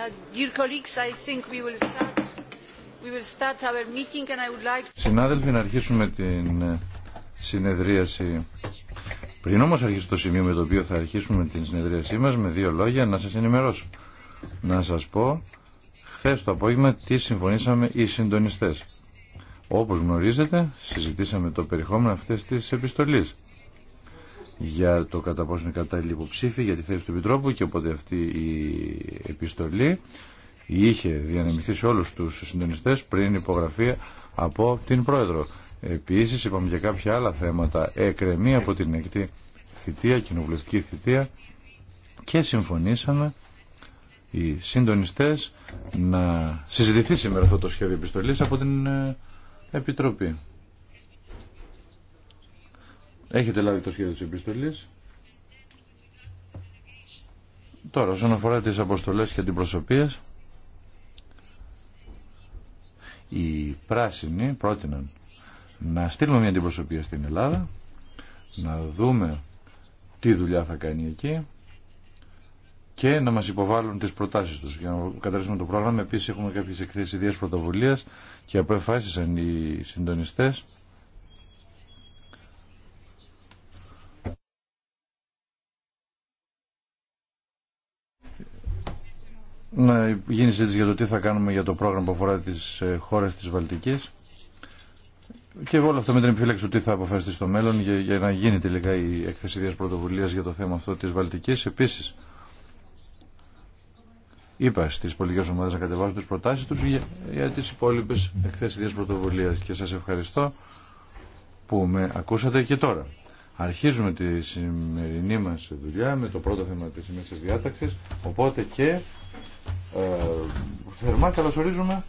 Uh, Συνάδελφοι, να αρχίσουμε την ε, συνεδρίαση. Πριν όμως αρχίσει το σημείο με το οποίο θα αρχίσουμε την συνεδρίασή μας, με δύο λόγια να σας ενημερώσω. Να σας πω, χθε το απόγευμα τι συμφωνήσαμε οι συντονιστές. Όπως γνωρίζετε, συζητήσαμε το περιεχόμενο αυτές της επιστολής για το κατά πόσο είναι κατάλληλη υποψήφη για τη θέση του Επιτρόπου και οπότε αυτή η επιστολή είχε διανεμηθεί σε όλους τους συντονιστές πριν υπογραφή από την Πρόεδρο. Επίσης είπαμε για κάποια άλλα θέματα εκρεμή από την εκτή θητεία, κοινοβουλευτική θητεία και συμφωνήσαμε οι συντονιστές να συζητηθεί σήμερα αυτό το σχέδιο επιστολής από την ε, Επιτροπή. Έχετε λάβει το σχέδιο της επιστολής. Τώρα, όσον αφορά τις αποστολές και την προσωπία, οι πράσινοι πρότειναν να στείλουμε μια αντιπροσωπεία στην Ελλάδα, να δούμε τι δουλειά θα κάνει εκεί και να μας υποβάλουν τις προτάσεις τους για να καταρρίσουμε το πρόγραμμα. Επίσης έχουμε κάποιες εκθέσεις ιδίας πρωτοβουλίας και αποφάσισαν οι συντονιστές να γίνει συζήτηση για το τι θα κάνουμε για το πρόγραμμα που αφορά τι ε, χώρε τη Βαλτική. Και όλα αυτά με την επιφύλαξη του τι θα αποφασιστεί στο μέλλον για, να γίνει τελικά η έκθεση δίας πρωτοβουλίας για το θέμα αυτό τη Βαλτική. Επίση, είπα στι πολιτικέ ομάδες να κατεβάσουν τι προτάσει του για, για τις υπόλοιπες εκθέσεις δίας πρωτοβουλίας και σα ευχαριστώ που με ακούσατε και τώρα. Αρχίζουμε τη σημερινή μα δουλειά με το πρώτο θέμα τη σημερινή διάταξη. οπότε και ε, θερμά καλωσορίζουμε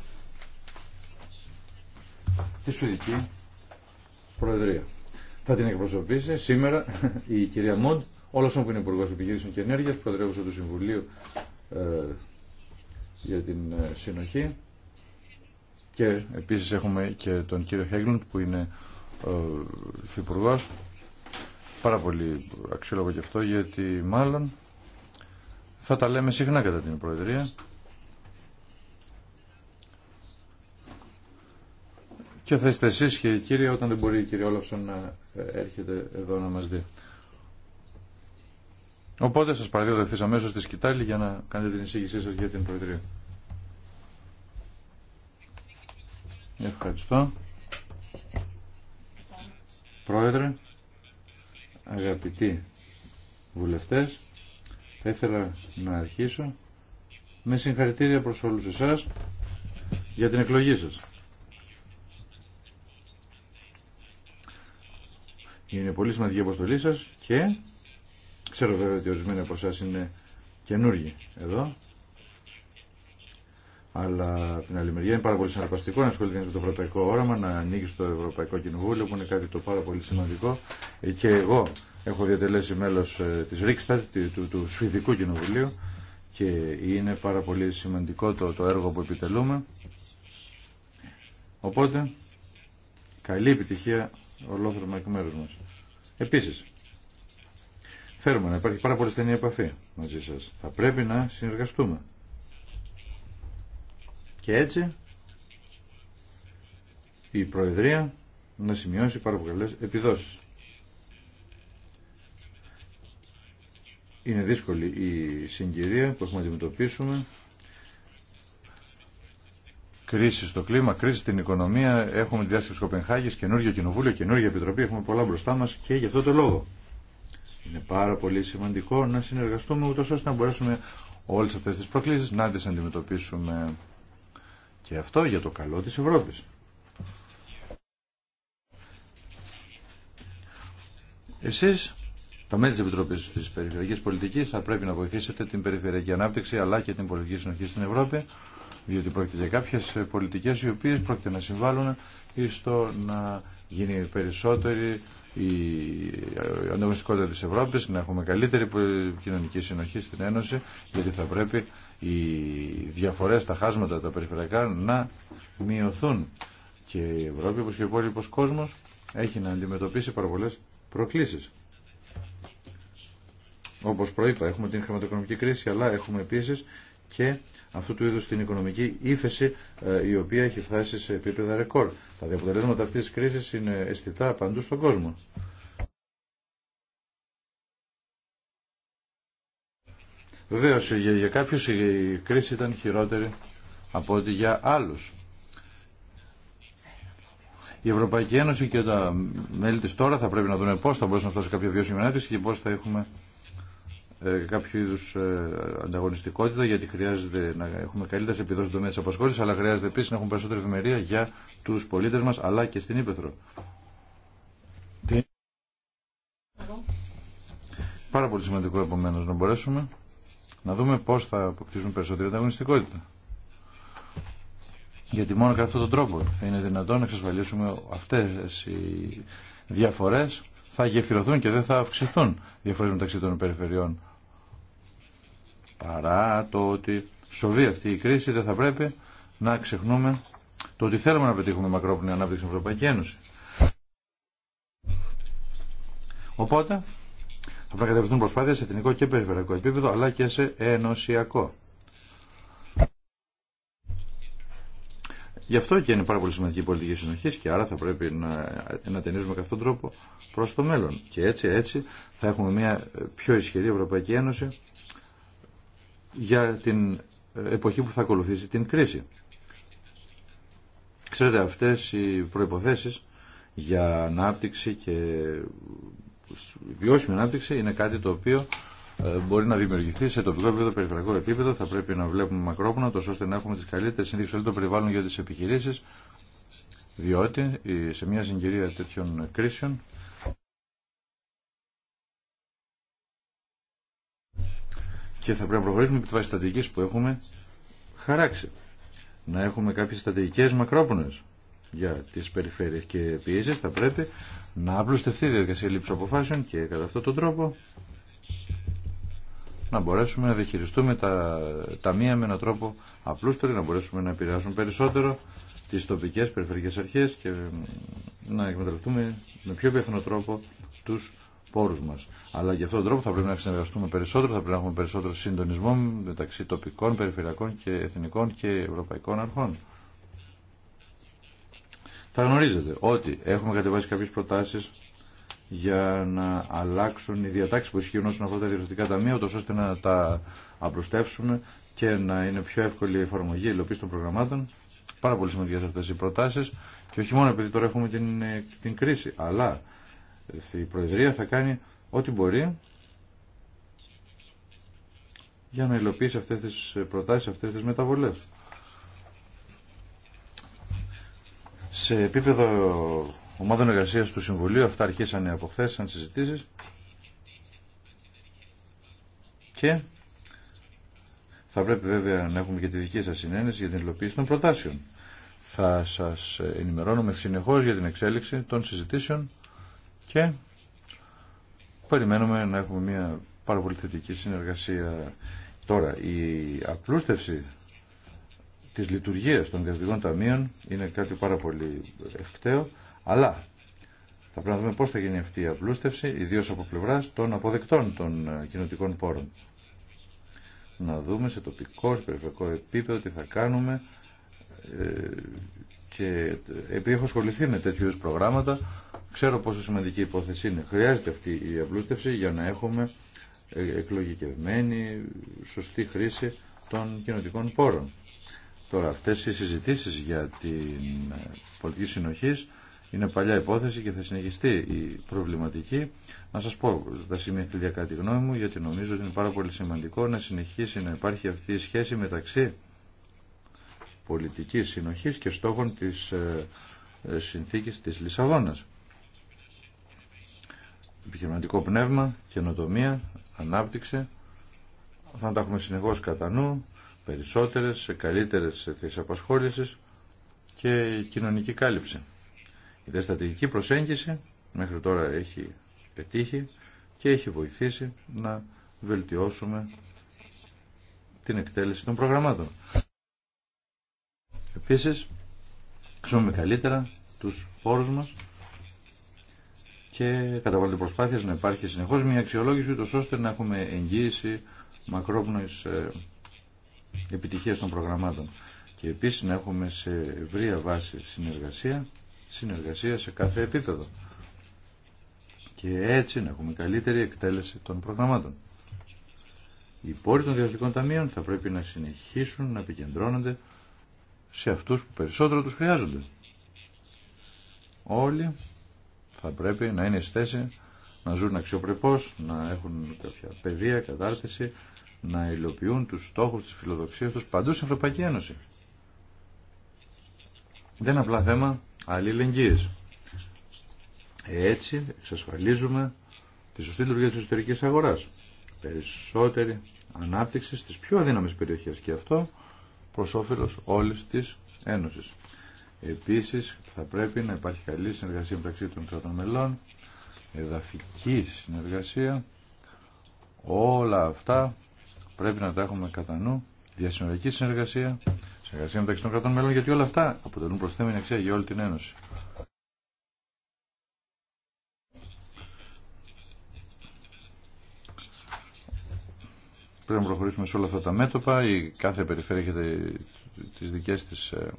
τη Σουηδική Προεδρία. Θα την εκπροσωπήσει σήμερα η κυρία Μοντ, όλο που είναι Υπουργό Επιχειρήσεων και Ενέργεια, Προεδρεύουσα του Συμβουλίου ε, για την ε, Συνοχή. Και επίση έχουμε και τον κύριο Χέγκλουντ που είναι ε, υπουργό. Πάρα πολύ αξιόλογο και αυτό γιατί μάλλον θα τα λέμε συχνά κατά την Προεδρία. Και θα είστε εσείς και κύριε όταν δεν μπορεί η κυρία Όλαυσον να ε, έρχεται εδώ να μας δει. Οπότε σας παραδίδω αμέσω αμέσως στη σκητάλη για να κάνετε την εισήγησή σας για την Προεδρία. Ευχαριστώ. Πρόεδρε, αγαπητοί βουλευτές, θα ήθελα να αρχίσω με συγχαρητήρια προς όλους εσάς για την εκλογή σας. Είναι πολύ σημαντική η αποστολή σα και ξέρω βέβαια ότι ορισμένοι από εσά είναι καινούργοι εδώ. Αλλά από την άλλη μεριά είναι πάρα πολύ συναρπαστικό να ασχολείται με το ευρωπαϊκό όραμα, να ανοίγει στο Ευρωπαϊκό Κοινοβούλιο που είναι κάτι το πάρα πολύ σημαντικό. Ε, και εγώ έχω διατελέσει μέλο ε, τη Ρίξτατ, του, του Σουηδικού Κοινοβουλίου και είναι πάρα πολύ σημαντικό το, το έργο που επιτελούμε. Οπότε, καλή επιτυχία ολόκληρο εκ μέρου μα. Επίση, φέρουμε να υπάρχει πάρα πολύ στενή επαφή μαζί σα. Θα πρέπει να συνεργαστούμε. Και έτσι η Προεδρία να σημειώσει πάρα πολλέ επιδόσεις. Είναι δύσκολη η συγκυρία που έχουμε να αντιμετωπίσουμε κρίση στο κλίμα, κρίση στην οικονομία. Έχουμε τη διάσκεψη Κοπενχάγη, καινούργιο κοινοβούλιο, καινούργια επιτροπή. Έχουμε πολλά μπροστά μα και γι' αυτό το λόγο. Είναι πάρα πολύ σημαντικό να συνεργαστούμε ούτω ώστε να μπορέσουμε όλε αυτέ τι προκλήσει να τι αντιμετωπίσουμε και αυτό για το καλό τη Ευρώπη. Εσεί, τα μέλη τη Επιτροπή τη Περιφερειακή Πολιτική, θα πρέπει να βοηθήσετε την περιφερειακή ανάπτυξη αλλά και την πολιτική συνοχή στην Ευρώπη διότι πρόκειται για κάποιες ε, πολιτικές οι οποίες πρόκειται να συμβάλλουν στο να γίνει περισσότερη η ε, ανταγωνιστικότητα της Ευρώπης, να έχουμε καλύτερη κοινωνική συνοχή στην Ένωση, γιατί θα πρέπει οι διαφορές, τα χάσματα, τα περιφερειακά να μειωθούν. Και η Ευρώπη, όπως και ο υπόλοιπος κόσμος, έχει να αντιμετωπίσει πάρα πολλές προκλήσεις. Όπως προείπα, έχουμε την χρηματοοικονομική κρίση, αλλά έχουμε επίσης και αυτού του είδους την οικονομική ύφεση ε, η οποία έχει φτάσει σε επίπεδα ρεκόρ. Τα διαποτελέσματα αυτής της κρίσης είναι αισθητά παντού στον κόσμο. Βεβαίω για, για κάποιους η κρίση ήταν χειρότερη από ό,τι για άλλους. Η Ευρωπαϊκή Ένωση και τα μέλη της τώρα θα πρέπει να δουν πώς θα μπορέσουν να φτάσουν κάποια βιώσιμη ανάπτυξη και πώς θα έχουμε ε, κάποιο είδου ε, ανταγωνιστικότητα, γιατί χρειάζεται να έχουμε καλύτερε επιδόσει στον τομέα τη απασχόληση, αλλά χρειάζεται επίση να έχουμε περισσότερη ευημερία για του πολίτε μα, αλλά και στην Ήπεθρο. Πάρα πολύ σημαντικό επομένω να μπορέσουμε να δούμε πώ θα αποκτήσουμε περισσότερη ανταγωνιστικότητα. Γιατί μόνο κατά αυτόν τον τρόπο θα είναι δυνατόν να εξασφαλίσουμε αυτέ οι διαφορέ θα γεφυρωθούν και δεν θα αυξηθούν διαφορέ μεταξύ των περιφερειών. Παρά το ότι σοβεί αυτή η κρίση δεν θα πρέπει να ξεχνούμε το ότι θέλουμε να πετύχουμε μακρόπνοια ανάπτυξη στην Ευρωπαϊκή Ένωση. Οπότε θα πρέπει να κατευθυνθούν προσπάθειες σε εθνικό και περιφερειακό επίπεδο αλλά και σε ενωσιακό. Γι' αυτό και είναι πάρα πολύ σημαντική η πολιτική συνοχή και άρα θα πρέπει να, να ταινίζουμε αυτόν τον τρόπο προ το μέλλον. Και έτσι, έτσι θα έχουμε μια πιο ισχυρή Ευρωπαϊκή Ένωση για την ε, εποχή που θα ακολουθήσει την κρίση. Ξέρετε, αυτές οι προϋποθέσεις για ανάπτυξη και βιώσιμη ανάπτυξη είναι κάτι το οποίο ε, μπορεί να δημιουργηθεί σε τοπικό επίπεδο, περιφερειακό επίπεδο. Θα πρέπει να βλέπουμε μακρόπνο, τόσο ώστε να έχουμε τις καλύτερες συνθήκες όλων των περιβάλλων για τις επιχειρήσεις, διότι ε, σε μια συγκυρία τέτοιων κρίσεων και θα πρέπει να προχωρήσουμε επί τη βάση στρατηγικής που έχουμε χαράξει. Να έχουμε κάποιες στρατηγικές μακρόπονες για τις περιφέρειες και επίση θα πρέπει να απλουστευτεί η διαδικασία λήψη αποφάσεων και κατά αυτόν τον τρόπο να μπορέσουμε να διαχειριστούμε τα ταμεία με έναν τρόπο απλούστερο, να μπορέσουμε να επηρεάσουμε περισσότερο τις τοπικές περιφερειακές αρχές και να εκμεταλλευτούμε με πιο πιθανό τρόπο τους αλλά για αυτόν τον τρόπο θα πρέπει να συνεργαστούμε περισσότερο, θα πρέπει να έχουμε περισσότερο συντονισμό μεταξύ τοπικών, περιφερειακών και εθνικών και ευρωπαϊκών αρχών. Θα γνωρίζετε ότι έχουμε κατεβάσει κάποιε προτάσει για να αλλάξουν οι διατάξει που ισχύουν όσον αφορά τα διευθυντικά ταμεία, ώστε να τα απλουστεύσουμε και να είναι πιο εύκολη η εφαρμογή, η υλοποίηση των προγραμμάτων. Πάρα πολύ σημαντικέ αυτέ οι προτάσει. Και όχι μόνο επειδή τώρα έχουμε την, την κρίση, αλλά η Προεδρία θα κάνει ό,τι μπορεί για να υλοποιήσει αυτές τις προτάσεις, αυτές τις μεταβολές. Σε επίπεδο ομάδων εργασίας του Συμβουλίου, αυτά αρχίσανε από χθε σαν συζητήσεις και θα πρέπει βέβαια να έχουμε και τη δική σας συνένεση για την υλοποίηση των προτάσεων. Θα σας ενημερώνουμε συνεχώς για την εξέλιξη των συζητήσεων και περιμένουμε να έχουμε μια πάρα πολύ θετική συνεργασία. Τώρα, η απλούστευση της λειτουργίας των διαστικών ταμείων είναι κάτι πάρα πολύ ευκταίο, αλλά θα πρέπει να δούμε πώς θα γίνει αυτή η απλούστευση, ιδίως από πλευράς των αποδεκτών των ε, κοινωτικών πόρων. Να δούμε σε τοπικό, σε περιφερειακό επίπεδο τι θα κάνουμε, ε, και επειδή έχω ασχοληθεί με τέτοιου είδου προγράμματα, ξέρω πόσο σημαντική υπόθεση είναι. Χρειάζεται αυτή η απλούστευση για να έχουμε εκλογικευμένη, σωστή χρήση των κοινοτικών πόρων. Τώρα, αυτέ οι συζητήσει για την πολιτική συνοχή είναι παλιά υπόθεση και θα συνεχιστεί η προβληματική. Να σα πω τα σημεία κλειδιά κάτι γνώμη μου, γιατί νομίζω ότι είναι πάρα πολύ σημαντικό να συνεχίσει να υπάρχει αυτή η σχέση μεταξύ πολιτικής συνοχής και στόχων της ε, ε, συνθήκης της Λισαβόνας. Επιχειρηματικό πνεύμα, καινοτομία, ανάπτυξη, θα τα έχουμε συνεχώς κατά νου, περισσότερες, καλύτερες θέσεις απασχόλησης και κοινωνική κάλυψη. Η διαστατική προσέγγιση μέχρι τώρα έχει πετύχει και έχει βοηθήσει να βελτιώσουμε την εκτέλεση των προγραμμάτων. Επίσης, ξέρουμε καλύτερα τους πόρους μας και καταβάλλονται προσπάθειες να υπάρχει συνεχώς μια αξιολόγηση ούτως ώστε να έχουμε εγγύηση μακρόπνοης ε, επιτυχίας των προγραμμάτων και επίσης να έχουμε σε ευρία βάση συνεργασία, συνεργασία σε κάθε επίπεδο και έτσι να έχουμε καλύτερη εκτέλεση των προγραμμάτων. Οι πόροι των διαστικών ταμείων θα πρέπει να συνεχίσουν να επικεντρώνονται σε αυτούς που περισσότερο τους χρειάζονται. Όλοι θα πρέπει να είναι στέση, να ζουν αξιοπρεπώς, να έχουν κάποια παιδεία, κατάρτιση, να υλοποιούν τους στόχους της φιλοδοξίας τους παντού στην Ευρωπαϊκή Ένωση. Δεν είναι απλά θέμα αλληλεγγύης. Έτσι εξασφαλίζουμε τη σωστή λειτουργία της εσωτερικής αγοράς. Περισσότερη ανάπτυξη στις πιο αδύναμες περιοχές και αυτό προς όφελος όλης της Ένωσης. Επίσης θα πρέπει να υπάρχει καλή συνεργασία μεταξύ των κρατών μελών, εδαφική συνεργασία, όλα αυτά πρέπει να τα έχουμε κατά νου, διασυνοριακή συνεργασία, συνεργασία μεταξύ των κρατών μελών, γιατί όλα αυτά αποτελούν προσθέμενη αξία για όλη την Ένωση. Πρέπει να προχωρήσουμε σε όλα αυτά τα μέτωπα. Η κάθε περιφέρεια έχει τις δικές της ε,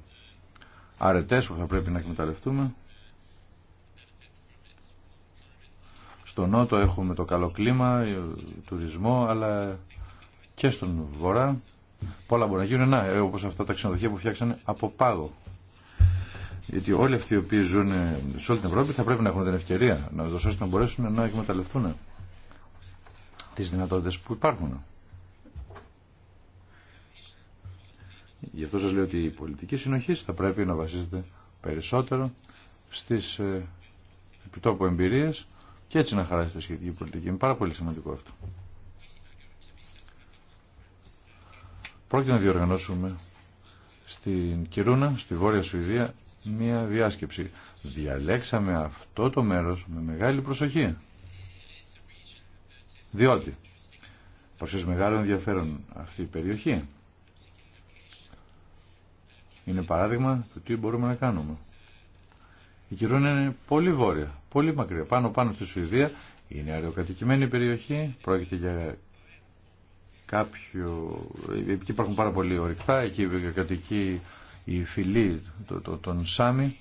αρετές που θα πρέπει να εκμεταλλευτούμε. Στο νότο έχουμε το καλό κλίμα, ε, τουρισμό, αλλά και στον βορρά πολλά μπορεί να γίνουν. Να, ε, όπως αυτά τα ξενοδοχεία που φτιάξανε από πάγο. Γιατί όλοι αυτοί οι οποίοι ζουν σε όλη την Ευρώπη θα πρέπει να έχουν την ευκαιρία να δώσουν να μπορέσουν να εκμεταλλευτούν τις δυνατότητες που υπάρχουν. Γι' αυτό σας λέω ότι η πολιτική συνοχή θα πρέπει να βασίζεται περισσότερο στις ε, επιτόπου εμπειρίες και έτσι να χαράσετε σχετική πολιτική. Είναι πάρα πολύ σημαντικό αυτό. Πρόκειται να διοργανώσουμε στην Κυρούνα, στη Βόρεια Σουηδία, μία διάσκεψη. Διαλέξαμε αυτό το μέρος με μεγάλη προσοχή. Διότι προσθέσεις μεγάλο ενδιαφέρον αυτή η περιοχή είναι παράδειγμα του τι μπορούμε να κάνουμε. Η Κυρούνα είναι πολύ βόρεια, πολύ μακριά. Πάνω πάνω στη Σουηδία είναι αεροκατοικημένη περιοχή, πρόκειται για κάποιο... Εκεί υπάρχουν πάρα πολλοί ορυκτά, εκεί κατοικεί η φυλή των Σάμι.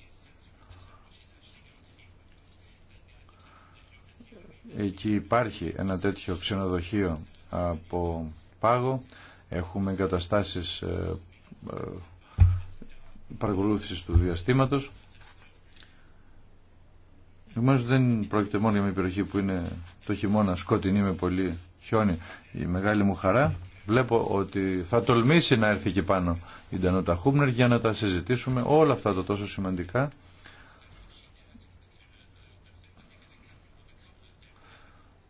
Εκεί υπάρχει ένα τέτοιο ξενοδοχείο από πάγο. Έχουμε εγκαταστάσεις ε, ε, Παρακολούθηση του διαστήματο. Επομένω δεν πρόκειται μόνο για μια περιοχή που είναι το χειμώνα σκοτεινή με πολύ χιόνι. Η μεγάλη μου χαρά βλέπω ότι θα τολμήσει να έρθει Και πάνω η Ντανότα Χούμνερ για να τα συζητήσουμε όλα αυτά τα τόσο σημαντικά.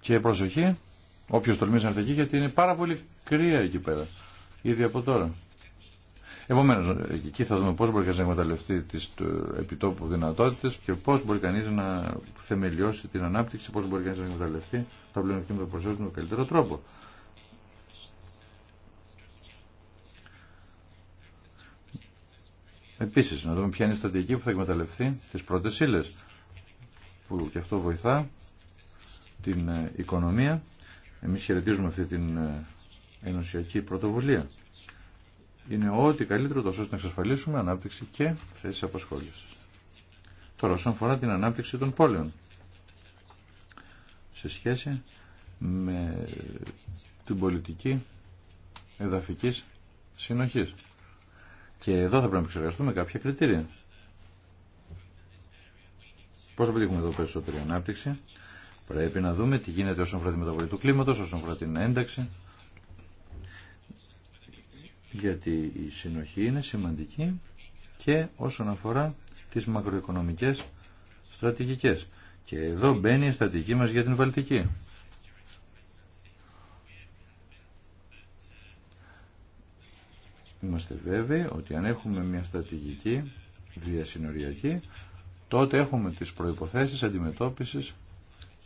Και προσοχή, όποιος τολμήσει να έρθει εκεί γιατί είναι πάρα πολύ κρύα εκεί πέρα, ήδη από τώρα. Επομένω, εκεί θα δούμε πώ μπορεί κανεί να εκμεταλλευτεί τι επιτόπου δυνατότητε και πώ μπορεί κανεί να θεμελιώσει την ανάπτυξη, πώ μπορεί κανεί να εκμεταλλευτεί τα πλεονεκτήματα που με με καλύτερο τρόπο. Επίση, να δούμε ποια είναι η στρατηγική που θα εκμεταλλευτεί τι πρώτε ύλε, που και αυτό βοηθά την ε, οικονομία. Εμεί χαιρετίζουμε αυτή την ε, ενωσιακή πρωτοβουλία είναι ό,τι καλύτερο τόσο ώστε να εξασφαλίσουμε ανάπτυξη και θέσει αποσχόληση. Τώρα, όσον αφορά την ανάπτυξη των πόλεων, σε σχέση με την πολιτική εδαφικής συνοχής. Και εδώ θα πρέπει να επεξεργαστούμε κάποια κριτήρια. Πώς θα πετύχουμε εδώ περισσότερη ανάπτυξη. Πρέπει να δούμε τι γίνεται όσον αφορά τη μεταβολή του κλίματος, όσον αφορά την ένταξη, γιατί η συνοχή είναι σημαντική και όσον αφορά τις μακροοικονομικές στρατηγικές. Και εδώ μπαίνει η στρατηγική μας για την Βαλτική. Είμαστε βέβαιοι ότι αν έχουμε μια στρατηγική διασυνοριακή, τότε έχουμε τις προϋποθέσεις αντιμετώπισης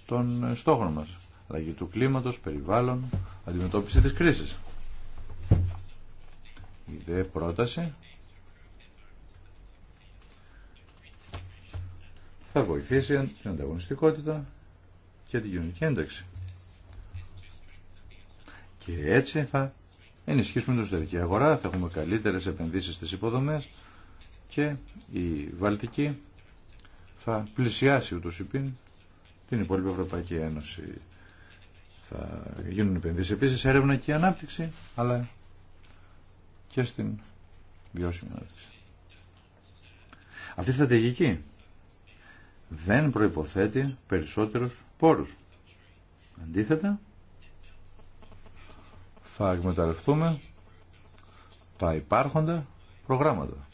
των στόχων μας. Αλλαγή του κλίματος, περιβάλλον, αντιμετώπιση της κρίσης. Η δε πρόταση θα βοηθήσει την ανταγωνιστικότητα και την κοινωνική ένταξη. Και έτσι θα ενισχύσουμε την εσωτερική αγορά, θα έχουμε καλύτερες επενδύσεις στις υποδομές και η Βαλτική θα πλησιάσει ούτως υπήν την υπόλοιπη Ευρωπαϊκή Ένωση. Θα γίνουν επενδύσεις επίσης έρευνα και ανάπτυξη, αλλά και στην ανάπτυξη. Αυτή η στρατηγική δεν προϋποθέτει περισσότερους πόρους. Αντίθετα, θα εκμεταλλευτούμε τα υπάρχοντα προγράμματα.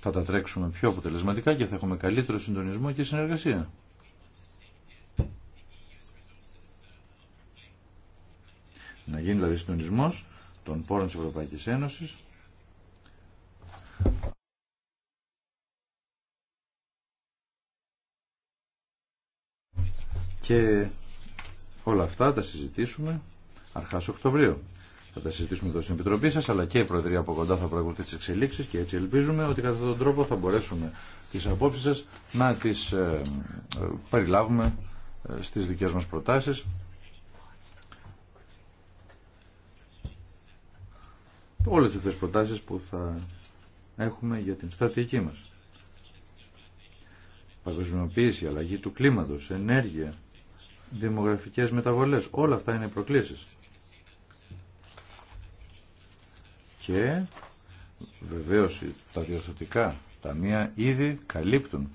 Θα τα τρέξουμε πιο αποτελεσματικά και θα έχουμε καλύτερο συντονισμό και συνεργασία. Να γίνει δηλαδή συντονισμός των πόρων της Ευρωπαϊκής Ένωσης Και όλα αυτά τα συζητήσουμε αρχά Οκτωβρίου. Θα τα συζητήσουμε εδώ στην Επιτροπή σα αλλά και η Προεδρία από κοντά θα παρακολουθεί τι εξελίξεις και έτσι ελπίζουμε ότι κατά τον τρόπο θα μπορέσουμε τις απόψει σα να τις ε, περιλάβουμε ε, στις δικές μας προτάσεις. Όλες αυτές τις προτάσεις που θα έχουμε για την στρατηγική μας. Παγκοσμιοποίηση, αλλαγή του κλίματος, ενέργεια, δημογραφικές μεταβολές. Όλα αυτά είναι προκλήσεις. Και βεβαίως τα διορθωτικά ταμεία ήδη καλύπτουν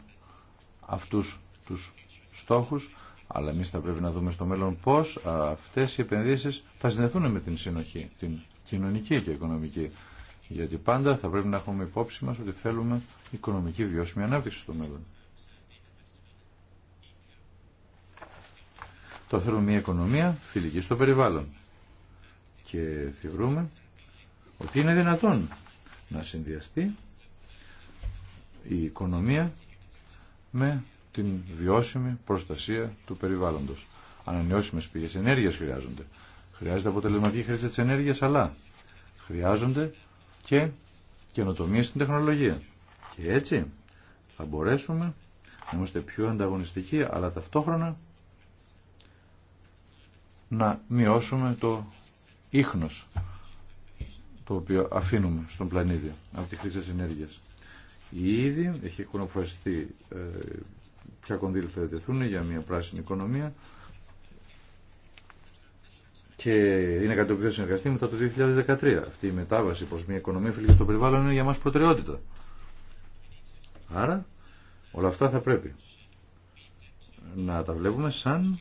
αυτούς τους στόχους, αλλά εμεί θα πρέπει να δούμε στο μέλλον πώς αυτές οι επενδύσεις θα συνδεθούν με την συνοχή, την κοινωνική και οικονομική. Γιατί πάντα θα πρέπει να έχουμε υπόψη μας ότι θέλουμε οικονομική βιώσιμη ανάπτυξη στο μέλλον. Το θέλουμε μια οικονομία φιλική στο περιβάλλον. Και θεωρούμε ότι είναι δυνατόν να συνδυαστεί η οικονομία με την βιώσιμη προστασία του περιβάλλοντος. Ανανεώσιμες πηγές ενέργειας χρειάζονται. Χρειάζεται αποτελεσματική χρήση της ενέργειας, αλλά χρειάζονται και καινοτομίες στην τεχνολογία. Και έτσι θα μπορέσουμε να είμαστε πιο ανταγωνιστικοί, αλλά ταυτόχρονα να μειώσουμε το ίχνος το οποίο αφήνουμε στον πλανήτη από τη χρήση της ενέργειας. Ήδη έχει εικονοφραστεί ε, ποια κονδύλια θα για μια πράσινη οικονομία και είναι κάτι που θα συνεργαστεί μετά το 2013. Αυτή η μετάβαση προς μια οικονομία φιλική στο περιβάλλον είναι για μας προτεραιότητα. Άρα όλα αυτά θα πρέπει να τα βλέπουμε σαν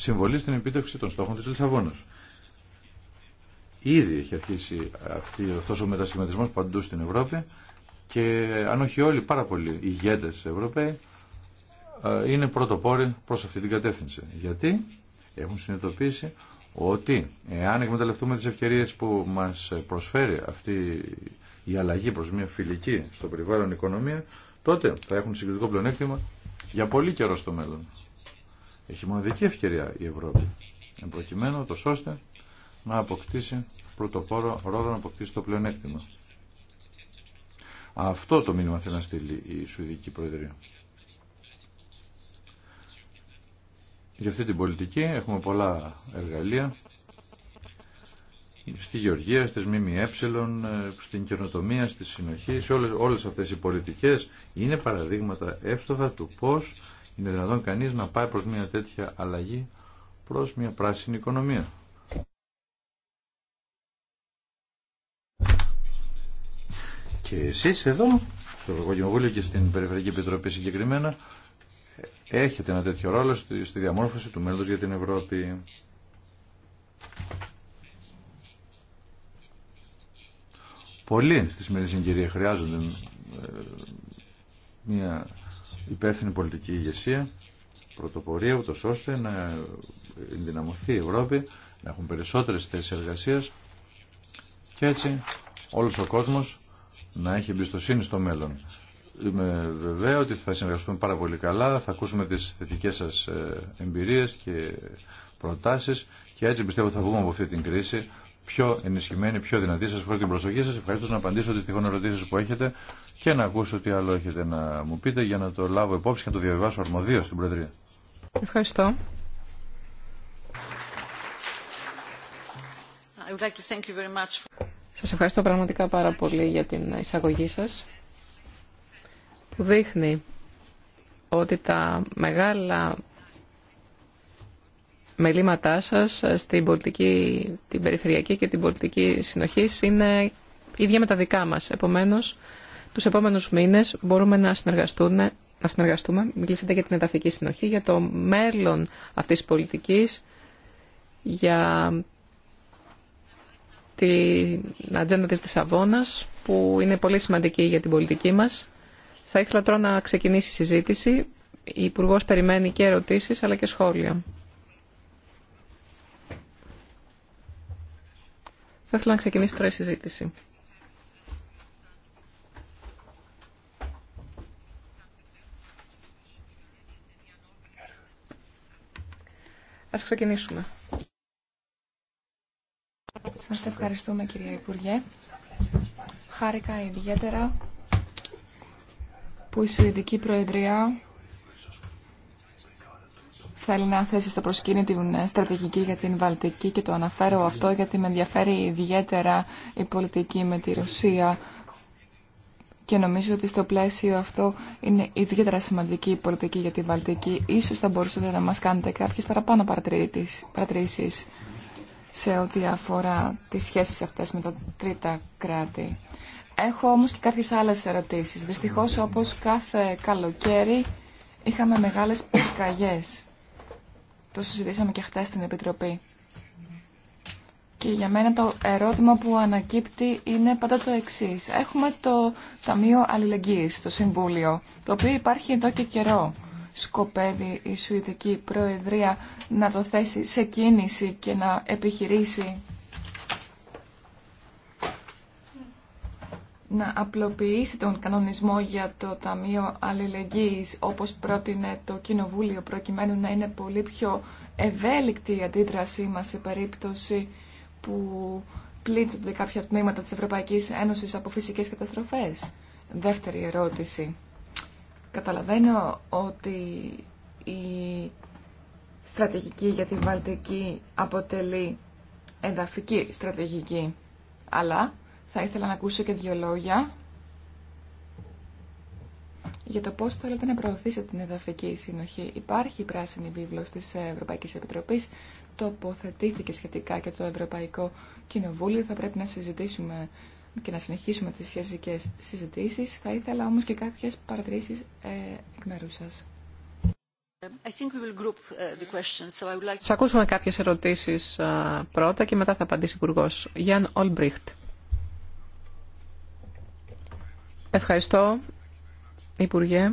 συμβολή στην επίτευξη των στόχων της Λισαβόνας. Ήδη έχει αρχίσει αυτή, αυτός ο μετασχηματισμός παντού στην Ευρώπη και αν όχι όλοι, πάρα πολλοί ηγέτες Ευρωπαίοι είναι πρωτοπόροι προς αυτή την κατεύθυνση. Γιατί έχουν συνειδητοποιήσει ότι εάν εκμεταλλευτούμε τις ευκαιρίες που μας προσφέρει αυτή η αλλαγή προς μια φιλική στο περιβάλλον οικονομία, τότε θα έχουν συγκριτικό πλεονέκτημα για πολύ καιρό στο μέλλον. Έχει μοναδική ευκαιρία η Ευρώπη. προκειμένου το ώστε να αποκτήσει πρωτοπόρο ρόλο να αποκτήσει το πλεονέκτημα. Αυτό το μήνυμα θέλει να στείλει η Σουηδική Προεδρία. Για αυτή την πολιτική έχουμε πολλά εργαλεία στη γεωργία, στις ΜΜΕ, στην καινοτομία, στη συνοχή, σε όλες, όλες αυτές οι πολιτικές είναι παραδείγματα εύστοχα του πώς είναι δυνατόν κανείς να πάει προς μια τέτοια αλλαγή προς μια πράσινη οικονομία. Και εσείς εδώ, στο Κοινοβούλιο και στην Περιφερειακή Επιτροπή συγκεκριμένα, έχετε ένα τέτοιο ρόλο στη, διαμόρφωση του μέλλοντος για την Ευρώπη. Πολλοί στη σημερινή συγκυρία χρειάζονται ε, μια υπεύθυνη πολιτική ηγεσία, πρωτοπορία, ούτω ώστε να ενδυναμωθεί η Ευρώπη, να έχουν περισσότερες θέσεις εργασίας και έτσι όλος ο κόσμος να έχει εμπιστοσύνη στο μέλλον. Είμαι βεβαίω ότι θα συνεργαστούμε πάρα πολύ καλά, θα ακούσουμε τις θετικές σας ε, εμπειρίες και προτάσεις και έτσι πιστεύω θα βγούμε από αυτή την κρίση πιο ενισχυμένη, πιο δυνατή. Σα ευχαριστώ την προσοχή σα. Ευχαριστώ να απαντήσω τι τυχόν ερωτήσει που έχετε και να ακούσω τι άλλο έχετε να μου πείτε για να το λάβω υπόψη και να το διαβιβάσω αρμοδίω στην Προεδρία. Ευχαριστώ. Σας ευχαριστώ πραγματικά πάρα πολύ για την εισαγωγή σας που δείχνει ότι τα μεγάλα μελήματά σας στην πολιτική, την περιφερειακή και την πολιτική συνοχή είναι ίδια με τα δικά μας. Επομένως, τους επόμενους μήνες μπορούμε να συνεργαστούμε, να συνεργαστούμε. Μιλήσατε για την Εταφική συνοχή, για το μέλλον αυτής της πολιτικής, για την ατζέντα της Θησαβόνας, που είναι πολύ σημαντική για την πολιτική μας. Θα ήθελα τώρα να ξεκινήσει η συζήτηση. Η Υπουργός περιμένει και ερωτήσεις, αλλά και σχόλια. Θα ήθελα να ξεκινήσει τώρα η συζήτηση. Ας ξεκινήσουμε. Σας ευχαριστούμε κυρία Υπουργέ. Χάρηκα ιδιαίτερα που η Σουηδική Προεδρία θέλει να θέσει στο προσκήνιο την στρατηγική για την Βαλτική και το αναφέρω αυτό γιατί με ενδιαφέρει ιδιαίτερα η πολιτική με τη Ρωσία και νομίζω ότι στο πλαίσιο αυτό είναι ιδιαίτερα σημαντική η πολιτική για την Βαλτική. Ίσως θα μπορούσατε να μας κάνετε κάποιες παραπάνω παρατηρήσεις σε ό,τι αφορά τις σχέσεις αυτές με τα τρίτα κράτη. Έχω όμως και κάποιες άλλες ερωτήσεις. Δυστυχώς όπως κάθε καλοκαίρι είχαμε μεγάλες πυρκαγιές. Το συζητήσαμε και χθε στην Επιτροπή. Και για μένα το ερώτημα που ανακύπτει είναι πάντα το εξή. Έχουμε το Ταμείο αλληλεγγύη το Συμβούλιο, το οποίο υπάρχει εδώ και καιρό. Σκοπεύει η Σουηδική Προεδρία να το θέσει σε κίνηση και να επιχειρήσει να απλοποιήσει τον κανονισμό για το Ταμείο Αλληλεγγύης όπως πρότεινε το Κοινοβούλιο προκειμένου να είναι πολύ πιο ευέλικτη η αντίδρασή μας σε περίπτωση που πλήττονται κάποια τμήματα της Ευρωπαϊκής Ένωσης από φυσικές καταστροφές. Δεύτερη ερώτηση. Καταλαβαίνω ότι η στρατηγική για τη Βαλτική αποτελεί εδαφική στρατηγική, αλλά θα ήθελα να ακούσω και δύο λόγια για το πώς θέλετε να προωθήσετε την εδαφική συνοχή. Υπάρχει η πράσινη βίβλος της Ευρωπαϊκής Επιτροπής, τοποθετήθηκε σχετικά και το Ευρωπαϊκό Κοινοβούλιο. Θα πρέπει να συζητήσουμε και να συνεχίσουμε τις σχετικές συζητήσεις. Θα ήθελα όμως και κάποιες παρατηρήσεις ε, εκ μέρους σας. Uh, θα ακούσουμε κάποιες ερωτήσεις ε, πρώτα και μετά θα απαντήσει ο Υπουργός. Γιάνν Ολμπρίχτ. Ευχαριστώ, Υπουργέ.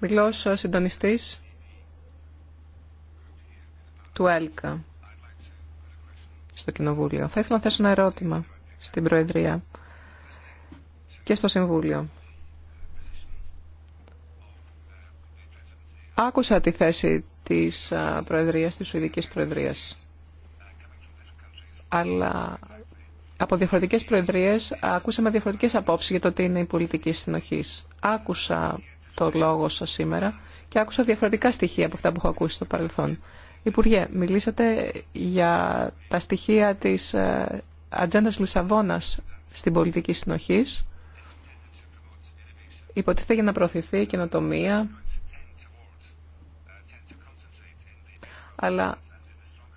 Μιλώ συντονιστής του ΕΛΚΑ στο Κοινοβούλιο. Θα ήθελα να θέσω ένα ερώτημα στην Προεδρία και στο Συμβούλιο. Άκουσα τη θέση της Προεδρίας, της Σουηδικής Προεδρίας αλλά από διαφορετικές προεδρίες ακούσαμε διαφορετικές απόψεις για το τι είναι η πολιτική συνοχής. Άκουσα το λόγο σας σήμερα και άκουσα διαφορετικά στοιχεία από αυτά που έχω ακούσει στο παρελθόν. Υπουργέ, μιλήσατε για τα στοιχεία της ε, Ατζέντα Λισαβόνας στην πολιτική συνοχής. Υποτίθεται για να προωθηθεί η καινοτομία, αλλά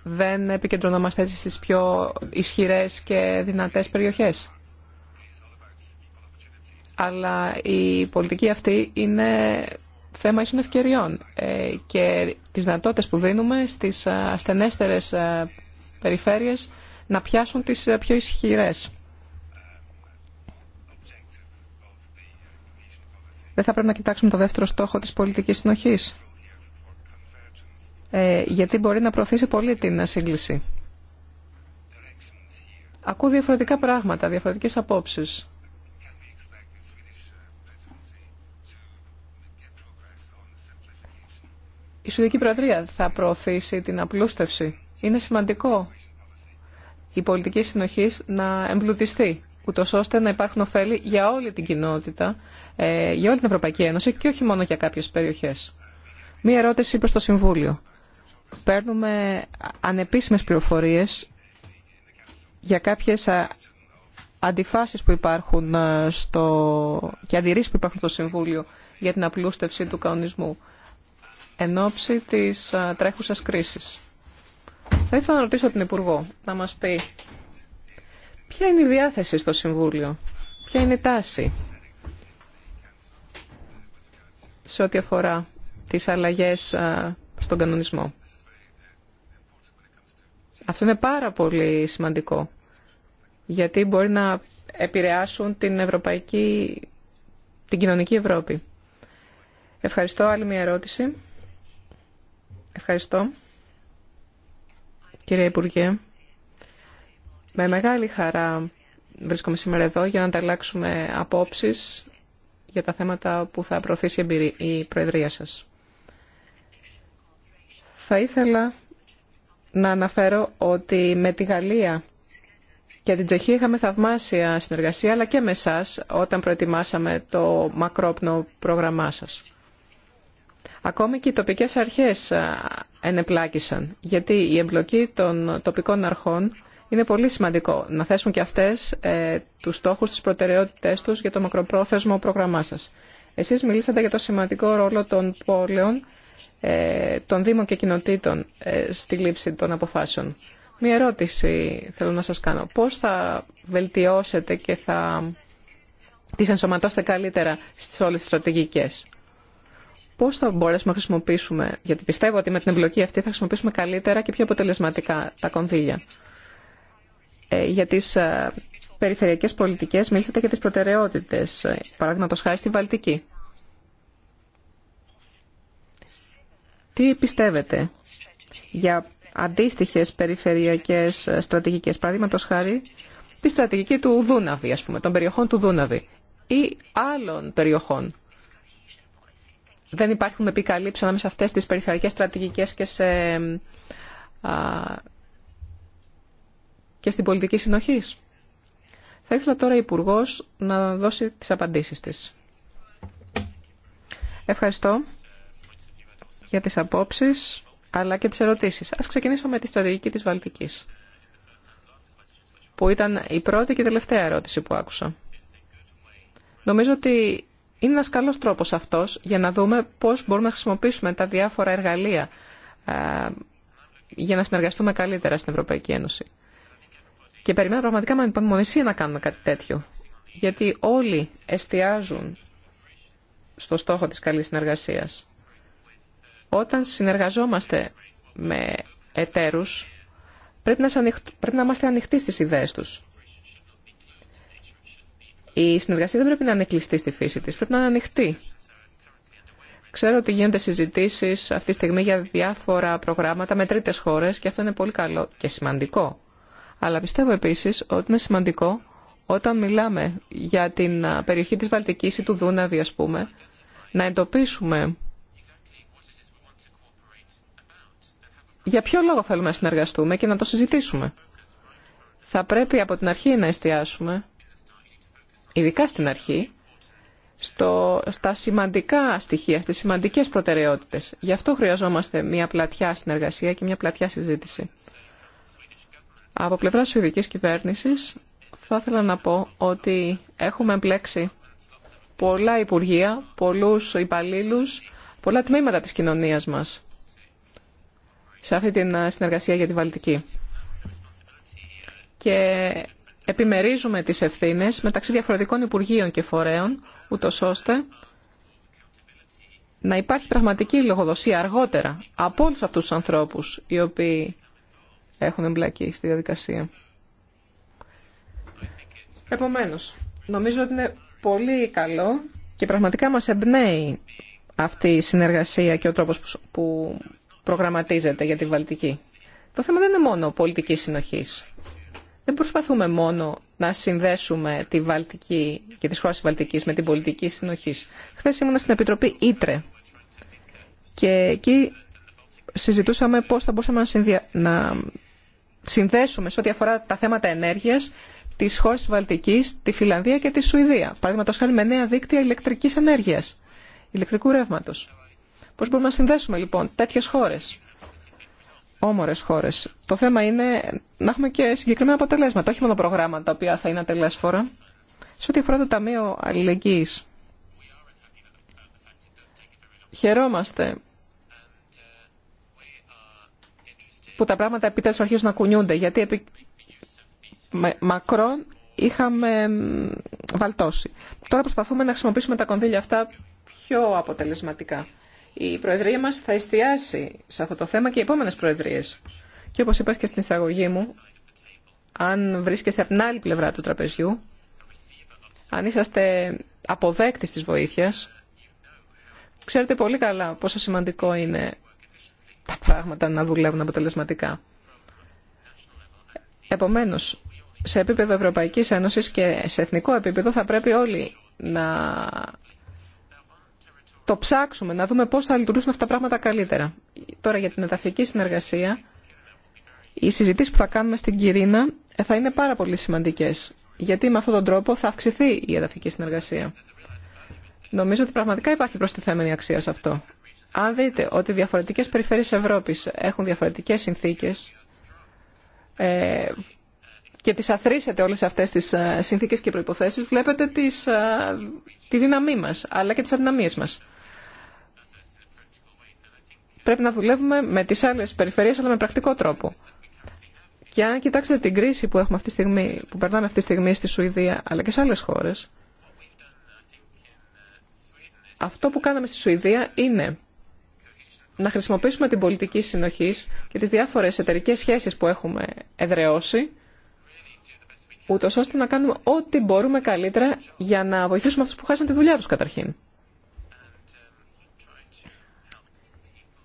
δεν επικεντρωνόμαστε στις πιο ισχυρές και δυνατές περιοχές. Αλλά η πολιτική αυτή είναι θέμα ίσων ευκαιριών ε, και τις δυνατότητες που δίνουμε στις ε, ασθενέστερες ε, περιφέρειες να πιάσουν τις πιο ισχυρές. Δεν θα πρέπει να κοιτάξουμε το δεύτερο στόχο της πολιτικής συνοχής. Ε, γιατί μπορεί να προωθήσει πολύ την ασύγκληση. Ακούω διαφορετικά πράγματα, διαφορετικές απόψεις. Η Σουδική Προεδρία θα προωθήσει την απλούστευση. Είναι σημαντικό η πολιτική συνοχή να εμπλουτιστεί, ούτω ώστε να υπάρχουν ωφέλη για όλη την κοινότητα, ε, για όλη την Ευρωπαϊκή Ένωση και όχι μόνο για κάποιες περιοχές. Μία ερώτηση προς το Συμβούλιο παίρνουμε ανεπίσημες πληροφορίες για κάποιες αντιφάσεις που υπάρχουν στο... και αντιρρήσεις που υπάρχουν στο Συμβούλιο για την απλούστευση του κανονισμού εν ώψη της τρέχουσας κρίσης. Θα ήθελα να ρωτήσω την Υπουργό να μας πει ποια είναι η διάθεση στο Συμβούλιο, ποια είναι η τάση σε ό,τι αφορά τις αλλαγές στον κανονισμό. Αυτό είναι πάρα πολύ σημαντικό, γιατί μπορεί να επηρεάσουν την, ευρωπαϊκή, την κοινωνική Ευρώπη. Ευχαριστώ. Άλλη μια ερώτηση. Ευχαριστώ. Κύριε Υπουργέ, με μεγάλη χαρά βρίσκομαι σήμερα εδώ για να ανταλλάξουμε απόψεις για τα θέματα που θα προωθήσει η Προεδρία σας. Θα ήθελα να αναφέρω ότι με τη Γαλλία και την Τσεχία είχαμε θαυμάσια συνεργασία, αλλά και με εσά όταν προετοιμάσαμε το μακρόπνο πρόγραμμά σας. Ακόμη και οι τοπικές αρχές ενεπλάκησαν, γιατί η εμπλοκή των τοπικών αρχών είναι πολύ σημαντικό να θέσουν και αυτές ε, τους στόχους, τις προτεραιότητές τους για το μακροπρόθεσμο πρόγραμμά σας. Εσείς μιλήσατε για το σημαντικό ρόλο των πόλεων ε, των Δήμων και Κοινοτήτων ε, στη λήψη των αποφάσεων. Μία ερώτηση θέλω να σας κάνω. Πώς θα βελτιώσετε και θα τις ενσωματώσετε καλύτερα στις όλες τις στρατηγικές. Πώς θα μπορέσουμε να χρησιμοποιήσουμε, γιατί πιστεύω ότι με την εμπλοκή αυτή θα χρησιμοποιήσουμε καλύτερα και πιο αποτελεσματικά τα κονδύλια. Ε, για τις περιφερειακές πολιτικές μίλησατε για τις προτεραιότητες, παράδειγμα το χάρη στη Βαλτική. Τι πιστεύετε για αντίστοιχες περιφερειακές στρατηγικές, παραδείγματο χάρη τη στρατηγική του Δούναβη, ας πούμε, των περιοχών του Δούναβη ή άλλων περιοχών. Δεν υπάρχουν επικαλύψεις ανάμεσα αυτές τις περιφερειακές στρατηγικές και, σε, και στην πολιτική συνοχής. Θα ήθελα τώρα ο Υπουργός να δώσει τις απαντήσεις της. Ευχαριστώ για τις απόψεις αλλά και τις ερωτήσεις. Ας ξεκινήσω με τη στρατηγική της Βαλτικής, που ήταν η πρώτη και τελευταία ερώτηση που άκουσα. Νομίζω ότι είναι ένας καλός τρόπος αυτός για να δούμε πώς μπορούμε να χρησιμοποιήσουμε τα διάφορα εργαλεία ε, για να συνεργαστούμε καλύτερα στην Ευρωπαϊκή Ένωση. Και περιμένω πραγματικά με υπομονησία να κάνουμε κάτι τέτοιο. Γιατί όλοι εστιάζουν στο στόχο της καλής συνεργασίας. Όταν συνεργαζόμαστε με εταίρους, πρέπει να, είμαστε ανοιχτοί στις ιδέες τους. Η συνεργασία δεν πρέπει να είναι κλειστή στη φύση της, πρέπει να είναι ανοιχτή. Ξέρω ότι γίνονται συζητήσεις αυτή τη στιγμή για διάφορα προγράμματα με τρίτες χώρες και αυτό είναι πολύ καλό και σημαντικό. Αλλά πιστεύω επίσης ότι είναι σημαντικό όταν μιλάμε για την ε, περιοχή της Βαλτικής ή του Δούναβη, ας πούμε, να εντοπίσουμε για ποιο λόγο θέλουμε να συνεργαστούμε και να το συζητήσουμε. Θα πρέπει από την αρχή να εστιάσουμε, ειδικά στην αρχή, στα σημαντικά στοιχεία, στις σημαντικές προτεραιότητες. Γι' αυτό χρειαζόμαστε μια πλατιά συνεργασία και μια πλατιά συζήτηση. Από πλευράς της Σουηδικής Κυβέρνησης θα ήθελα να πω ότι έχουμε εμπλέξει πολλά υπουργεία, πολλούς υπαλλήλους, πολλά τμήματα της κοινωνίας μας σε αυτή την ε, συνεργασία για τη Βαλτική. Και επιμερίζουμε τις ευθύνες μεταξύ διαφορετικών Υπουργείων και Φορέων, ούτω ώστε να υπάρχει πραγματική λογοδοσία αργότερα από όλους αυτούς τους ανθρώπους οι οποίοι έχουν εμπλακεί στη διαδικασία. Επομένως, νομίζω ότι είναι πολύ καλό και πραγματικά μας εμπνέει αυτή η συνεργασία και ο τρόπος που προγραμματίζεται για τη Βαλτική. Το θέμα δεν είναι μόνο πολιτική συνοχή. Δεν προσπαθούμε μόνο να συνδέσουμε τη Βαλτική και τις χώρες Βαλτικής με την πολιτική συνοχή. Χθε ήμουν στην Επιτροπή Ήτρε και εκεί συζητούσαμε πώς θα μπορούσαμε να, συνδέσουμε σε ό,τι αφορά τα θέματα ενέργειας τις χώρες της Βαλτικής, τη Φιλανδία και τη Σουηδία. Παραδείγματος χάρη με νέα δίκτυα ηλεκτρικής ενέργειας, ηλεκτρικού ρεύματος. Πώς μπορούμε να συνδέσουμε λοιπόν τέτοιες χώρες, όμορες χώρες. Το θέμα είναι να έχουμε και συγκεκριμένα αποτελέσματα, όχι μόνο προγράμματα τα οποία θα είναι ατελέσφορα. Σε ό,τι αφορά το Ταμείο Αλληλεγγύης, χαιρόμαστε που τα πράγματα επιτέλους αρχίζουν να κουνιούνται, γιατί επί... μακρόν είχαμε βαλτώσει. Τώρα προσπαθούμε να χρησιμοποιήσουμε τα κονδύλια αυτά πιο αποτελεσματικά. Η Προεδρία μας θα εστιάσει σε αυτό το θέμα και οι επόμενες Προεδρίες. Και όπως είπα και στην εισαγωγή μου, αν βρίσκεστε από την άλλη πλευρά του τραπεζιού, αν είσαστε αποδέκτης της βοήθειας, ξέρετε πολύ καλά πόσο σημαντικό είναι τα πράγματα να δουλεύουν αποτελεσματικά. Επομένως, σε επίπεδο Ευρωπαϊκής Ένωσης και σε εθνικό επίπεδο θα πρέπει όλοι να το ψάξουμε, να δούμε πώς θα λειτουργήσουν αυτά τα πράγματα καλύτερα. Τώρα για την εδαφική συνεργασία, οι συζητήσεις που θα κάνουμε στην Κυρίνα ε, θα είναι πάρα πολύ σημαντικές, γιατί με αυτόν τον τρόπο θα αυξηθεί η εδαφική συνεργασία. Νομίζω ότι πραγματικά υπάρχει προστιθέμενη αξία σε αυτό. Αν δείτε ότι διαφορετικές περιφέρειες Ευρώπης έχουν διαφορετικές συνθήκες ε, και τις αθροίσετε όλες αυτές τις ε, συνθήκες και προϋποθέσεις, βλέπετε τις, ε, τη δύναμή μας, αλλά και τις αδυναμίες μας πρέπει να δουλεύουμε με τις άλλες περιφερειές αλλά με πρακτικό τρόπο. Και αν κοιτάξετε την κρίση που, έχουμε αυτή τη στιγμή, που περνάμε αυτή τη στιγμή στη Σουηδία αλλά και σε άλλες χώρες, αυτό που κάναμε στη Σουηδία είναι να χρησιμοποιήσουμε την πολιτική συνοχή και τις διάφορες εταιρικέ σχέσεις που έχουμε εδραιώσει, ούτω ώστε να κάνουμε ό,τι μπορούμε καλύτερα για να βοηθήσουμε αυτούς που χάσαν τη δουλειά τους καταρχήν.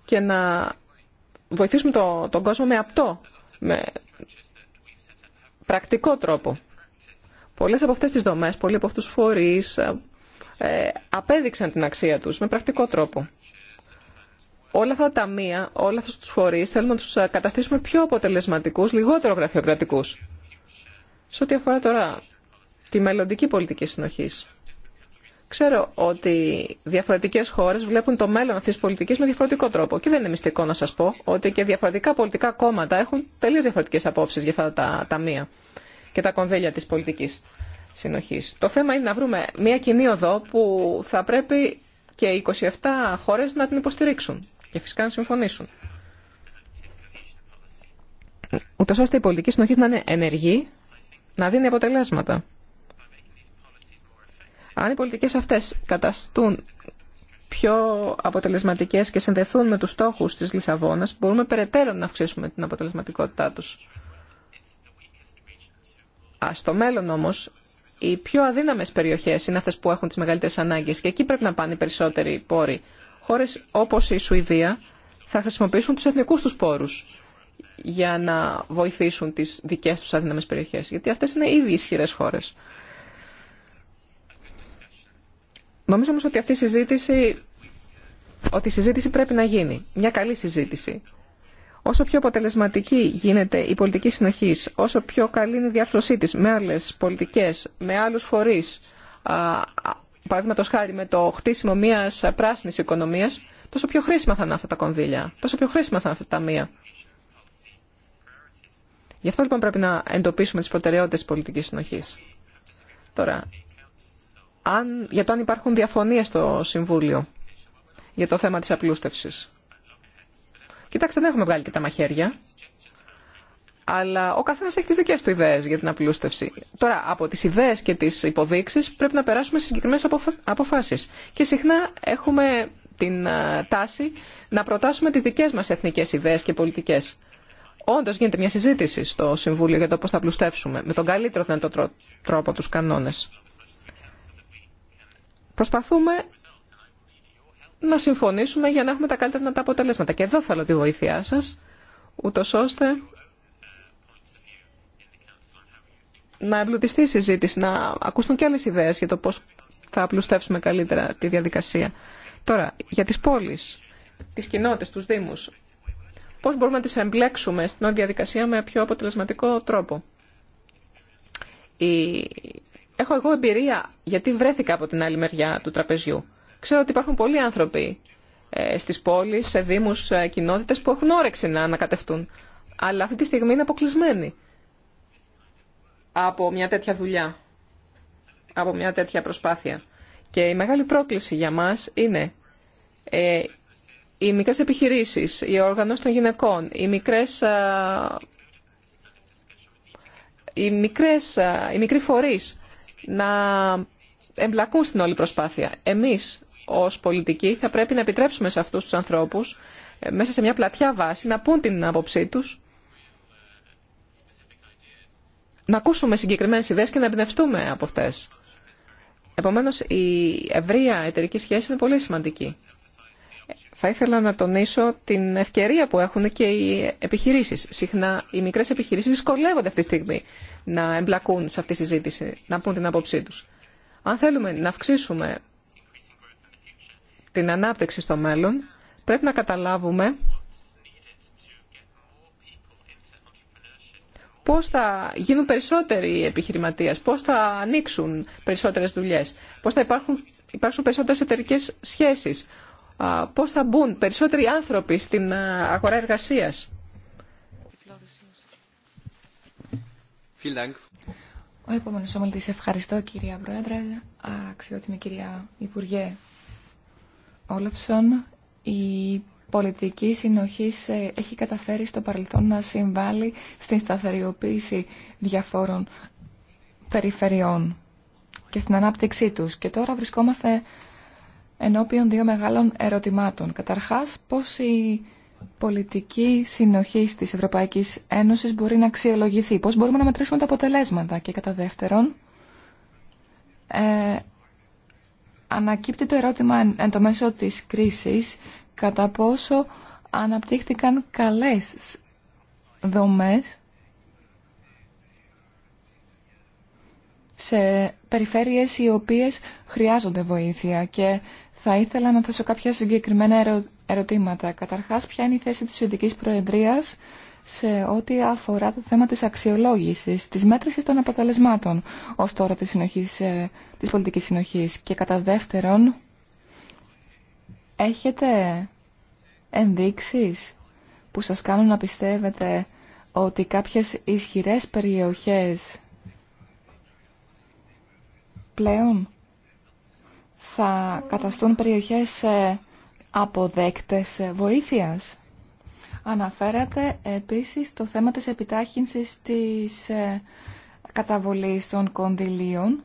και να βοηθήσουμε το, τον κόσμο με απτό, με πρακτικό τρόπο. Πολλές από αυτές τις δομές, πολλοί από αυτούς τους φορείς ε, ε απέδειξαν την αξία τους με πρακτικό τρόπο. Όλα αυτά τα ταμεία, όλα αυτούς τους φορείς θέλουμε να τους ε, καταστήσουμε πιο αποτελεσματικούς, λιγότερο γραφειοκρατικούς. Σε ό,τι αφορά τώρα τη μελλοντική πολιτική συνοχής. Ξέρω ότι διαφορετικέ χώρε βλέπουν το μέλλον αυτή τη πολιτική με διαφορετικό τρόπο. Και δεν είναι μυστικό να σα πω ότι και διαφορετικά πολιτικά κόμματα έχουν τελείω διαφορετικέ απόψει για αυτά τα ταμεία και τα κονδύλια τη πολιτική συνοχή. Το θέμα είναι να βρούμε μια κοινή οδό που θα πρέπει και οι 27 χώρε να την υποστηρίξουν και φυσικά να συμφωνήσουν. Ούτω ώστε η πολιτική συνοχή να είναι ενεργή, να δίνει αποτελέσματα. Αν οι πολιτικές αυτές καταστούν πιο αποτελεσματικές και συνδεθούν με τους στόχους της Λισαβόνας, μπορούμε περαιτέρω να αυξήσουμε την αποτελεσματικότητά τους. Α, στο μέλλον όμως, οι πιο αδύναμες περιοχές είναι αυτές που έχουν τις μεγαλύτερες ανάγκες και εκεί πρέπει να πάνε οι περισσότεροι πόροι. Χώρες όπως η Σουηδία θα χρησιμοποιήσουν τους εθνικούς τους πόρους για να βοηθήσουν τις δικές τους αδύναμες περιοχές, γιατί αυτές είναι ήδη ισχυρές χώρες. Νομίζω όμως ότι αυτή η συζήτηση, ότι η συζήτηση πρέπει να γίνει. Μια καλή συζήτηση. Όσο πιο αποτελεσματική γίνεται η πολιτική συνοχή, όσο πιο καλή είναι η διάρθρωσή τη με άλλε πολιτικέ, με άλλου φορεί, παραδείγματο χάρη με το χτίσιμο μια πράσινη οικονομία, τόσο πιο χρήσιμα θα είναι αυτά τα κονδύλια, τόσο πιο χρήσιμα θα είναι αυτά τα ταμεία. Γι' αυτό λοιπόν πρέπει να εντοπίσουμε τι προτεραιότητε τη πολιτική συνοχή. Τώρα, για το αν υπάρχουν διαφωνίες στο Συμβούλιο για το θέμα της απλούστευσης. Κοιτάξτε, δεν έχουμε βγάλει και τα μαχαίρια. Αλλά ο καθένα έχει τι δικέ του ιδέε για την απλούστευση. Τώρα, από τι ιδέε και τι υποδείξει πρέπει να περάσουμε σε συγκεκριμένε αποφάσει. Και συχνά έχουμε την ε, τάση να προτάσουμε τι δικέ μα εθνικέ ιδέε και πολιτικέ. Όντω γίνεται μια συζήτηση στο Συμβούλιο για το πώ θα απλουστεύσουμε, με τον καλύτερο δυνατό τρόπο του κανόνε. Προσπαθούμε να συμφωνήσουμε για να έχουμε τα καλύτερα τα αποτελέσματα. Και εδώ θέλω τη βοήθειά σας, ούτω ώστε να εμπλουτιστεί η συζήτηση, να ακούσουν και άλλες ιδέες για το πώς θα απλουστεύσουμε καλύτερα τη διαδικασία. Τώρα, για τις πόλεις, τις κοινότητες, τους δήμους, πώς μπορούμε να τι εμπλέξουμε στην διαδικασία με πιο αποτελεσματικό τρόπο. Η έχω εγώ εμπειρία γιατί βρέθηκα από την άλλη μεριά του τραπεζιού. Ξέρω ότι υπάρχουν πολλοί άνθρωποι ε, στις πόλεις, σε δήμους, κοινότητες που έχουν όρεξη να ανακατευτούν. Αλλά αυτή τη στιγμή είναι αποκλεισμένοι από μια τέτοια δουλειά, από μια τέτοια προσπάθεια. Και η μεγάλη πρόκληση για μας είναι ε, οι μικρέ επιχειρήσει, οι οργανώσει των γυναικών, οι οι μικρές, οι μικροί φορείς να εμπλακούν στην όλη προσπάθεια. Εμείς ως πολιτικοί θα πρέπει να επιτρέψουμε σε αυτούς τους ανθρώπους ε, μέσα σε μια πλατιά βάση να πούν την άποψή τους να ακούσουμε συγκεκριμένες ιδέες και να εμπνευστούμε από αυτές. Επομένως, η ευρεία εταιρική σχέση είναι πολύ σημαντική. Θα ήθελα να τονίσω την ευκαιρία που έχουν και οι επιχειρήσεις. Συχνά οι μικρές επιχειρήσεις δυσκολεύονται αυτή τη στιγμή να εμπλακούν σε αυτή τη συζήτηση, να πούν την άποψή τους. Αν θέλουμε να αυξήσουμε την ανάπτυξη στο μέλλον, πρέπει να καταλάβουμε πώς θα γίνουν περισσότεροι επιχειρηματίες, πώς θα ανοίξουν περισσότερες δουλειές, πώς θα υπάρχουν, υπάρχουν περισσότερες εταιρικές σχέσεις, πώς θα μπουν περισσότεροι άνθρωποι στην αγορά εργασίας. Ο επόμενος ομιλητής. Ευχαριστώ κυρία Πρόεδρε, αξιότιμη κυρία Υπουργέ Όλεψον. Η πολιτική συνοχή έχει καταφέρει στο παρελθόν να συμβάλλει στην σταθεροποίηση διαφόρων περιφερειών και στην ανάπτυξή τους. Και τώρα βρισκόμαστε ενώπιον δύο μεγάλων ερωτημάτων. Καταρχάς, πώς η πολιτική συνοχή της Ευρωπαϊκής Ένωσης μπορεί να αξιολογηθεί, πώς μπορούμε να μετρήσουμε τα αποτελέσματα και κατά δεύτερον, ε, ανακύπτει το ερώτημα εν, το μέσο της κρίσης κατά πόσο αναπτύχθηκαν καλές δομές σε περιφέρειες οι οποίες χρειάζονται βοήθεια και θα ήθελα να θέσω κάποια συγκεκριμένα ερωτήματα. Καταρχάς, ποια είναι η θέση της Σουηδικής Προεδρίας σε ό,τι αφορά το θέμα της αξιολόγησης, της μέτρησης των αποτελεσμάτων ως τώρα της, συνοχής, ε, της πολιτικής συνοχής. Και κατά δεύτερον, έχετε ενδείξεις που σας κάνουν να πιστεύετε ότι κάποιες ισχυρές περιοχές πλέον θα καταστούν περιοχές ε, αποδέκτες ε, βοήθειας. Αναφέρατε επίσης το θέμα της επιτάχυνσης της ε, καταβολής των κονδυλίων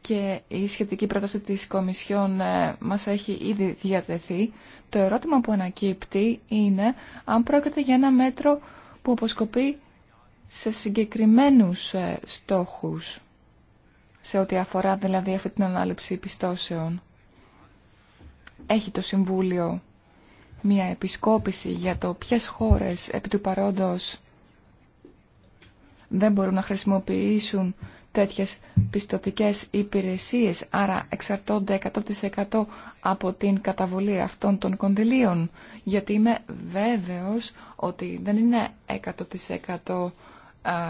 και η σχετική πρόταση της Κομισιόν μας έχει ήδη διατεθεί. Το ερώτημα που ανακύπτει είναι αν πρόκειται για ένα μέτρο που αποσκοπεί σε συγκεκριμένους στόχους σε ό,τι αφορά δηλαδή αυτή την ανάληψη πιστώσεων. Έχει το Συμβούλιο μια επισκόπηση για το ποιες χώρες επί του παρόντος δεν μπορούν να χρησιμοποιήσουν τέτοιες πιστοτικές υπηρεσίες, άρα εξαρτώνται 100% από την καταβολή αυτών των κονδυλίων, γιατί είμαι βέβαιος ότι δεν είναι 100%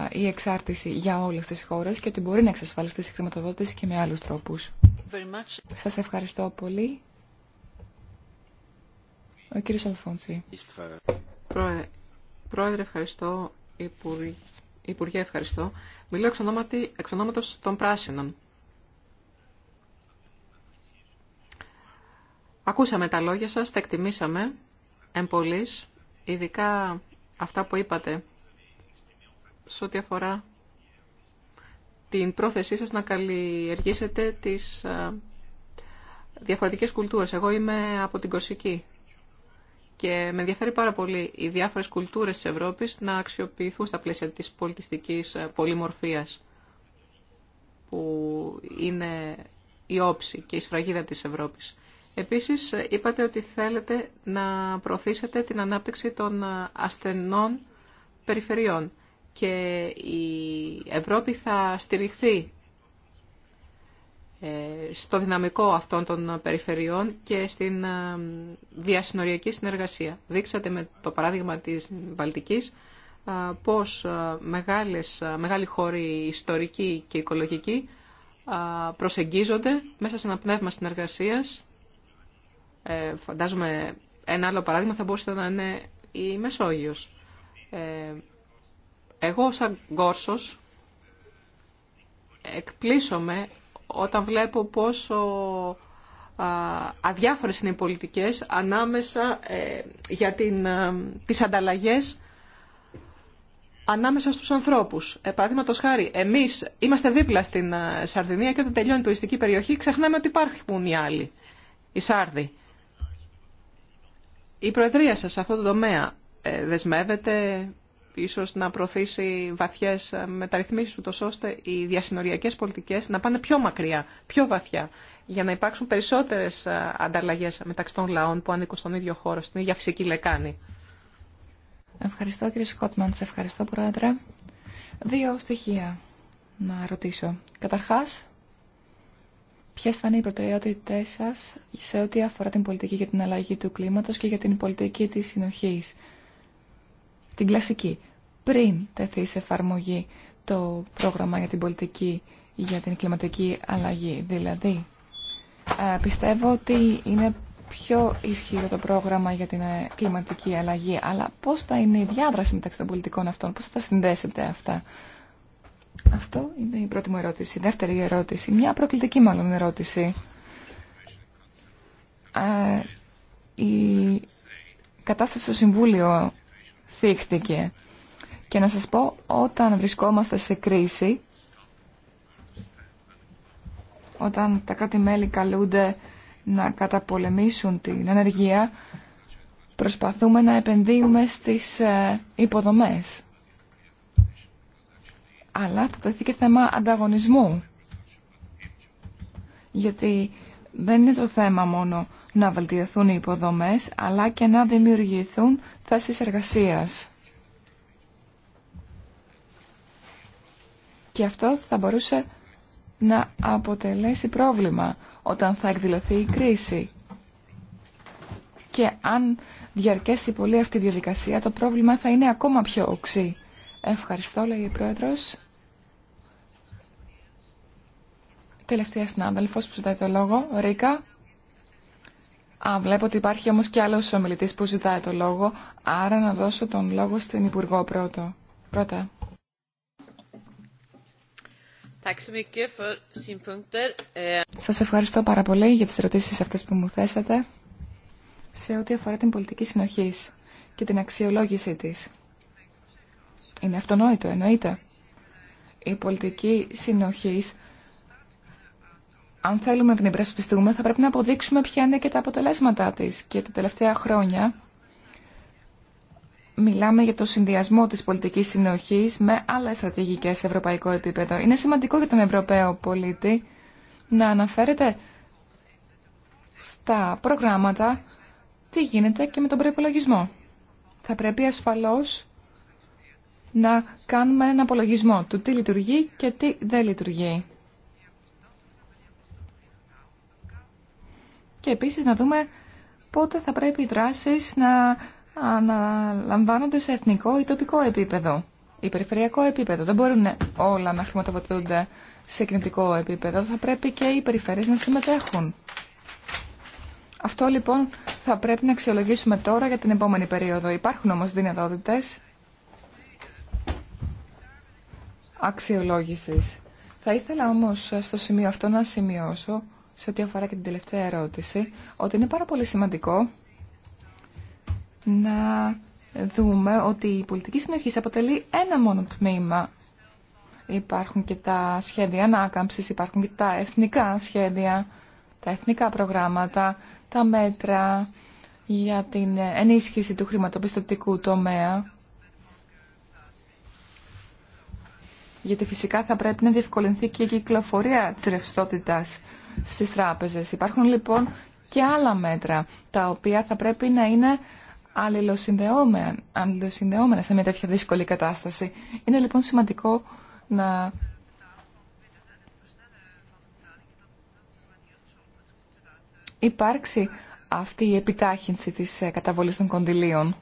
η εξάρτηση για όλες τις χώρες και ότι μπορεί να εξασφαλιστεί η χρηματοδότηση και με άλλους τρόπους. Σας ευχαριστώ πολύ. Ο κύριος Αλφόνση. Πρόεδρε, ευχαριστώ. Υπουργέ, ευχαριστώ. Μιλώ εξ, ονόματι, εξ ονόματος των Πράσινων. Ακούσαμε τα λόγια σας, τα εκτιμήσαμε εμπολής, ειδικά αυτά που είπατε σε ό,τι αφορά την πρόθεσή σας να καλλιεργήσετε τις διαφορετικές κουλτούρες. Εγώ είμαι από την Κορσική και με ενδιαφέρει πάρα πολύ οι διάφορες κουλτούρες της Ευρώπης να αξιοποιηθούν στα πλαίσια της πολιτιστικής πολυμορφίας που είναι η όψη και η σφραγίδα της Ευρώπης. Επίσης, είπατε ότι θέλετε να προωθήσετε την ανάπτυξη των ασθενών περιφερειών και η Ευρώπη θα στηριχθεί ε, στο δυναμικό αυτών των περιφερειών και στην ε, διασυνοριακή συνεργασία. Δείξατε με το παράδειγμα της Βαλτικής ε, πώς μεγάλες, μεγάλοι χώροι ιστορικοί και οικολογικοί προσεγγίζονται μέσα σε ένα πνεύμα συνεργασίας. Φαντάζομαι ένα άλλο παράδειγμα θα μπορούσε να είναι η Μεσόγειος. Εγώ σαν Γκόρσος εκπλήσωμαι όταν βλέπω πόσο αδιάφορες είναι οι πολιτικές ανάμεσα ε, για την, ε, τις ανταλλαγές ανάμεσα στους ανθρώπους. Ε, Παραδείγματο χάρη, εμείς είμαστε δίπλα στην ε, Σαρδινία και όταν τελειώνει η τουριστική περιοχή ξεχνάμε ότι υπάρχουν οι άλλοι, οι Σάρδοι. Η Προεδρία σας σε αυτό το τομέα δεσμεύεται ίσως να προωθήσει βαθιές μεταρρυθμίσεις ούτως ώστε οι διασυνοριακές πολιτικές να πάνε πιο μακριά, πιο βαθιά για να υπάρξουν περισσότερες ε, ανταλλαγές μεταξύ των λαών που ανήκουν στον ίδιο χώρο, στην ίδια φυσική λεκάνη. Ευχαριστώ κύριε Σκότμαν, σε ευχαριστώ πρόεδρε. Δύο στοιχεία να ρωτήσω. Καταρχάς, ποιες θα είναι οι προτεραιότητές σας σε ό,τι αφορά την πολιτική για την αλλαγή του κλίματος και για την πολιτική της συνοχής. Την κλασική πριν τεθεί σε εφαρμογή το πρόγραμμα για την πολιτική για την κλιματική αλλαγή. Δηλαδή, ε, πιστεύω ότι είναι πιο ισχυρό το πρόγραμμα για την ε, κλιματική αλλαγή, αλλά πώς θα είναι η διάδραση μεταξύ των πολιτικών αυτών, πώς θα συνδέσετε αυτά. Αυτό είναι η πρώτη μου ερώτηση. Η δεύτερη ερώτηση, μια προκλητική μάλλον ερώτηση. Ε, η κατάσταση στο Συμβούλιο θύχτηκε. Και να σας πω, όταν βρισκόμαστε σε κρίση, όταν τα κράτη-μέλη καλούνται να καταπολεμήσουν την ενεργεία, προσπαθούμε να επενδύουμε στις ε, υποδομές. Αλλά θα τεθεί και θέμα ανταγωνισμού. Γιατί δεν είναι το θέμα μόνο να βελτιωθούν οι υποδομές, αλλά και να δημιουργηθούν θέσεις εργασίας. Και αυτό θα μπορούσε να αποτελέσει πρόβλημα όταν θα εκδηλωθεί η κρίση. Και αν διαρκέσει πολύ αυτή η διαδικασία, το πρόβλημα θα είναι ακόμα πιο οξύ. Ευχαριστώ, λέει η Πρόεδρος. Τελευταία συνάδελφος που ζητάει το λόγο, Ρίκα. Α, βλέπω ότι υπάρχει όμως και άλλος ομιλητής που ζητάει το λόγο, άρα να δώσω τον λόγο στην Υπουργό πρώτο. Πρώτα. Σας ευχαριστώ πάρα πολύ για τις ερωτήσεις αυτές που μου θέσατε σε ό,τι αφορά την πολιτική συνοχής και την αξιολόγησή της. Είναι αυτονόητο, εννοείται. Η πολιτική συνοχής, αν θέλουμε να την υπερασπιστούμε, θα πρέπει να αποδείξουμε ποια είναι και τα αποτελέσματά της. Και τα τελευταία χρόνια μιλάμε για το συνδυασμό της πολιτικής συνοχής με άλλες στρατηγικές σε ευρωπαϊκό επίπεδο. Είναι σημαντικό για τον Ευρωπαίο πολίτη να αναφέρεται στα προγράμματα τι γίνεται και με τον προϋπολογισμό. Θα πρέπει ασφαλώς να κάνουμε ένα απολογισμό του τι λειτουργεί και τι δεν λειτουργεί. Και επίσης να δούμε πότε θα πρέπει οι δράσεις να αναλαμβάνονται σε εθνικό ή τοπικό επίπεδο ή περιφερειακό επίπεδο. Δεν μπορούν όλα να χρηματοδοτούνται σε κινητικό επίπεδο. Θα πρέπει και οι περιφέρειες να συμμετέχουν. Αυτό λοιπόν θα πρέπει να αξιολογήσουμε τώρα για την επόμενη περίοδο. Υπάρχουν όμως δυνατότητες αξιολόγησης. Θα ήθελα όμως στο σημείο αυτό να σημειώσω, σε ό,τι αφορά και την τελευταία ερώτηση, ότι είναι πάρα πολύ σημαντικό να δούμε ότι η πολιτική συνοχή αποτελεί ένα μόνο τμήμα. Υπάρχουν και τα σχέδια ανάκαμψης, υπάρχουν και τα εθνικά σχέδια, τα εθνικά προγράμματα, τα μέτρα για την ενίσχυση του χρηματοπιστωτικού τομέα. Γιατί φυσικά θα πρέπει να διευκολυνθεί και η κυκλοφορία της ρευστότητα στις τράπεζες. Υπάρχουν λοιπόν και άλλα μέτρα, τα οποία θα πρέπει να είναι αλληλοσυνδεόμενα σε μια τέτοια δύσκολη κατάσταση. Είναι λοιπόν σημαντικό να υπάρξει αυτή η επιτάχυνση της ε, καταβολής των κονδυλίων.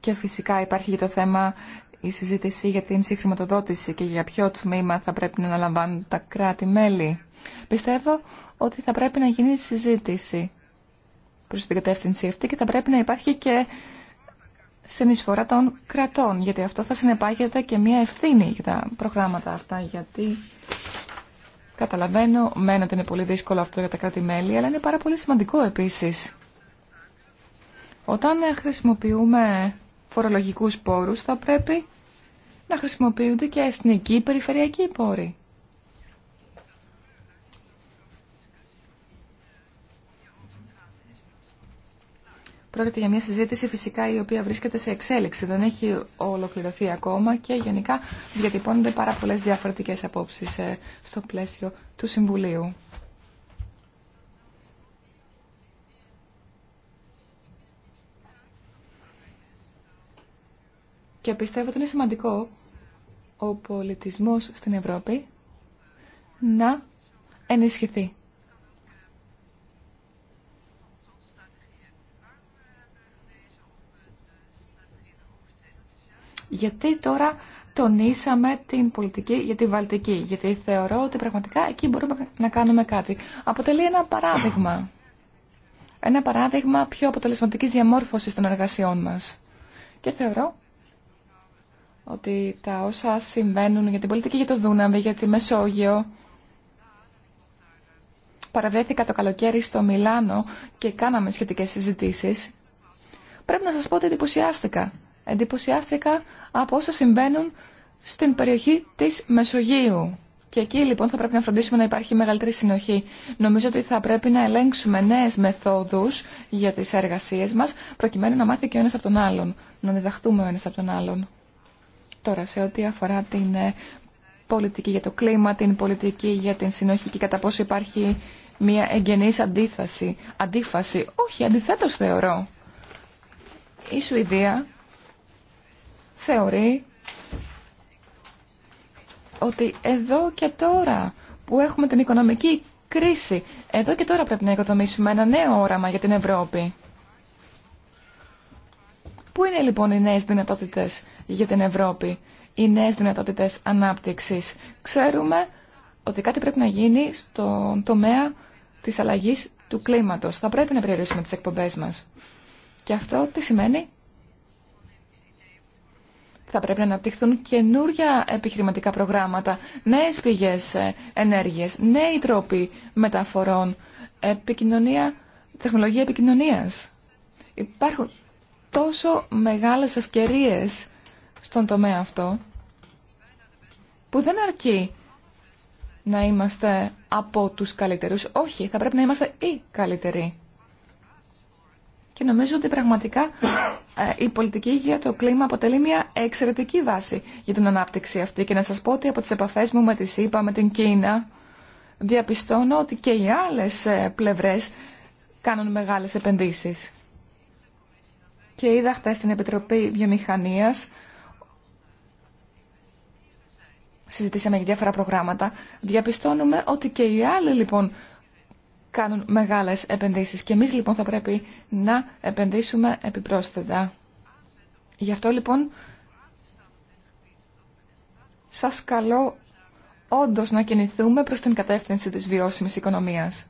Και φυσικά υπάρχει και το θέμα η συζήτηση για την συγχρηματοδότηση και για ποιο τμήμα θα πρέπει να αναλαμβάνουν τα κράτη-μέλη. Πιστεύω ότι θα πρέπει να γίνει συζήτηση προς την κατεύθυνση αυτή και θα πρέπει να υπάρχει και συνεισφορά των κρατών, γιατί αυτό θα συνεπάγεται και μια ευθύνη για τα προγράμματα αυτά, γιατί καταλαβαίνω, μένω ότι είναι πολύ δύσκολο αυτό για τα κράτη-μέλη, αλλά είναι πάρα πολύ σημαντικό επίσης. Όταν χρησιμοποιούμε φορολογικούς πόρους, θα πρέπει να χρησιμοποιούνται και εθνικοί περιφερειακοί πόροι. Πρόκειται για μια συζήτηση φυσικά η οποία βρίσκεται σε εξέλιξη, δεν έχει ολοκληρωθεί ακόμα και γενικά διατυπώνονται πάρα πολλέ διαφορετικέ απόψει ε, στο πλαίσιο του Συμβουλίου. Και πιστεύω ότι είναι σημαντικό ο πολιτισμός στην Ευρώπη να ενισχυθεί. γιατί τώρα τονίσαμε την πολιτική για τη Βαλτική, γιατί θεωρώ ότι πραγματικά εκεί μπορούμε να κάνουμε κάτι. Αποτελεί ένα παράδειγμα. Ένα παράδειγμα πιο αποτελεσματικής διαμόρφωσης των εργασιών μας. Και θεωρώ ότι τα όσα συμβαίνουν για την πολιτική για το Δούναβη, για τη Μεσόγειο, παραβρέθηκα το καλοκαίρι στο Μιλάνο και κάναμε σχετικές συζητήσεις, πρέπει να σας πω ότι εντυπωσιάστηκα εντυπωσιάστηκα από όσα συμβαίνουν στην περιοχή της Μεσογείου. Και εκεί λοιπόν θα πρέπει να φροντίσουμε να υπάρχει μεγαλύτερη συνοχή. Νομίζω ότι θα πρέπει να ελέγξουμε νέε μεθόδου για τι εργασίε μα, προκειμένου να μάθει και ο ένα από τον άλλον, να διδαχθούμε ο ένα από τον άλλον. Τώρα, σε ό,τι αφορά την ε, πολιτική για το κλίμα, την πολιτική για την συνοχή και κατά πόσο υπάρχει μια εγγενή αντίφαση. αντίφαση. Όχι, αντιθέτω θεωρώ. Η Σουηδία θεωρεί ότι εδώ και τώρα που έχουμε την οικονομική κρίση, εδώ και τώρα πρέπει να οικοδομήσουμε ένα νέο όραμα για την Ευρώπη. Πού είναι λοιπόν οι νέες δυνατότητες για την Ευρώπη, οι νέες δυνατότητες ανάπτυξης. Ξέρουμε ότι κάτι πρέπει να γίνει στον τομέα της αλλαγής του κλίματος. Θα πρέπει να περιορίσουμε τις εκπομπές μας. Και αυτό τι σημαίνει θα πρέπει να αναπτυχθούν καινούρια επιχειρηματικά προγράμματα, νέες πηγές ε, ενέργειας, νέοι τρόποι μεταφορών, επικοινωνία, τεχνολογία επικοινωνίας. Υπάρχουν τόσο μεγάλες ευκαιρίες στον τομέα αυτό που δεν αρκεί να είμαστε από τους καλύτερους. Όχι, θα πρέπει να είμαστε οι καλύτεροι και νομίζω ότι πραγματικά ε, η πολιτική για το κλίμα αποτελεί μια εξαιρετική βάση για την ανάπτυξη αυτή. Και να σας πω ότι από τις επαφές μου με τη ΣΥΠΑ, με την Κίνα, διαπιστώνω ότι και οι άλλες ε, πλευρές κάνουν μεγάλες επενδύσεις. Και είδα χθε στην Επιτροπή Βιομηχανίας, συζητήσαμε για διάφορα προγράμματα, διαπιστώνουμε ότι και οι άλλοι λοιπόν κάνουν μεγάλες επενδύσεις. Και εμείς λοιπόν θα πρέπει να επενδύσουμε επιπρόσθετα. Γι' αυτό λοιπόν σας καλώ όντως να κινηθούμε προς την κατεύθυνση της βιώσιμης οικονομίας.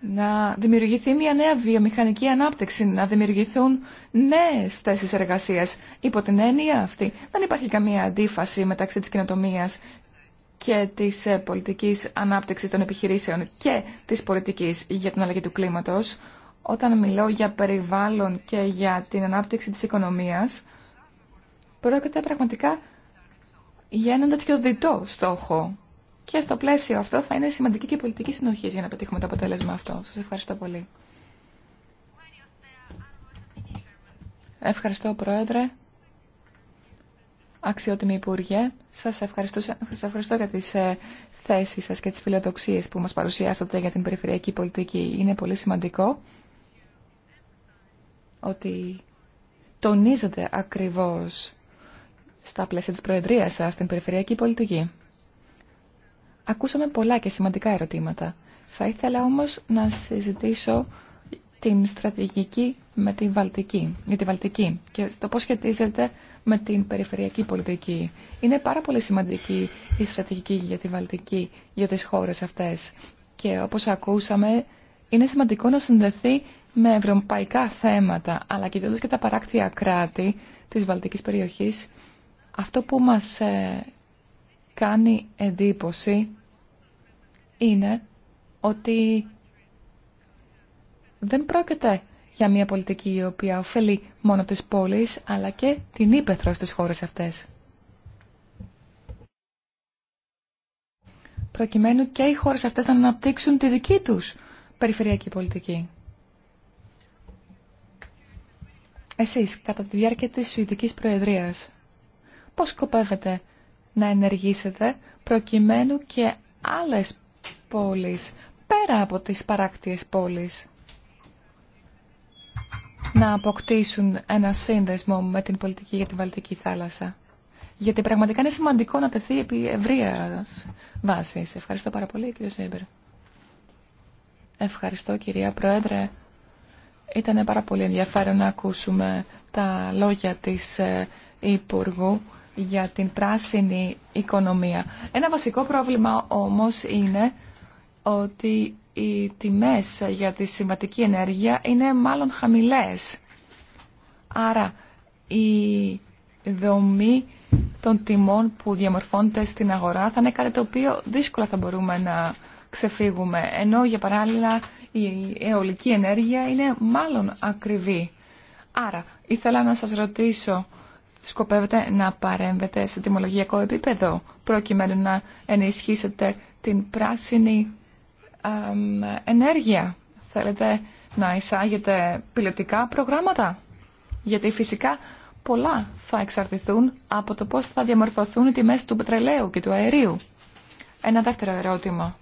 Να δημιουργηθεί μια νέα βιομηχανική ανάπτυξη, να δημιουργηθούν νέες θέσεις εργασίας. Υπό την έννοια αυτή δεν υπάρχει καμία αντίφαση μεταξύ της κοινοτομίας και της ε, πολιτικής ανάπτυξης των επιχειρήσεων και της πολιτικής για την αλλαγή του κλίματος, όταν μιλώ για περιβάλλον και για την ανάπτυξη της οικονομίας, πρόκειται πραγματικά για έναν τέτοιο διτό στόχο. Και στο πλαίσιο αυτό θα είναι σημαντική και πολιτική συνοχή για να πετύχουμε το αποτέλεσμα αυτό. Σας ευχαριστώ πολύ. Ευχαριστώ, Πρόεδρε. Αξιότιμη Υπουργέ, σα ευχαριστώ, ευχαριστώ για τις ε, θέσει σας και τις φιλοδοξίες που μας παρουσιάσατε για την περιφερειακή πολιτική. Είναι πολύ σημαντικό ότι τονίζετε ακριβώς στα πλαίσια της Προεδρίας σας την περιφερειακή πολιτική. Ακούσαμε πολλά και σημαντικά ερωτήματα. Θα ήθελα όμως να συζητήσω την στρατηγική με την Βαλτική, για τη Βαλτική και στο πώς σχετίζεται με την περιφερειακή πολιτική. Είναι πάρα πολύ σημαντική η στρατηγική για τη Βαλτική, για τις χώρες αυτές. Και όπως ακούσαμε, είναι σημαντικό να συνδεθεί με ευρωπαϊκά θέματα, αλλά κοιτώντας και τα παράκτια κράτη της Βαλτικής περιοχής, αυτό που μας ε, κάνει εντύπωση είναι ότι δεν πρόκειται για μια πολιτική η οποία ωφελεί μόνο τις πόλεις, αλλά και την ύπεθρο στις χώρες αυτές. Προκειμένου και οι χώρες αυτές να αναπτύξουν τη δική τους περιφερειακή πολιτική. Εσείς, κατά τη διάρκεια της Σουηδικής Προεδρίας, πώς σκοπεύετε να ενεργήσετε προκειμένου και άλλες πόλεις, πέρα από τις παράκτιες πόλεις, να αποκτήσουν ένα σύνδεσμο με την πολιτική για την Βαλτική θάλασσα. Γιατί πραγματικά είναι σημαντικό να τεθεί επί ευρεία βάση. Ευχαριστώ πάρα πολύ, κύριο Σέμπερ. Ευχαριστώ, κυρία Πρόεδρε. Ήταν πάρα πολύ ενδιαφέρον να ακούσουμε τα λόγια της ε, Υπουργού για την πράσινη οικονομία. Ένα βασικό πρόβλημα όμως είναι ότι οι τιμές για τη συμβατική ενέργεια είναι μάλλον χαμηλές. Άρα η δομή των τιμών που διαμορφώνεται στην αγορά θα είναι κάτι το οποίο δύσκολα θα μπορούμε να ξεφύγουμε. Ενώ για παράλληλα η αιωλική ενέργεια είναι μάλλον ακριβή. Άρα ήθελα να σας ρωτήσω, σκοπεύετε να παρέμβετε σε τιμολογιακό επίπεδο προκειμένου να ενισχύσετε την πράσινη ενέργεια. Θέλετε να εισάγετε πιλωτικά προγράμματα. Γιατί φυσικά πολλά θα εξαρτηθούν από το πώς θα διαμορφωθούν οι τιμές του πετρελαίου και του αερίου. Ένα δεύτερο ερώτημα.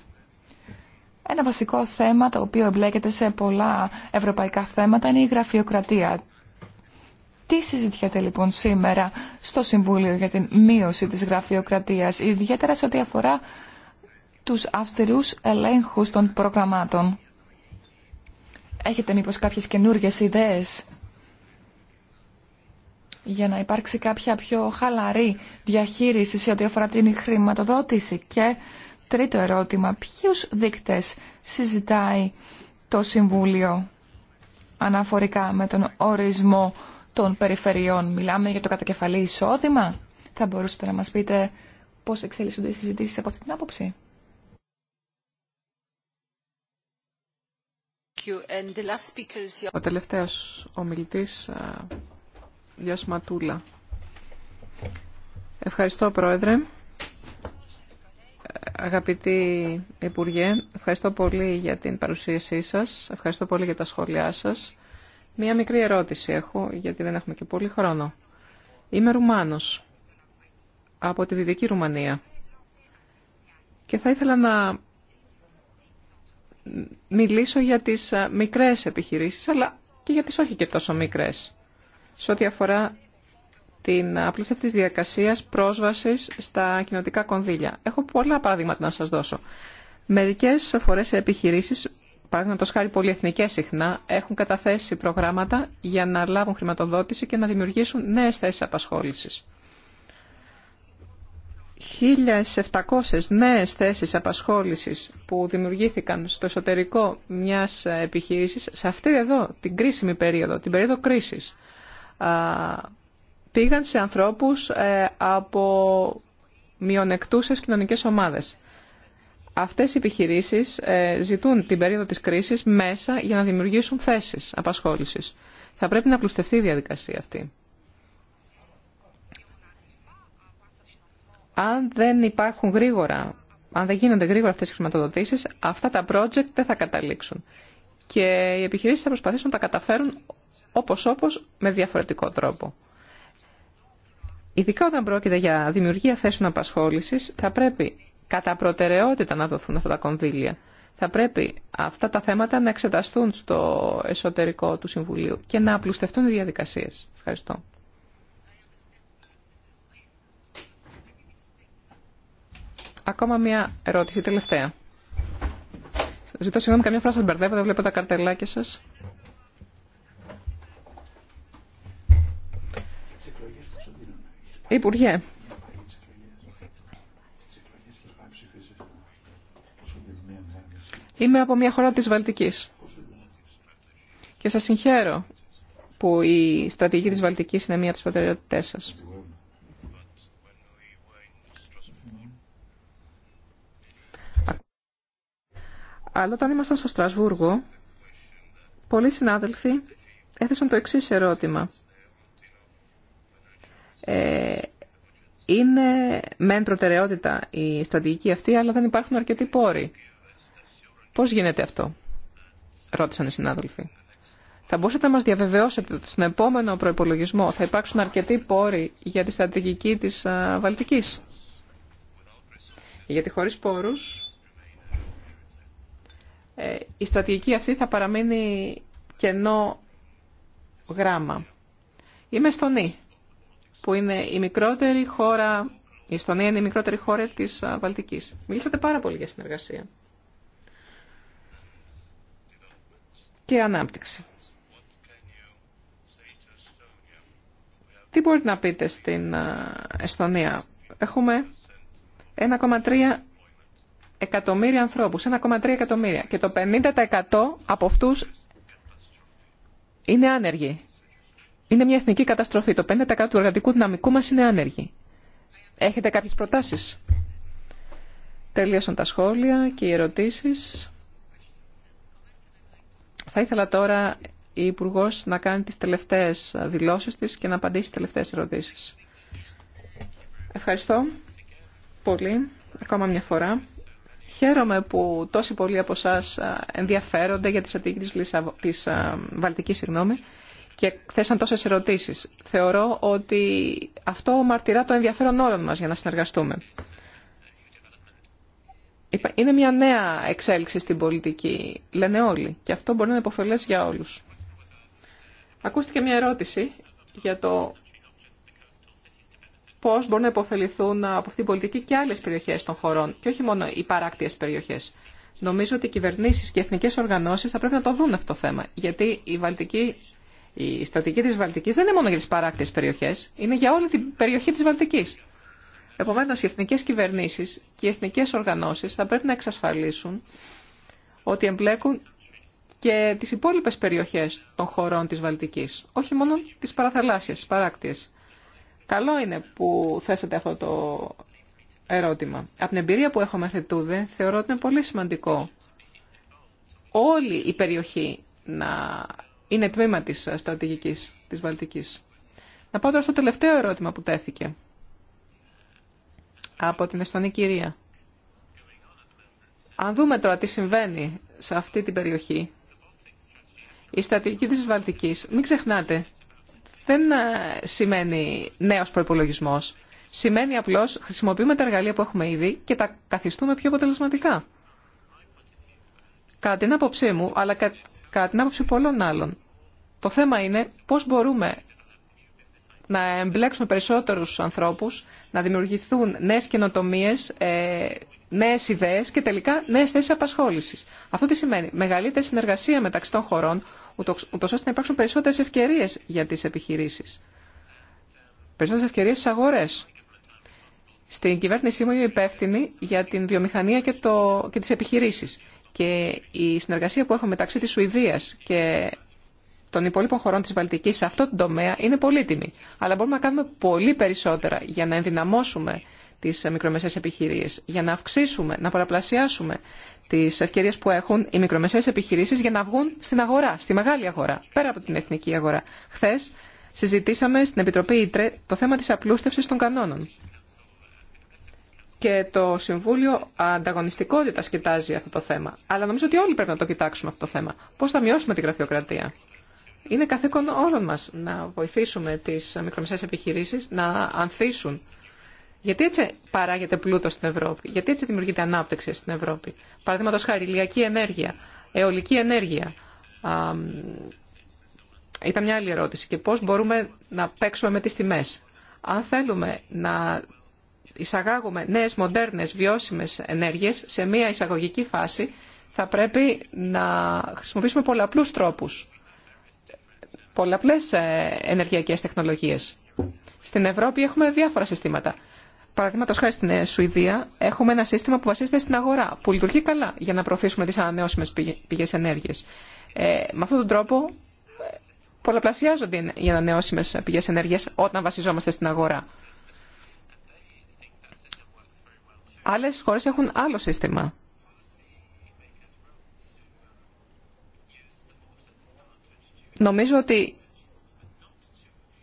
Ένα βασικό θέμα το οποίο εμπλέκεται σε πολλά ευρωπαϊκά θέματα είναι η γραφειοκρατία. Τι συζητιέται λοιπόν σήμερα στο Συμβούλιο για την μείωση της γραφειοκρατίας, ιδιαίτερα σε ό,τι αφορά τους αυστηρούς ελέγχους των προγραμμάτων. Έχετε μήπως κάποιες καινούργιες ιδέες για να υπάρξει κάποια πιο χαλαρή διαχείριση σε ό,τι αφορά την χρηματοδότηση. Και τρίτο ερώτημα, ποιους δείκτες συζητάει το Συμβούλιο αναφορικά με τον ορισμό των περιφερειών. Μιλάμε για το κατακεφαλή εισόδημα. Θα μπορούσατε να μας πείτε πώς εξελίσσονται οι συζητήσεις από αυτή την άποψη. Ο τελευταίος ομιλητής, Γιώργος Ματούλα. Ευχαριστώ, Πρόεδρε. Αγαπητή Υπουργέ, ευχαριστώ πολύ για την παρουσίασή σας. Ευχαριστώ πολύ για τα σχόλιά σας. Μία μικρή ερώτηση έχω, γιατί δεν έχουμε και πολύ χρόνο. Είμαι Ρουμάνος, από τη Δυτική Ρουμανία. Και θα ήθελα να μιλήσω για τις ε, μικρές επιχειρήσεις, αλλά και για τις όχι και τόσο μικρές. Σε ό,τι αφορά την απλούστευση αυτής της πρόσβασης στα κοινωτικά κονδύλια. Έχω πολλά παραδείγματα να σας δώσω. Μερικές φορές οι επιχειρήσεις, παραδείγματος χάρη πολυεθνικές συχνά, έχουν καταθέσει προγράμματα για να λάβουν χρηματοδότηση και να δημιουργήσουν νέες θέσεις απασχόλησης. 1.700 νέες θέσεις απασχόλησης που δημιουργήθηκαν στο εσωτερικό μιας επιχείρησης σε αυτή εδώ την κρίσιμη περίοδο, την περίοδο κρίσης πήγαν σε ανθρώπους ε, από μειονεκτούσες κοινωνικές ομάδες. Αυτές οι επιχειρήσεις ε, ζητούν την περίοδο της κρίσης μέσα για να δημιουργήσουν θέσεις απασχόλησης. Θα πρέπει να πλουστευτεί η διαδικασία αυτή. αν δεν υπάρχουν γρήγορα, αν δεν γίνονται γρήγορα αυτές οι χρηματοδοτήσεις, αυτά τα project δεν θα καταλήξουν. Και οι επιχειρήσεις θα προσπαθήσουν να τα καταφέρουν όπως όπως με διαφορετικό τρόπο. Ειδικά όταν πρόκειται για δημιουργία θέσεων απασχόλησης, θα πρέπει κατά προτεραιότητα να δοθούν αυτά τα κονδύλια. Θα πρέπει αυτά τα θέματα να εξεταστούν στο εσωτερικό του Συμβουλίου και να απλουστευτούν οι διαδικασίες. Ευχαριστώ. Ακόμα μία ερώτηση, τελευταία. Ζητώ συγγνώμη, καμιά φορά σας μπερδεύω, δεν βλέπω τα καρτελάκια σας. Υπουργέ, Είμαι από μια χώρα της Βαλτικής. Και σας συγχαίρω που η στρατηγική της Βαλτικής είναι μια από τις προτεραιότητές σας. Αλλά όταν ήμασταν στο Στρασβούργο, πολλοί συνάδελφοι έθεσαν το εξής ερώτημα. Ε, είναι μεν προτεραιότητα η στρατηγική αυτή, αλλά δεν υπάρχουν αρκετοί πόροι. Πώς γίνεται αυτό, ρώτησαν οι συνάδελφοι. Θα μπορούσατε να μας διαβεβαιώσετε ότι στον επόμενο προϋπολογισμό θα υπάρξουν αρκετοί πόροι για τη στρατηγική της Βαλτικής. Γιατί χωρίς πόρους η στρατηγική αυτή θα παραμείνει κενό γράμμα. Είμαι Εστονή, που είναι η μικρότερη χώρα, η Εστονία είναι η μικρότερη χώρα της Βαλτικής. Μιλήσατε πάρα πολύ για συνεργασία και ανάπτυξη. Τι μπορείτε να πείτε στην Εστονία. Έχουμε 1,3 εκατομμύρια ανθρώπους, 1,3 εκατομμύρια και το 50% από αυτούς είναι άνεργοι. Είναι μια εθνική καταστροφή. Το 50% του εργατικού δυναμικού μας είναι άνεργοι. Έχετε κάποιες προτάσεις. Τελείωσαν τα σχόλια και οι ερωτήσεις. Θα ήθελα τώρα η Υπουργό να κάνει τις τελευταίες δηλώσεις της και να απαντήσει τις τελευταίες ερωτήσεις. Ευχαριστώ πολύ, ακόμα μια φορά. Χαίρομαι που τόσοι πολλοί από εσά ενδιαφέρονται για τη στρατηγική της, Λισαβ... της και θέσαν τόσες ερωτήσεις. Θεωρώ ότι αυτό μαρτυρά το ενδιαφέρον όλων μας για να συνεργαστούμε. Είναι μια νέα εξέλιξη στην πολιτική, λένε όλοι, και αυτό μπορεί να είναι για όλους. Ακούστηκε μια ερώτηση για το πώ μπορούν να υποφεληθούν από αυτή την πολιτική και άλλε περιοχέ των χωρών και όχι μόνο οι παράκτιε περιοχέ. Νομίζω ότι οι κυβερνήσει και οι εθνικές οργανώσεις θα πρέπει να το δουν αυτό το θέμα. Γιατί η, Βαλτική, η στρατηγική της Βαλτικής δεν είναι μόνο για τι παράκτιε περιοχέ, είναι για όλη την περιοχή τη Βαλτική. Επομένω, οι εθνικέ κυβερνήσει και οι εθνικέ οργανώσει θα πρέπει να εξασφαλίσουν ότι εμπλέκουν και τις υπόλοιπες περιοχές των χωρών της Βαλτικής, όχι μόνο τις παραθαλάσσιες, τις παράκτιες. Καλό είναι που θέσατε αυτό το ερώτημα. Από την εμπειρία που έχω μέχρι τούδε, θεωρώ ότι είναι πολύ σημαντικό όλη η περιοχή να είναι τμήμα της στρατηγικής της Βαλτικής. Να πάω τώρα στο τελευταίο ερώτημα που τέθηκε από την Εστονή κυρία. Αν δούμε τώρα τι συμβαίνει σε αυτή την περιοχή, η στρατηγική της Βαλτικής, μην ξεχνάτε δεν ε, σημαίνει νέος προπολογισμό. Σημαίνει απλώς χρησιμοποιούμε τα εργαλεία που έχουμε ήδη και τα καθιστούμε πιο αποτελεσματικά. Κατά την άποψή μου, αλλά κα, κατά την άποψη πολλών άλλων, το θέμα είναι πώς μπορούμε να εμπλέξουμε περισσότερους ανθρώπους, να δημιουργηθούν νέες καινοτομίες, ε, νέες ιδέες και τελικά νέες θέσεις απασχόλησης. Αυτό τι σημαίνει. Μεγαλύτερη συνεργασία μεταξύ των χωρών, ούτως ώστε να υπάρξουν περισσότερες ευκαιρίες για τις επιχειρήσεις. Περισσότερες ευκαιρίες στις αγορές. Στην κυβέρνησή μου είμαι υπεύθυνη για την βιομηχανία και, το, και τις επιχειρήσεις. Και η συνεργασία που έχω μεταξύ της Σουηδίας και των υπόλοιπων χωρών της Βαλτικής σε αυτό το τομέα είναι πολύτιμη. Αλλά μπορούμε να κάνουμε πολύ περισσότερα για να ενδυναμώσουμε τι μικρομεσαίες επιχειρήσει. για να αυξήσουμε, να παραπλασιάσουμε τι ευκαιρίε που έχουν οι μικρομεσαίες επιχειρήσει για να βγουν στην αγορά, στη μεγάλη αγορά, πέρα από την εθνική αγορά. Χθε συζητήσαμε στην Επιτροπή Ήτρε το θέμα τη απλούστευση των κανόνων. Και το Συμβούλιο Ανταγωνιστικότητα κοιτάζει αυτό το θέμα. Αλλά νομίζω ότι όλοι πρέπει να το κοιτάξουμε αυτό το θέμα. Πώ θα μειώσουμε την γραφειοκρατία. Είναι καθήκον όλων μα να βοηθήσουμε τι μικρομεσαίες επιχειρήσει να ανθίσουν γιατί έτσι παράγεται πλούτο στην Ευρώπη, γιατί έτσι δημιουργείται ανάπτυξη στην Ευρώπη. Παραδείγματο χάρη, ηλιακή ενέργεια, αιωλική ενέργεια. Α, ήταν μια άλλη ερώτηση. Και πώ μπορούμε να παίξουμε με τι τιμέ, Αν θέλουμε να εισαγάγουμε νέε μοντέρνε βιώσιμε ενέργειε σε μια εισαγωγική φάση, θα πρέπει να χρησιμοποιήσουμε πολλαπλού τρόπου, πολλαπλέ ε, ενεργειακέ τεχνολογίε. Στην Ευρώπη έχουμε διάφορα συστήματα. Παραδείγματο χάρη στην ε, Σουηδία, έχουμε ένα σύστημα που βασίζεται στην αγορά, που λειτουργεί καλά για να προωθήσουμε τι ανανεώσιμε πηγέ ενέργεια. Ε, με αυτόν τον τρόπο ε, πολλαπλασιάζονται οι ανανεώσιμε πηγέ ενέργεια όταν βασιζόμαστε στην αγορά. Άλλε χώρε έχουν άλλο σύστημα. Νομίζω ότι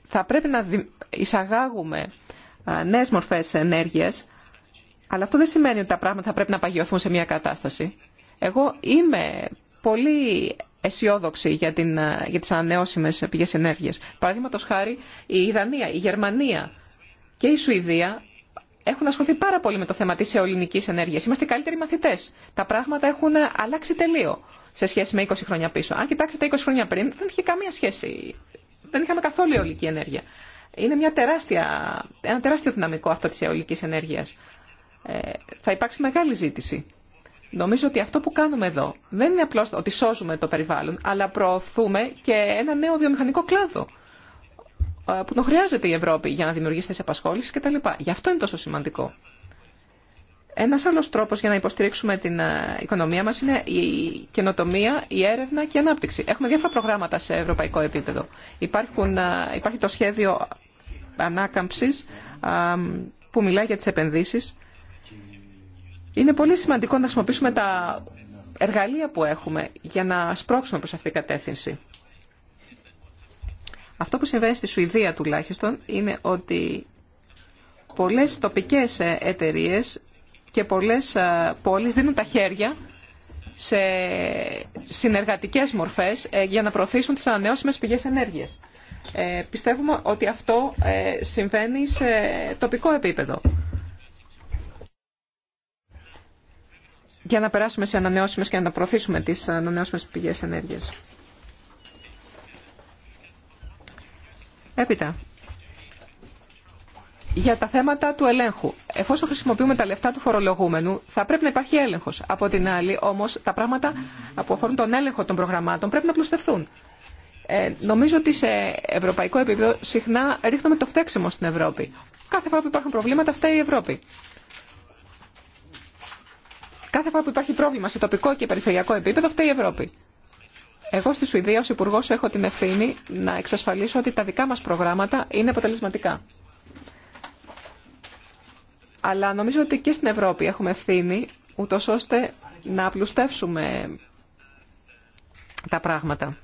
θα πρέπει να εισαγάγουμε ε, νέες μορφές ενέργειας, αλλά αυτό δεν σημαίνει ότι τα πράγματα θα πρέπει να παγιωθούν σε μια κατάσταση. Εγώ είμαι πολύ αισιόδοξη για, την, ε, για τις ανανεώσιμες πηγές ενέργειας. Παραδείγματο χάρη η Ιδανία, η Γερμανία και η Σουηδία έχουν ασχοληθεί πάρα πολύ με το θέμα της αιωληνικής ενέργειας. Είμαστε οι καλύτεροι μαθητές. Τα πράγματα έχουν ε, αλλάξει τελείω σε σχέση με 20 χρόνια πίσω. Αν κοιτάξετε 20 χρόνια πριν δεν είχε καμία σχέση. Δεν είχαμε καθόλου αιωλική ενέργεια. Είναι μια τεράστια, ένα τεράστιο δυναμικό αυτό της αιωλικής ενέργειας. Ε, θα υπάρξει μεγάλη ζήτηση. Νομίζω ότι αυτό που κάνουμε εδώ δεν είναι απλώς ότι σώζουμε το περιβάλλον, αλλά προωθούμε και ένα νέο βιομηχανικό κλάδο ε, που τον χρειάζεται η Ευρώπη για να δημιουργήσει και απασχόληση κτλ. Γι' αυτό είναι τόσο σημαντικό. Ένα άλλο τρόπο για να υποστηρίξουμε την ε, οικονομία μα είναι η καινοτομία, η έρευνα και η ανάπτυξη. Έχουμε διάφορα προγράμματα σε ευρωπαϊκό επίπεδο. Υπάρχουν, ε, υπάρχει το σχέδιο ανάκαμψης που μιλάει για τις επενδύσεις. Είναι πολύ σημαντικό να χρησιμοποιήσουμε τα εργαλεία που έχουμε για να σπρώξουμε προς αυτή την κατεύθυνση. Αυτό που συμβαίνει στη Σουηδία τουλάχιστον είναι ότι πολλές τοπικές εταιρείε και πολλές πόλεις δίνουν τα χέρια σε συνεργατικές μορφές ε, για να προωθήσουν τις ανανεώσιμες πηγές ενέργειας. Ε, πιστεύουμε ότι αυτό ε, συμβαίνει σε τοπικό επίπεδο. Για να περάσουμε σε ανανεώσιμες και να προωθήσουμε τις ανανεώσιμες πηγές ενέργειας. Έπειτα, για τα θέματα του ελέγχου. Εφόσον χρησιμοποιούμε τα λεφτά του φορολογούμενου, θα πρέπει να υπάρχει έλεγχος. Από την άλλη, όμως, τα πράγματα που αφορούν τον έλεγχο των προγραμμάτων πρέπει να πλουστευτούν. Ε, νομίζω ότι σε ευρωπαϊκό επίπεδο συχνά ρίχνουμε το φταίξιμο στην Ευρώπη. Κάθε φορά που υπάρχουν προβλήματα φταίει η Ευρώπη. Κάθε φορά που υπάρχει πρόβλημα σε τοπικό και περιφερειακό επίπεδο φταίει η Ευρώπη. Εγώ στη Σουηδία ως Υπουργό έχω την ευθύνη να εξασφαλίσω ότι τα δικά μας προγράμματα είναι αποτελεσματικά. Αλλά νομίζω ότι και στην Ευρώπη έχουμε ευθύνη ούτως ώστε να απλουστεύσουμε τα πράγματα.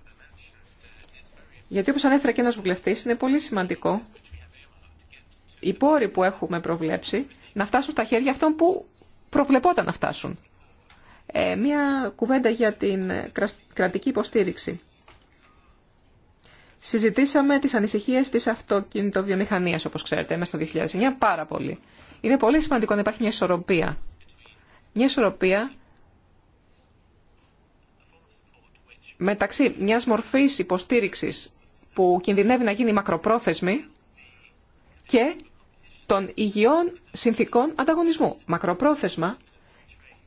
Γιατί όπως ανέφερε και ένας βουλευτής, είναι πολύ σημαντικό οι πόροι που έχουμε προβλέψει να φτάσουν στα χέρια αυτών που προβλεπόταν να φτάσουν. Ε, μία κουβέντα για την κρατική υποστήριξη. Συζητήσαμε τις ανησυχίες της αυτοκινητοβιομηχανίας, όπως ξέρετε, μέσα στο 2009 πάρα πολύ. Είναι πολύ σημαντικό να υπάρχει μια ισορροπία. Μια ισορροπία μεταξύ μιας μορφής υποστήριξης που κινδυνεύει να γίνει μακροπρόθεσμη και των υγιών συνθήκων ανταγωνισμού. Μακροπρόθεσμα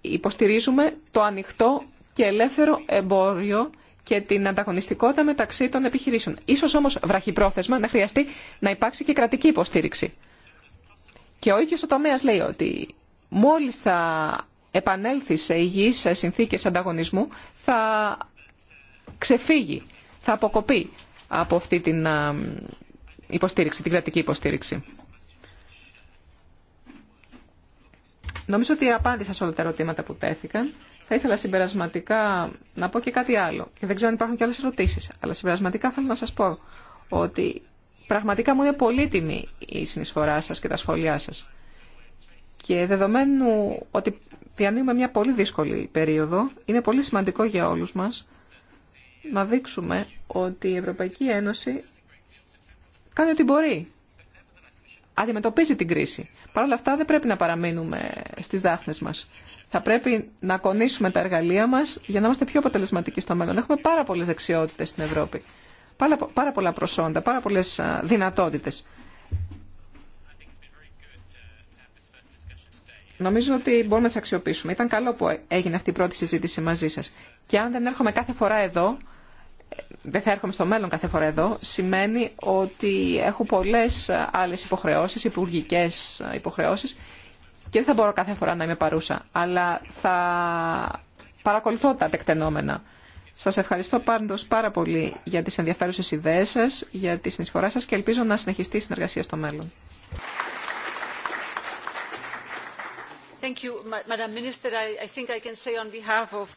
υποστηρίζουμε το ανοιχτό και ελεύθερο εμπόριο και την ανταγωνιστικότητα μεταξύ των επιχειρήσεων. Ίσως όμως βραχυπρόθεσμα να χρειαστεί να υπάρξει και κρατική υποστήριξη. Και ο ίδιος ο τομέας λέει ότι μόλις θα επανέλθει σε υγιείς συνθήκες ανταγωνισμού θα ξεφύγει, θα αποκοπεί από αυτή την υποστήριξη, την κρατική υποστήριξη. Νομίζω ότι απάντησα σε όλα τα ερωτήματα που τέθηκαν. Θα ήθελα συμπερασματικά να πω και κάτι άλλο. Και δεν ξέρω αν υπάρχουν και άλλες ερωτήσεις. Αλλά συμπερασματικά θέλω να σας πω ότι πραγματικά μου είναι πολύτιμη η συνεισφορά σας και τα σχόλιά σας. Και δεδομένου ότι διανύουμε μια πολύ δύσκολη περίοδο, είναι πολύ σημαντικό για όλους μας να δείξουμε ότι η Ευρωπαϊκή Ένωση κάνει ό,τι μπορεί. Αντιμετωπίζει την κρίση. Παρ' όλα αυτά δεν πρέπει να παραμείνουμε στις δάφνες μας. Θα πρέπει να κονίσουμε τα εργαλεία μας για να είμαστε πιο αποτελεσματικοί στο μέλλον. Έχουμε πάρα πολλές δεξιότητες στην Ευρώπη. Πάρα πολλά προσόντα, πάρα πολλές δυνατότητες. Νομίζω ότι μπορούμε να τι αξιοποιήσουμε. Ήταν καλό που έγινε αυτή η πρώτη συζήτηση μαζί σα. Και αν δεν έρχομαι κάθε φορά εδώ, δεν θα έρχομαι στο μέλλον κάθε φορά εδώ, σημαίνει ότι έχω πολλές άλλες υποχρεώσεις, υπουργικές υποχρεώσεις και δεν θα μπορώ κάθε φορά να είμαι παρούσα, αλλά θα παρακολουθώ τα τεκτενόμενα. Σας ευχαριστώ πάντως πάρα πολύ για τις ενδιαφέρουσες ιδέες σας, για τη συνεισφορά σας και ελπίζω να συνεχιστεί η συνεργασία στο μέλλον.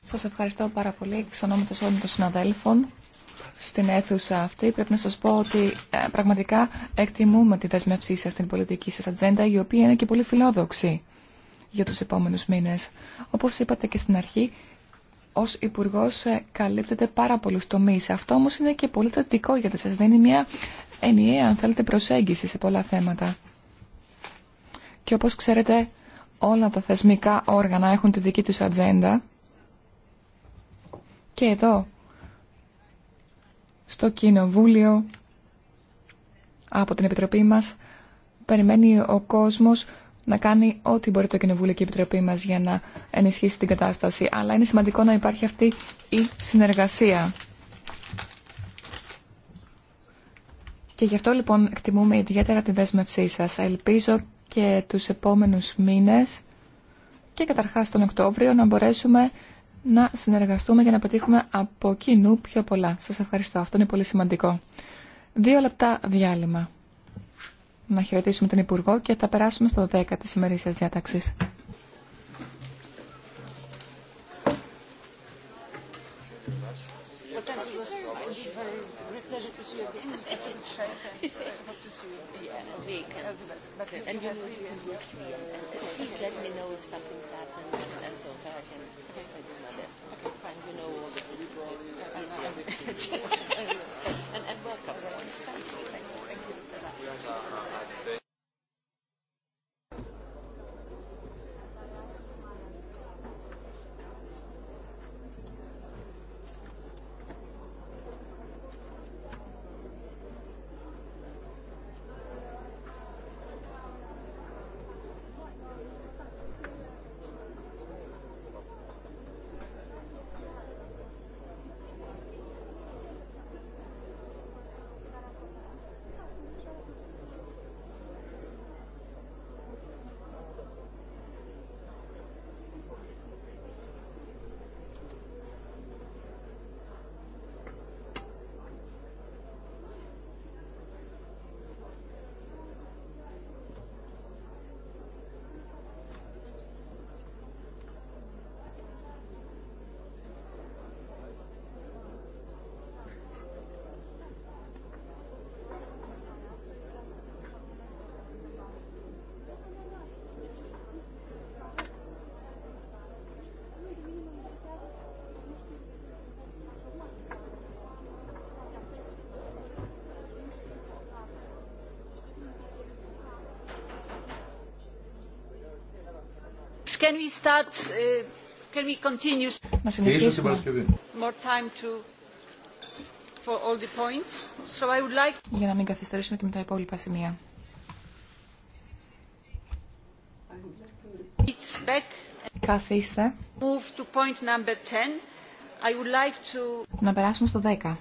Σας ευχαριστώ πάρα πολύ εξ όλων των συναδέλφων στην αίθουσα αυτή. Πρέπει να σας πω ότι ε, πραγματικά εκτιμούμε τη δεσμευσή σας στην πολιτική σας ατζέντα, η οποία είναι και πολύ φιλόδοξη για τους επόμενους μήνες. Όπως είπατε και στην αρχή, ως υπουργό ε, καλύπτεται πάρα πολλού τομεί. Αυτό όμω είναι και πολύ θετικό γιατί σας δίνει μια ενιαία, αν θέλετε, προσέγγιση σε πολλά θέματα. Και όπως ξέρετε, όλα τα θεσμικά όργανα έχουν τη δική τους ατζέντα. Και εδώ στο Κοινοβούλιο από την Επιτροπή μας περιμένει ο κόσμος να κάνει ό,τι μπορεί το Κοινοβούλιο και η Επιτροπή μας για να ενισχύσει την κατάσταση. Αλλά είναι σημαντικό να υπάρχει αυτή η συνεργασία. Και γι' αυτό λοιπόν εκτιμούμε ιδιαίτερα τη δέσμευσή σας. Ελπίζω και τους επόμενους μήνες και καταρχάς τον Οκτώβριο να μπορέσουμε να συνεργαστούμε για να πετύχουμε από κοινού πιο πολλά. Σας ευχαριστώ. Αυτό είναι πολύ σημαντικό. Δύο λεπτά διάλειμμα. Να χαιρετήσουμε τον Υπουργό και θα περάσουμε στο 10 της ημερήσιας διάταξης. Uh, Σωρά. Can we start, can we continue? Να συνεχίσουμε. More time to, for all the points. So I would like... Για να μην καθυστερήσουμε και με τα υπόλοιπα σημεία. It's back. Καθίστε. Move to point number 10. I would like to... Να περάσουμε στο 10.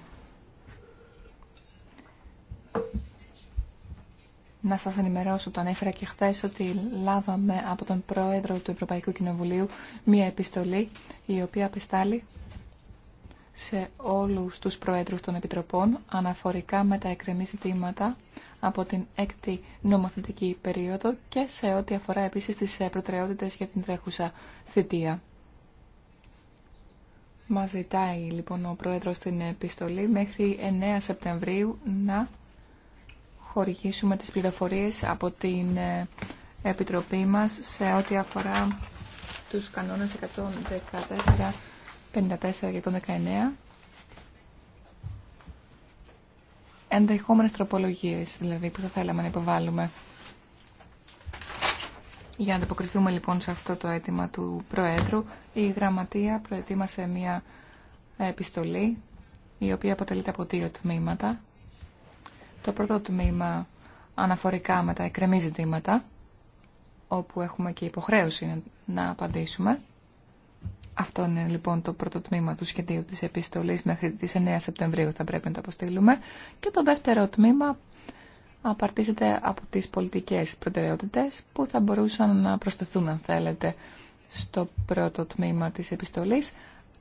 να σας ενημερώσω, το ανέφερα και χθες, ότι λάβαμε από τον Πρόεδρο του Ευρωπαϊκού Κοινοβουλίου μία επιστολή, η οποία απεστάλλει σε όλους τους Προέδρους των Επιτροπών αναφορικά με τα εκκρεμή ζητήματα από την έκτη νομοθετική περίοδο και σε ό,τι αφορά επίσης τις ε, προτεραιότητες για την τρέχουσα θητεία. Μας ζητάει λοιπόν ο Πρόεδρος την επιστολή μέχρι 9 Σεπτεμβρίου να χορηγήσουμε τις πληροφορίες από την ε, Επιτροπή μας σε ό,τι αφορά τους κανόνες 114, 54 και 119 ενδεχόμενες τροπολογίες δηλαδή που θα θέλαμε να υποβάλουμε. Για να ανταποκριθούμε λοιπόν σε αυτό το αίτημα του Προέδρου, η Γραμματεία προετοίμασε μια επιστολή η οποία αποτελείται από δύο τμήματα. Το πρώτο τμήμα αναφορικά με τα εκκρεμή ζητήματα, όπου έχουμε και υποχρέωση να απαντήσουμε. Αυτό είναι λοιπόν το πρώτο τμήμα του σχεδίου της επιστολής μέχρι τις 9 Σεπτεμβρίου θα πρέπει να το αποστείλουμε. Και το δεύτερο τμήμα απαρτίζεται από τις πολιτικές προτεραιότητες που θα μπορούσαν να προσθεθούν αν θέλετε στο πρώτο τμήμα της επιστολής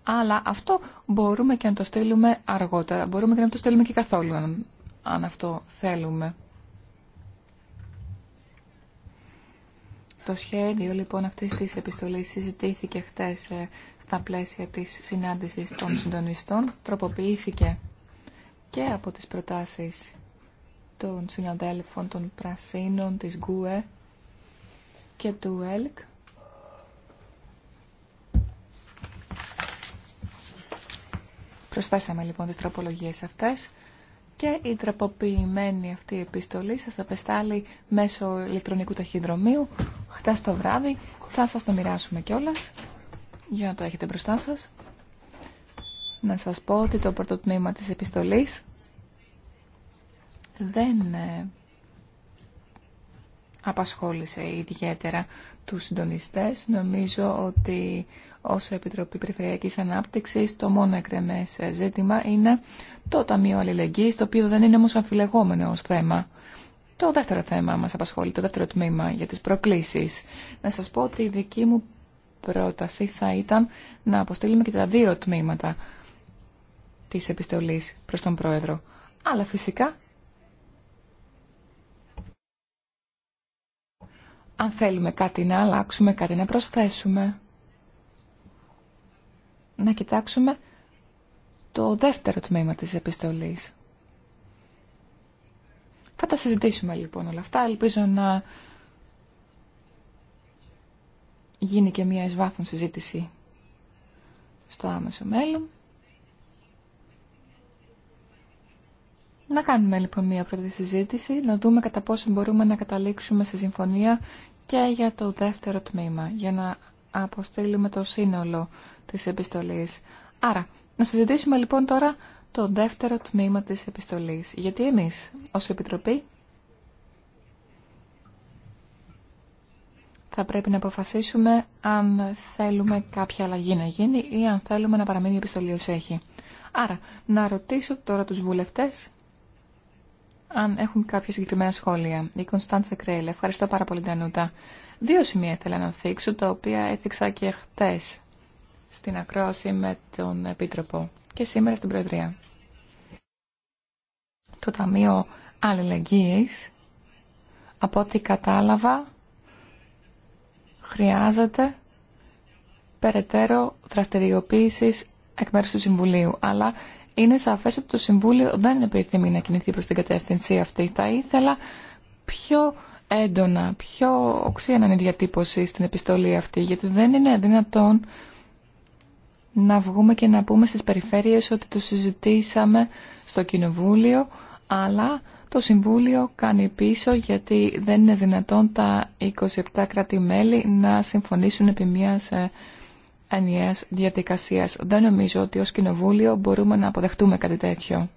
αλλά αυτό μπορούμε και να το στείλουμε αργότερα μπορούμε και να το στείλουμε και καθόλου αν αυτό θέλουμε. Το σχέδιο λοιπόν αυτής της επιστολής συζητήθηκε χτες ε, στα πλαίσια της συνάντησης των συντονιστών, τροποποιήθηκε και από τις προτάσεις των συναδέλφων των Πρασίνων, της ΓΚΟΕ και του ΕΛΚ. Προσθέσαμε λοιπόν τις τροπολογίες αυτές και η τραποποιημένη αυτή επιστολή σας απεστάλλει μέσω ηλεκτρονικού ταχυδρομείου χτες το βράδυ θα σας το μοιράσουμε κιόλας για να το έχετε μπροστά σας να σας πω ότι το πρώτο τμήμα της επιστολής δεν ε, απασχόλησε ιδιαίτερα τους συντονιστές νομίζω ότι ως Επιτροπή Περιφερειακής Ανάπτυξης το μόνο εκρεμές ζήτημα είναι το Ταμείο Αλληλεγγύης, το οποίο δεν είναι όμως αμφιλεγόμενο ως θέμα. Το δεύτερο θέμα μας απασχολεί, το δεύτερο τμήμα για τις προκλήσεις. Να σας πω ότι η δική μου πρόταση θα ήταν να αποστείλουμε και τα δύο τμήματα της επιστολής προς τον Πρόεδρο. Αλλά φυσικά, αν θέλουμε κάτι να αλλάξουμε, κάτι να προσθέσουμε, να κοιτάξουμε το δεύτερο τμήμα της επιστολής. Θα τα συζητήσουμε λοιπόν όλα αυτά. Ελπίζω να γίνει και μια εσβάθων συζήτηση στο άμεσο μέλλον. Να κάνουμε λοιπόν μια πρώτη συζήτηση, να δούμε κατά πόσο μπορούμε να καταλήξουμε σε συμφωνία και για το δεύτερο τμήμα, για να αποστείλουμε το σύνολο της επιστολής. Άρα, να συζητήσουμε λοιπόν τώρα το δεύτερο τμήμα της επιστολής. Γιατί εμείς ως Επιτροπή θα πρέπει να αποφασίσουμε αν θέλουμε κάποια αλλαγή να γίνει ή αν θέλουμε να παραμείνει η επιστολή ως έχει. Άρα, να ρωτήσω τώρα τους βουλευτές αν έχουν κάποια συγκεκριμένα σχόλια. Η Κωνσταντσα Κρέιλ, ευχαριστώ πάρα πολύ Ντανούτα. Δύο σημεία ήθελα να θίξω, τα οποία έθιξα και χτες στην ακρόαση με τον Επίτροπο και σήμερα στην Προεδρία. Το Ταμείο Αλληλεγγύης, από ό,τι κατάλαβα, χρειάζεται περαιτέρω δραστηριοποίηση εκ μέρους του Συμβουλίου. Αλλά είναι σαφές ότι το Συμβούλιο δεν επιθυμεί να κινηθεί προς την κατεύθυνση αυτή. Θα ήθελα πιο έντονα, πιο οξύ έναν διατύπωση στην επιστολή αυτή, γιατί δεν είναι δυνατόν να βγούμε και να πούμε στις περιφέρειες ότι το συζητήσαμε στο Κοινοβούλιο, αλλά το Συμβούλιο κάνει πίσω γιατί δεν είναι δυνατόν τα 27 κράτη-μέλη να συμφωνήσουν επί μιας ε, ενιαίας διαδικασίας. Δεν νομίζω ότι ως Κοινοβούλιο μπορούμε να αποδεχτούμε κάτι τέτοιο.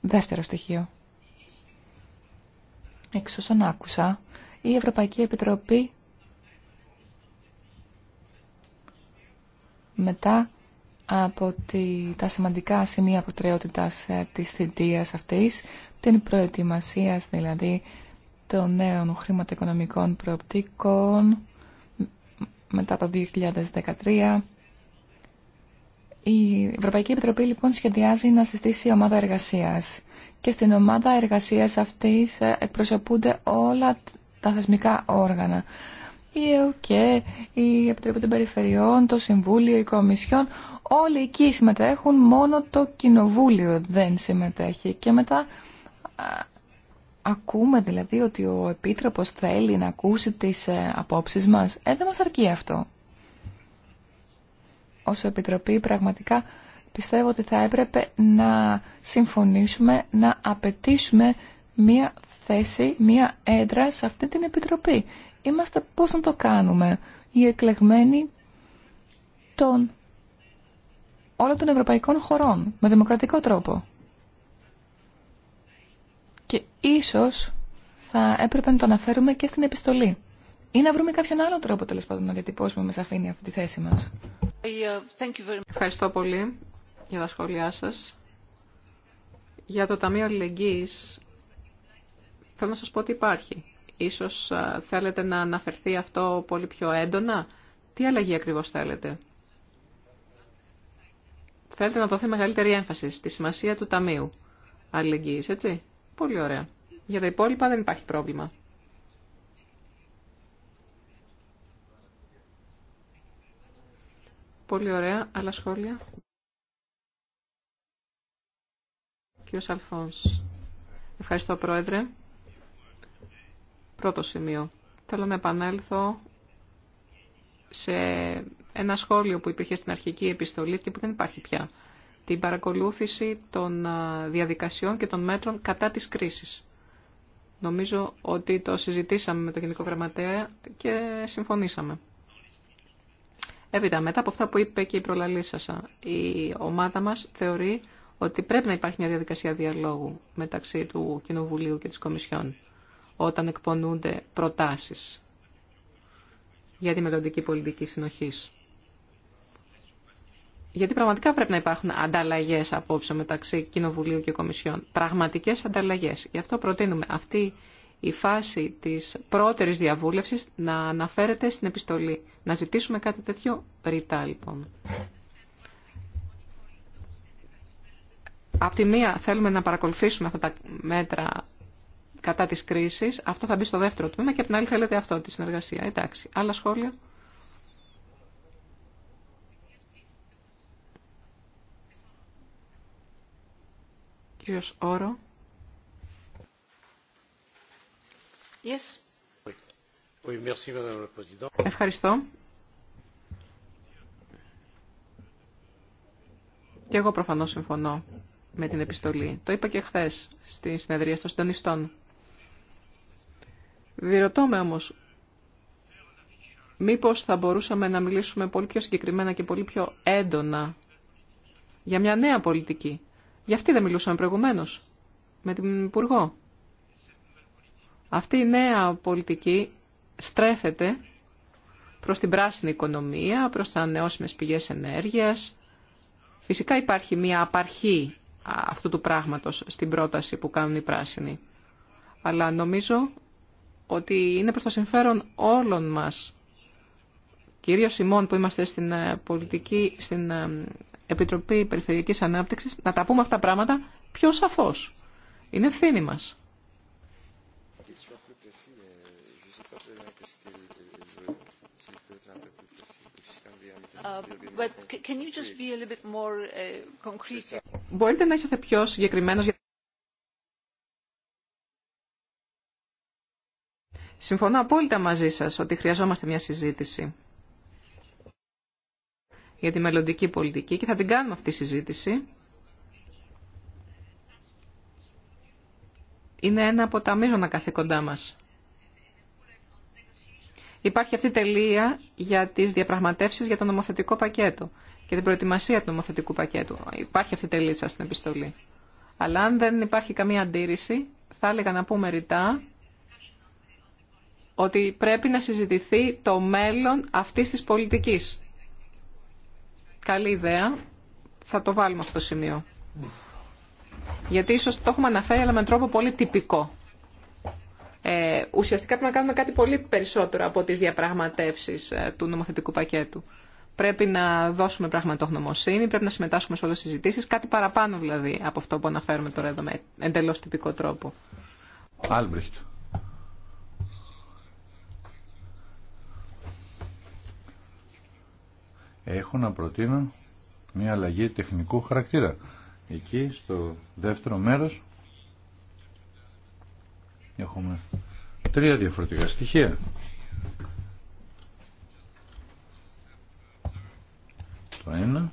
Δεύτερο στοιχείο. Εξ όσων άκουσα, η Ευρωπαϊκή Επιτροπή μετά από τη, τα σημαντικά σημεία προτεραιότητας ε, της θητείας αυτής, την προετοιμασία δηλαδή των νέων χρηματοοικονομικών προοπτικών μετά το 2013. Η Ευρωπαϊκή Επιτροπή λοιπόν σχεδιάζει να συστήσει ομάδα εργασίας και στην ομάδα εργασίας αυτής ε, εκπροσωπούνται όλα τα θεσμικά όργανα η ΕΟΚΕ, η Επιτροπή των Περιφερειών, το Συμβούλιο, η Κομισιόν, όλοι εκεί συμμετέχουν, μόνο το Κοινοβούλιο δεν συμμετέχει. Και μετά ακούμε δηλαδή ότι ο Επίτροπος θέλει να ακούσει τις ε, απόψεις μας. Ε, δεν μας αρκεί αυτό. Ως Επιτροπή πραγματικά πιστεύω ότι θα έπρεπε να συμφωνήσουμε, να απαιτήσουμε μία θέση, μία έντρα σε αυτή την Επιτροπή είμαστε πώς να το κάνουμε. Οι εκλεγμένοι των όλων των ευρωπαϊκών χωρών με δημοκρατικό τρόπο. Και ίσως θα έπρεπε να το αναφέρουμε και στην επιστολή. Ή να βρούμε κάποιον άλλο τρόπο τέλο πάντων να διατυπώσουμε με σαφήνεια αυτή τη θέση μας. Ευχαριστώ πολύ για τα σχόλιά σας. Για το Ταμείο Αλληλεγγύης θέλω να σας πω ότι υπάρχει. Ίσως θέλετε να αναφερθεί αυτό πολύ πιο έντονα. Τι αλλαγή ακριβώς θέλετε. Θέλετε να δοθεί μεγαλύτερη έμφαση στη σημασία του Ταμείου Αλληλεγγύης, έτσι. Πολύ ωραία. Για τα υπόλοιπα δεν υπάρχει πρόβλημα. Πολύ ωραία. Άλλα σχόλια. Κύριος Αλφόνς. Ευχαριστώ, Πρόεδρε. Πρώτο σημείο. Θέλω να επανέλθω σε ένα σχόλιο που υπήρχε στην αρχική επιστολή και που δεν υπάρχει πια. Την παρακολούθηση των διαδικασιών και των μέτρων κατά της κρίσης. Νομίζω ότι το συζητήσαμε με τον Γενικό Γραμματέα και συμφωνήσαμε. Έπειτα, μετά από αυτά που είπε και η προλαλήσασα, η ομάδα μας θεωρεί ότι πρέπει να υπάρχει μια διαδικασία διαλόγου μεταξύ του Κοινοβουλίου και της Κομισιόν όταν εκπονούνται προτάσεις για τη μελλοντική πολιτική συνοχής. Γιατί πραγματικά πρέπει να υπάρχουν ανταλλαγέ απόψε μεταξύ Κοινοβουλίου και Κομισιόν. Πραγματικέ ανταλλαγέ. Γι' αυτό προτείνουμε αυτή η φάση τη πρώτερη διαβούλευση να αναφέρεται στην επιστολή. Να ζητήσουμε κάτι τέτοιο ρητά, λοιπόν. Απ' τη μία θέλουμε να παρακολουθήσουμε αυτά τα μέτρα κατά της κρίσης. Αυτό θα μπει στο δεύτερο τμήμα και από την άλλη θέλετε αυτό, τη συνεργασία. Εντάξει. Άλλα σχόλια. Κύριος Όρο. Yes. Ευχαριστώ. Και εγώ προφανώς συμφωνώ με την επιστολή. Το είπα και χθε στη συνεδρία των συντονιστών. Διερωτώ όμως, μήπως θα μπορούσαμε να μιλήσουμε πολύ πιο συγκεκριμένα και πολύ πιο έντονα για μια νέα πολιτική. Γι' αυτή δεν μιλούσαμε προηγουμένως, με την Υπουργό. Αυτή η νέα πολιτική στρέφεται προς την πράσινη οικονομία, προς τα νεώσιμες πηγές ενέργειας. Φυσικά υπάρχει μια απαρχή αυτού του πράγματος στην πρόταση που κάνουν οι πράσινοι. Αλλά νομίζω ότι είναι προς το συμφέρον όλων μας, κυρίως ημών που είμαστε στην, ε, πολιτική, στην ε, Επιτροπή Περιφερειακής Ανάπτυξης, να τα πούμε αυτά τα πράγματα πιο σαφώς. Είναι ευθύνη μας. Μπορείτε να είσαστε πιο συγκεκριμένος Συμφωνώ απόλυτα μαζί σας ότι χρειαζόμαστε μια συζήτηση για τη μελλοντική πολιτική και θα την κάνουμε αυτή η συζήτηση. Είναι ένα από τα μείζωνα καθήκοντά μας. Υπάρχει αυτή η τελεία για τις διαπραγματεύσεις για το νομοθετικό πακέτο και την προετοιμασία του νομοθετικού πακέτου. Υπάρχει αυτή η τελεία σας στην επιστολή. Αλλά αν δεν υπάρχει καμία αντίρρηση, θα έλεγα να πούμε ρητά ότι πρέπει να συζητηθεί το μέλλον αυτής της πολιτικής. Καλή ιδέα. Θα το βάλουμε αυτό το σημείο. Γιατί ίσως το έχουμε αναφέρει, αλλά με τρόπο πολύ τυπικό. Ε, ουσιαστικά πρέπει να κάνουμε κάτι πολύ περισσότερο από τις διαπραγματεύσεις ε, του νομοθετικού πακέτου. Πρέπει να δώσουμε πραγματογνωμοσύνη, πρέπει να συμμετάσχουμε σε όλες τις συζητήσεις, κάτι παραπάνω δηλαδή από αυτό που αναφέρουμε τώρα εδώ με εντελώς τυπικό τρόπο. Άλμπριχτ. έχω να προτείνω μια αλλαγή τεχνικού χαρακτήρα. Εκεί στο δεύτερο μέρος έχουμε τρία διαφορετικά στοιχεία. Το ένα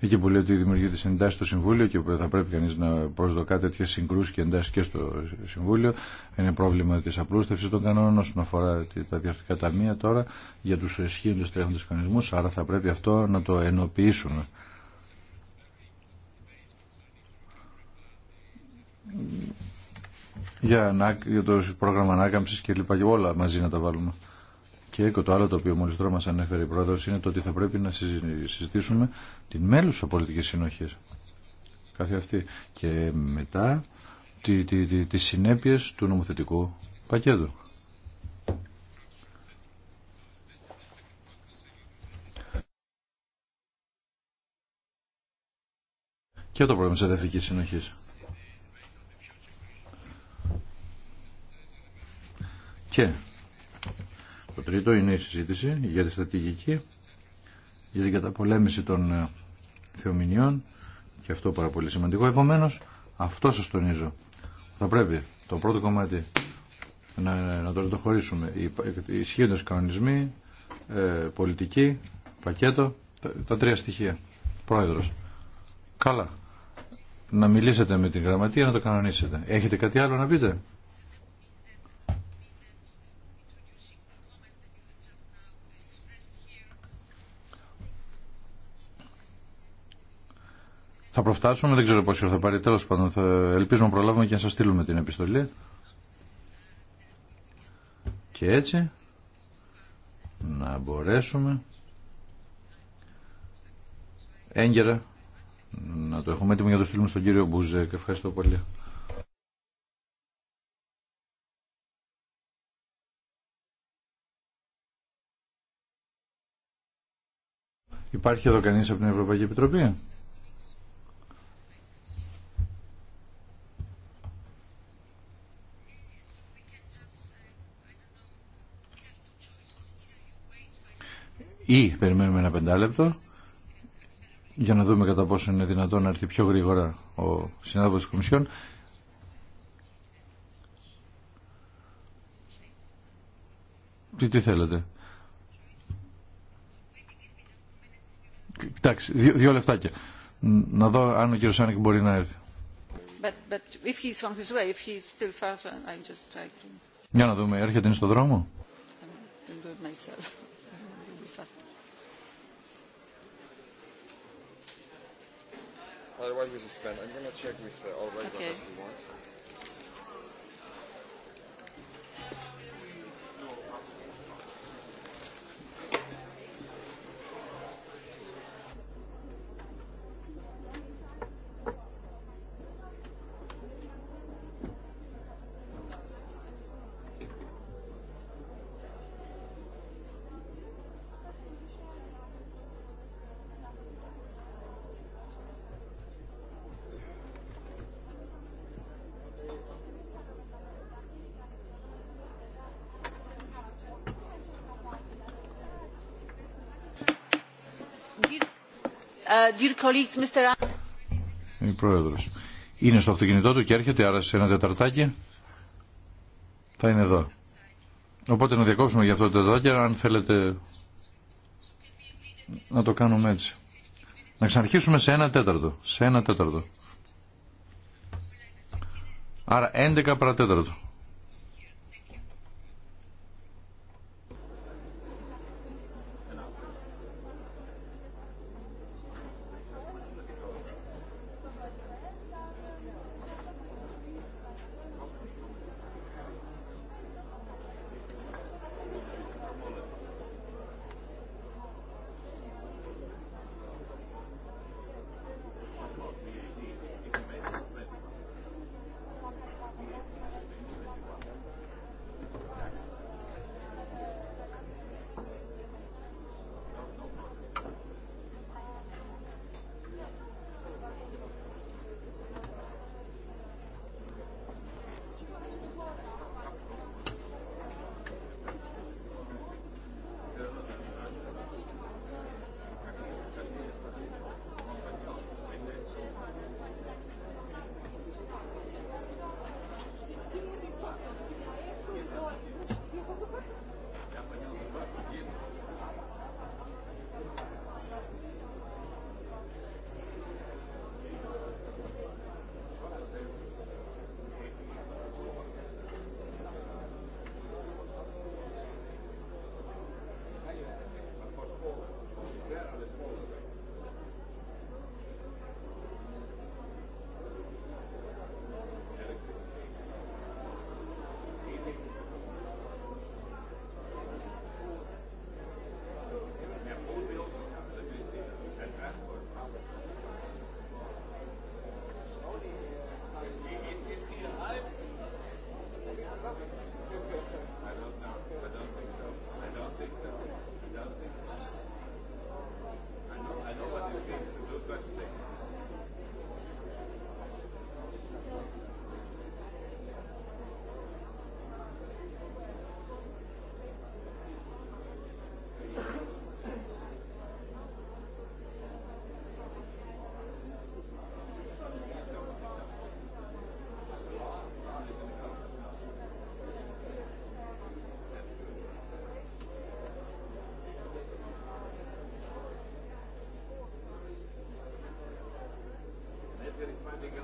Είχε που λέει ότι δημιουργείται συντάσει στο Συμβούλιο και θα πρέπει κανεί να προσδοκά τέτοιε συγκρούσει και εντάσει και στο Συμβούλιο. Είναι πρόβλημα τη απλούστευση των κανόνων όσον αφορά τα διαρκτικά ταμεία τώρα για του ισχύοντε τρέχοντε κανονισμού. Άρα θα πρέπει αυτό να το ενοποιήσουμε. Για, για το πρόγραμμα ανάκαμψη και λοιπά και όλα μαζί να τα βάλουμε. Και το άλλο το οποίο μόλι τώρα μα ανέφερε η πρόεδρο είναι το ότι θα πρέπει να συζητήσουμε την μέλουσα πολιτική συνοχή. Κάθε αυτή. Και μετά τι, τι, τις του νομοθετικού πακέτου. Και το πρόβλημα τη εδαφική συνοχή. Και το τρίτο είναι η συζήτηση για τη στρατηγική, για την καταπολέμηση των ε, θεομηνιών και αυτό πάρα πολύ σημαντικό. Επομένως, αυτό σας τονίζω. Θα πρέπει το πρώτο κομμάτι να, να το, χωρίσουμε. Οι ισχύοντες κανονισμοί, ε, πολιτική, πακέτο, τα, τα τρία στοιχεία. Πρόεδρος. Καλά. Να μιλήσετε με την γραμματεία, να το κανονίσετε. Έχετε κάτι άλλο να πείτε. Θα προφτάσουμε, δεν ξέρω πόση ώρα θα πάρει. Τέλο πάντων, θα ελπίζουμε να προλάβουμε και να σα στείλουμε την επιστολή. Και έτσι να μπορέσουμε έγκαιρα να το έχουμε έτοιμο για να το στείλουμε στον κύριο Μπουζέκ. Ευχαριστώ πολύ. Υπάρχει εδώ κανείς από την Ευρωπαϊκή Επιτροπή. ή περιμένουμε ένα πεντάλεπτο για να δούμε κατά πόσο είναι δυνατόν να έρθει πιο γρήγορα ο συνάδελφος της Κομισιόν. Τι, τι θέλετε. Εντάξει, δύο, λεφτάκια. Να δω αν ο κύριος Σάνικ μπορεί να έρθει. Για να δούμε, έρχεται είναι στο δρόμο fast. Otherwise we suspend. I'm going to check with all right. if Uh, είναι Είναι στο αυτοκινητό του και έρχεται, άρα σε ένα τεταρτάκι θα είναι εδώ. Οπότε να διακόψουμε για αυτό το τεταρτάκι, αν θέλετε να το κάνουμε έτσι. Να ξαναρχίσουμε σε ένα τέταρτο. Σε ένα τέταρτο. Άρα 11 τέταρτο. Τι και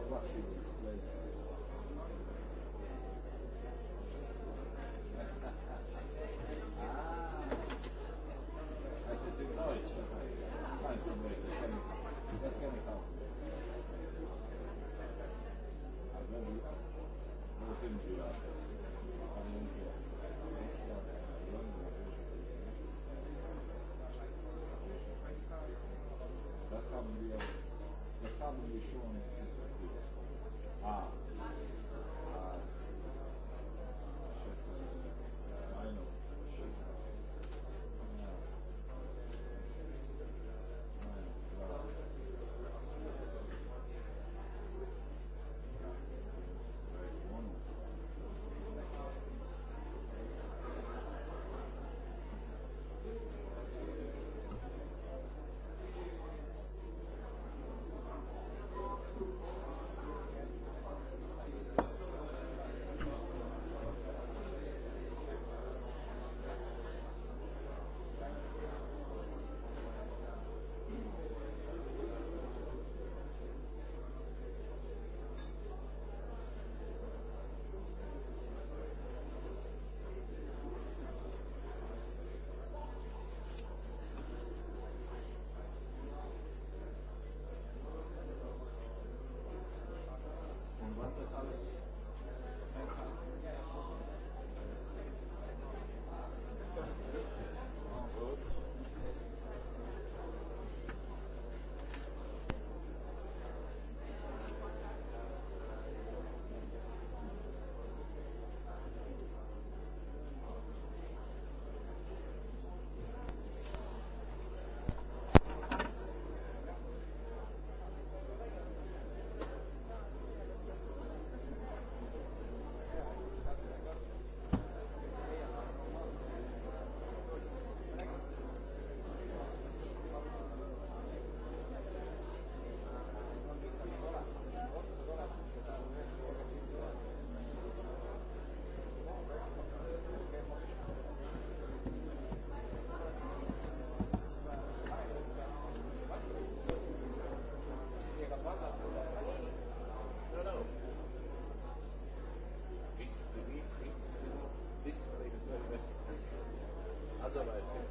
Υπότιτλοι Authorwave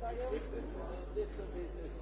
This and this is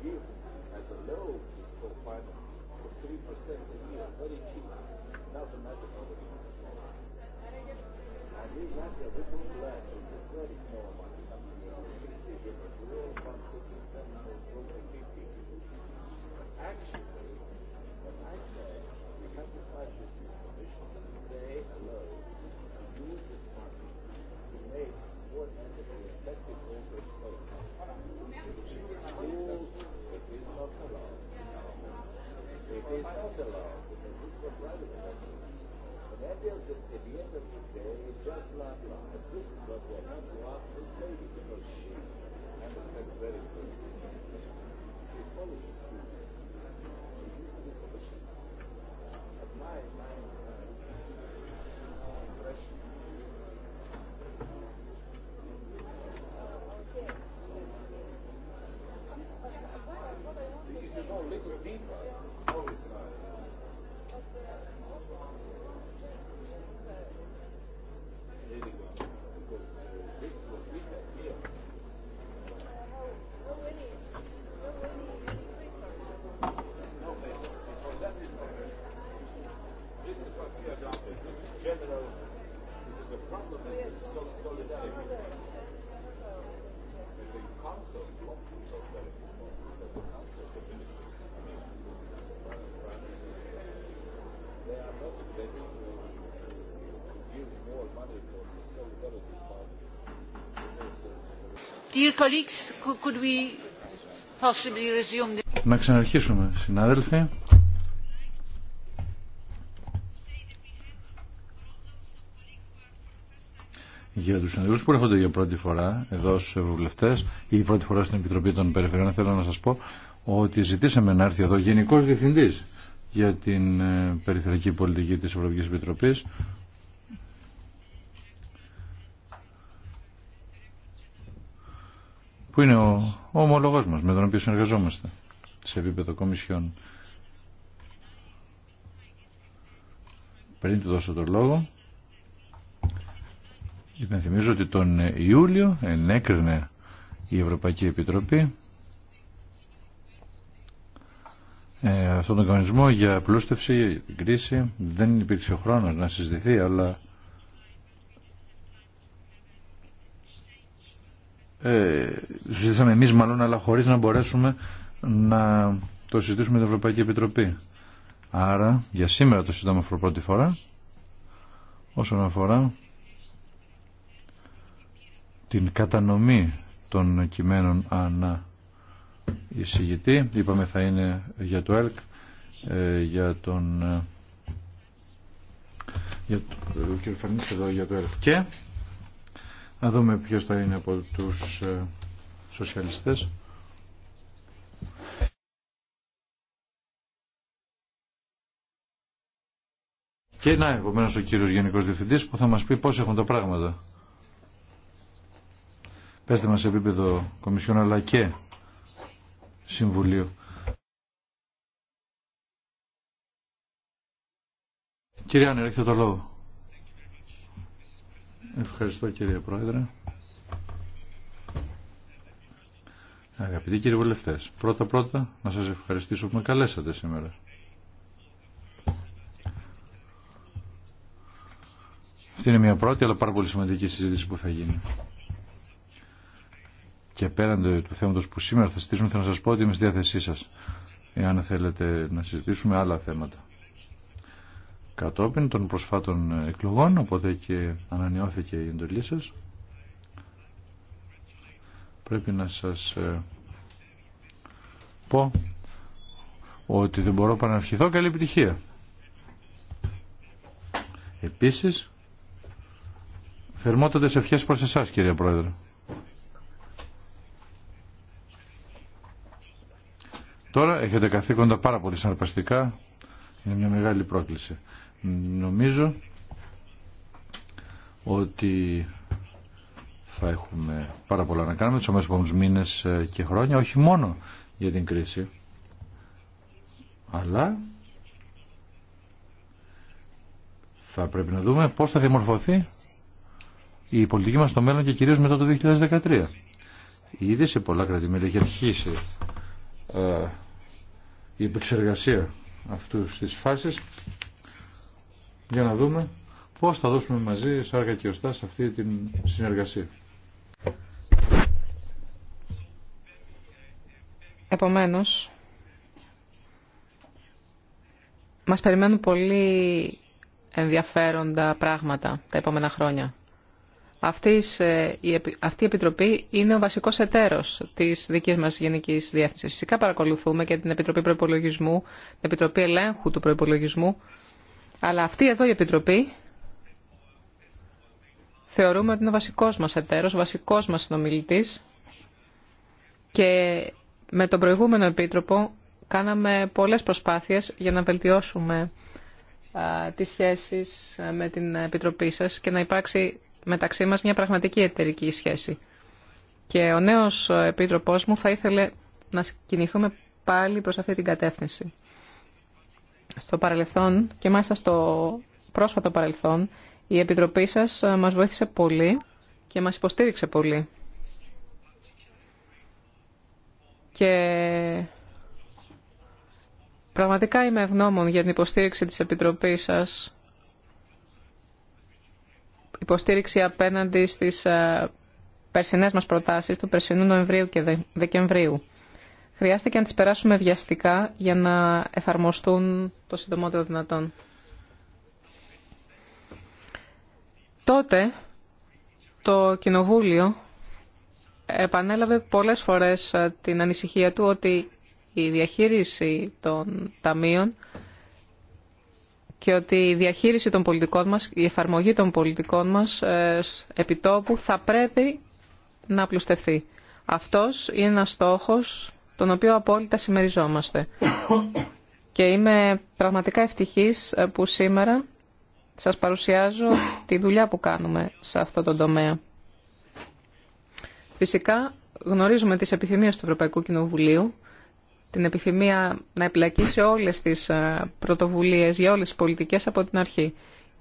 give as a low very Exactly, this Να ξαναρχίσουμε, συνάδελφοι. Για τους συναδέλφους που έρχονται για πρώτη φορά εδώ στους ευρωβουλευτές ή πρώτη φορά στην Επιτροπή των Περιφερειών θέλω να σας πω ότι ζητήσαμε να έρθει εδώ Γενικός Διευθυντής για την ε, Περιφερειακή Πολιτική της Ευρωπαϊκής Επιτροπής που είναι ο, ο ομολογός μας με τον οποίο συνεργαζόμαστε σε επίπεδο κομισιών. Πριν του δώσω τον λόγο, υπενθυμίζω ότι τον Ιούλιο ενέκρινε η Ευρωπαϊκή Επιτροπή ε, αυτόν τον κανονισμό για πλούστευση, κρίση. Δεν υπήρξε ο χρόνος να συζητηθεί, αλλά ε, ζητήσαμε εμείς μάλλον αλλά χωρίς να μπορέσουμε να το συζητήσουμε με την Ευρωπαϊκή Επιτροπή. Άρα για σήμερα το συζητάμε αυτό πρώτη φορά όσον αφορά την κατανομή των κειμένων ανά εισηγητή. Είπαμε θα είναι για το ΕΛΚ, ε, για τον... Ε, για, ε, κ. εδώ για το ΕΛΚ και να δούμε ποιος θα είναι από τους ε, σοσιαλιστές. Και να, επομένως ο κύριος Γενικός Διευθυντής που θα μας πει πώς έχουν τα πράγματα. Πέστε μας επίπεδο Κομισιόν αλλά και Συμβουλίου. Κύριε Άνερ, έχετε το λόγο. Ευχαριστώ κύριε Πρόεδρε. Αγαπητοί κύριοι βουλευτές, πρώτα πρώτα να σας ευχαριστήσω που με καλέσατε σήμερα. Αυτή είναι μια πρώτη αλλά πάρα πολύ σημαντική συζήτηση που θα γίνει. Και πέραν του θέματος που σήμερα θα συζητήσουμε, θέλω να σας πω ότι είμαι στη διάθεσή σας, εάν θέλετε να συζητήσουμε άλλα θέματα κατόπιν των προσφάτων εκλογών, οπότε και ανανεώθηκε η εντολή σας. Πρέπει να σας ε, πω ότι δεν μπορώ παρά να ευχηθώ καλή επιτυχία. Επίσης, θερμότατες ευχές προς εσάς κύριε Πρόεδρε. Τώρα έχετε καθήκοντα πάρα πολύ συναρπαστικά. Είναι μια μεγάλη πρόκληση. Νομίζω ότι θα έχουμε πάρα πολλά να κάνουμε τους επόμενους μήνες ε, και χρόνια, όχι μόνο για την κρίση, αλλά θα πρέπει να δούμε πώς θα διαμορφωθεί η πολιτική μας στο μέλλον και κυρίως μετά το 2013. Ήδη σε πολλά κρατημέρια έχει αρχίσει ε, η επεξεργασία αυτού της φάσης για να δούμε πώς θα δώσουμε μαζί σάρκα και οστά σε αυτή την συνεργασία. Επομένως, μας περιμένουν πολύ ενδιαφέροντα πράγματα τα επόμενα χρόνια. Αυτής, ε, η, αυτή η Επιτροπή είναι ο βασικός εταίρος της δικής μας Γενικής Διεύθυνσης. Φυσικά παρακολουθούμε και την Επιτροπή Προϋπολογισμού, την Επιτροπή Ελέγχου του Προϋπολογισμού, αλλά αυτή εδώ η Επιτροπή θεωρούμε ότι είναι ο βασικός μας εταίρος, ο βασικός μας συνομιλητής και με τον προηγούμενο Επίτροπο κάναμε πολλές προσπάθειες για να βελτιώσουμε τις σχέσεις με την Επιτροπή σας και να υπάρξει μεταξύ μας μια πραγματική εταιρική σχέση. Και ο νέος Επίτροπός μου θα ήθελε να κινηθούμε πάλι προς αυτή την κατεύθυνση στο παρελθόν και μάλιστα στο πρόσφατο παρελθόν η Επιτροπή σας ε, μας βοήθησε πολύ και μας υποστήριξε πολύ. Και πραγματικά είμαι ευγνώμων για την υποστήριξη της Επιτροπής σας. Υποστήριξη απέναντι στις ε, περσινές μας προτάσεις του περσινού Νοεμβρίου και Δεκεμβρίου χρειάστηκε να τις περάσουμε βιαστικά για να εφαρμοστούν το συντομότερο δυνατόν. Τότε το Κοινοβούλιο επανέλαβε πολλές φορές ε, την ανησυχία του ότι η διαχείριση των ταμείων και ότι η διαχείριση των πολιτικών μας, η εφαρμογή των πολιτικών μας ε, επιτόπου θα πρέπει να απλουστευτεί. Αυτός είναι ένας στόχος τον οποίο απόλυτα συμμεριζόμαστε. Και είμαι πραγματικά ευτυχής ε, που σήμερα σας παρουσιάζω τη δουλειά που κάνουμε σε αυτό το τομέα. Φυσικά γνωρίζουμε τις επιθυμίες του Ευρωπαϊκού Κοινοβουλίου, την επιθυμία να επιλακίσει σε όλες τις ε, πρωτοβουλίες για όλες τις πολιτικές από την αρχή.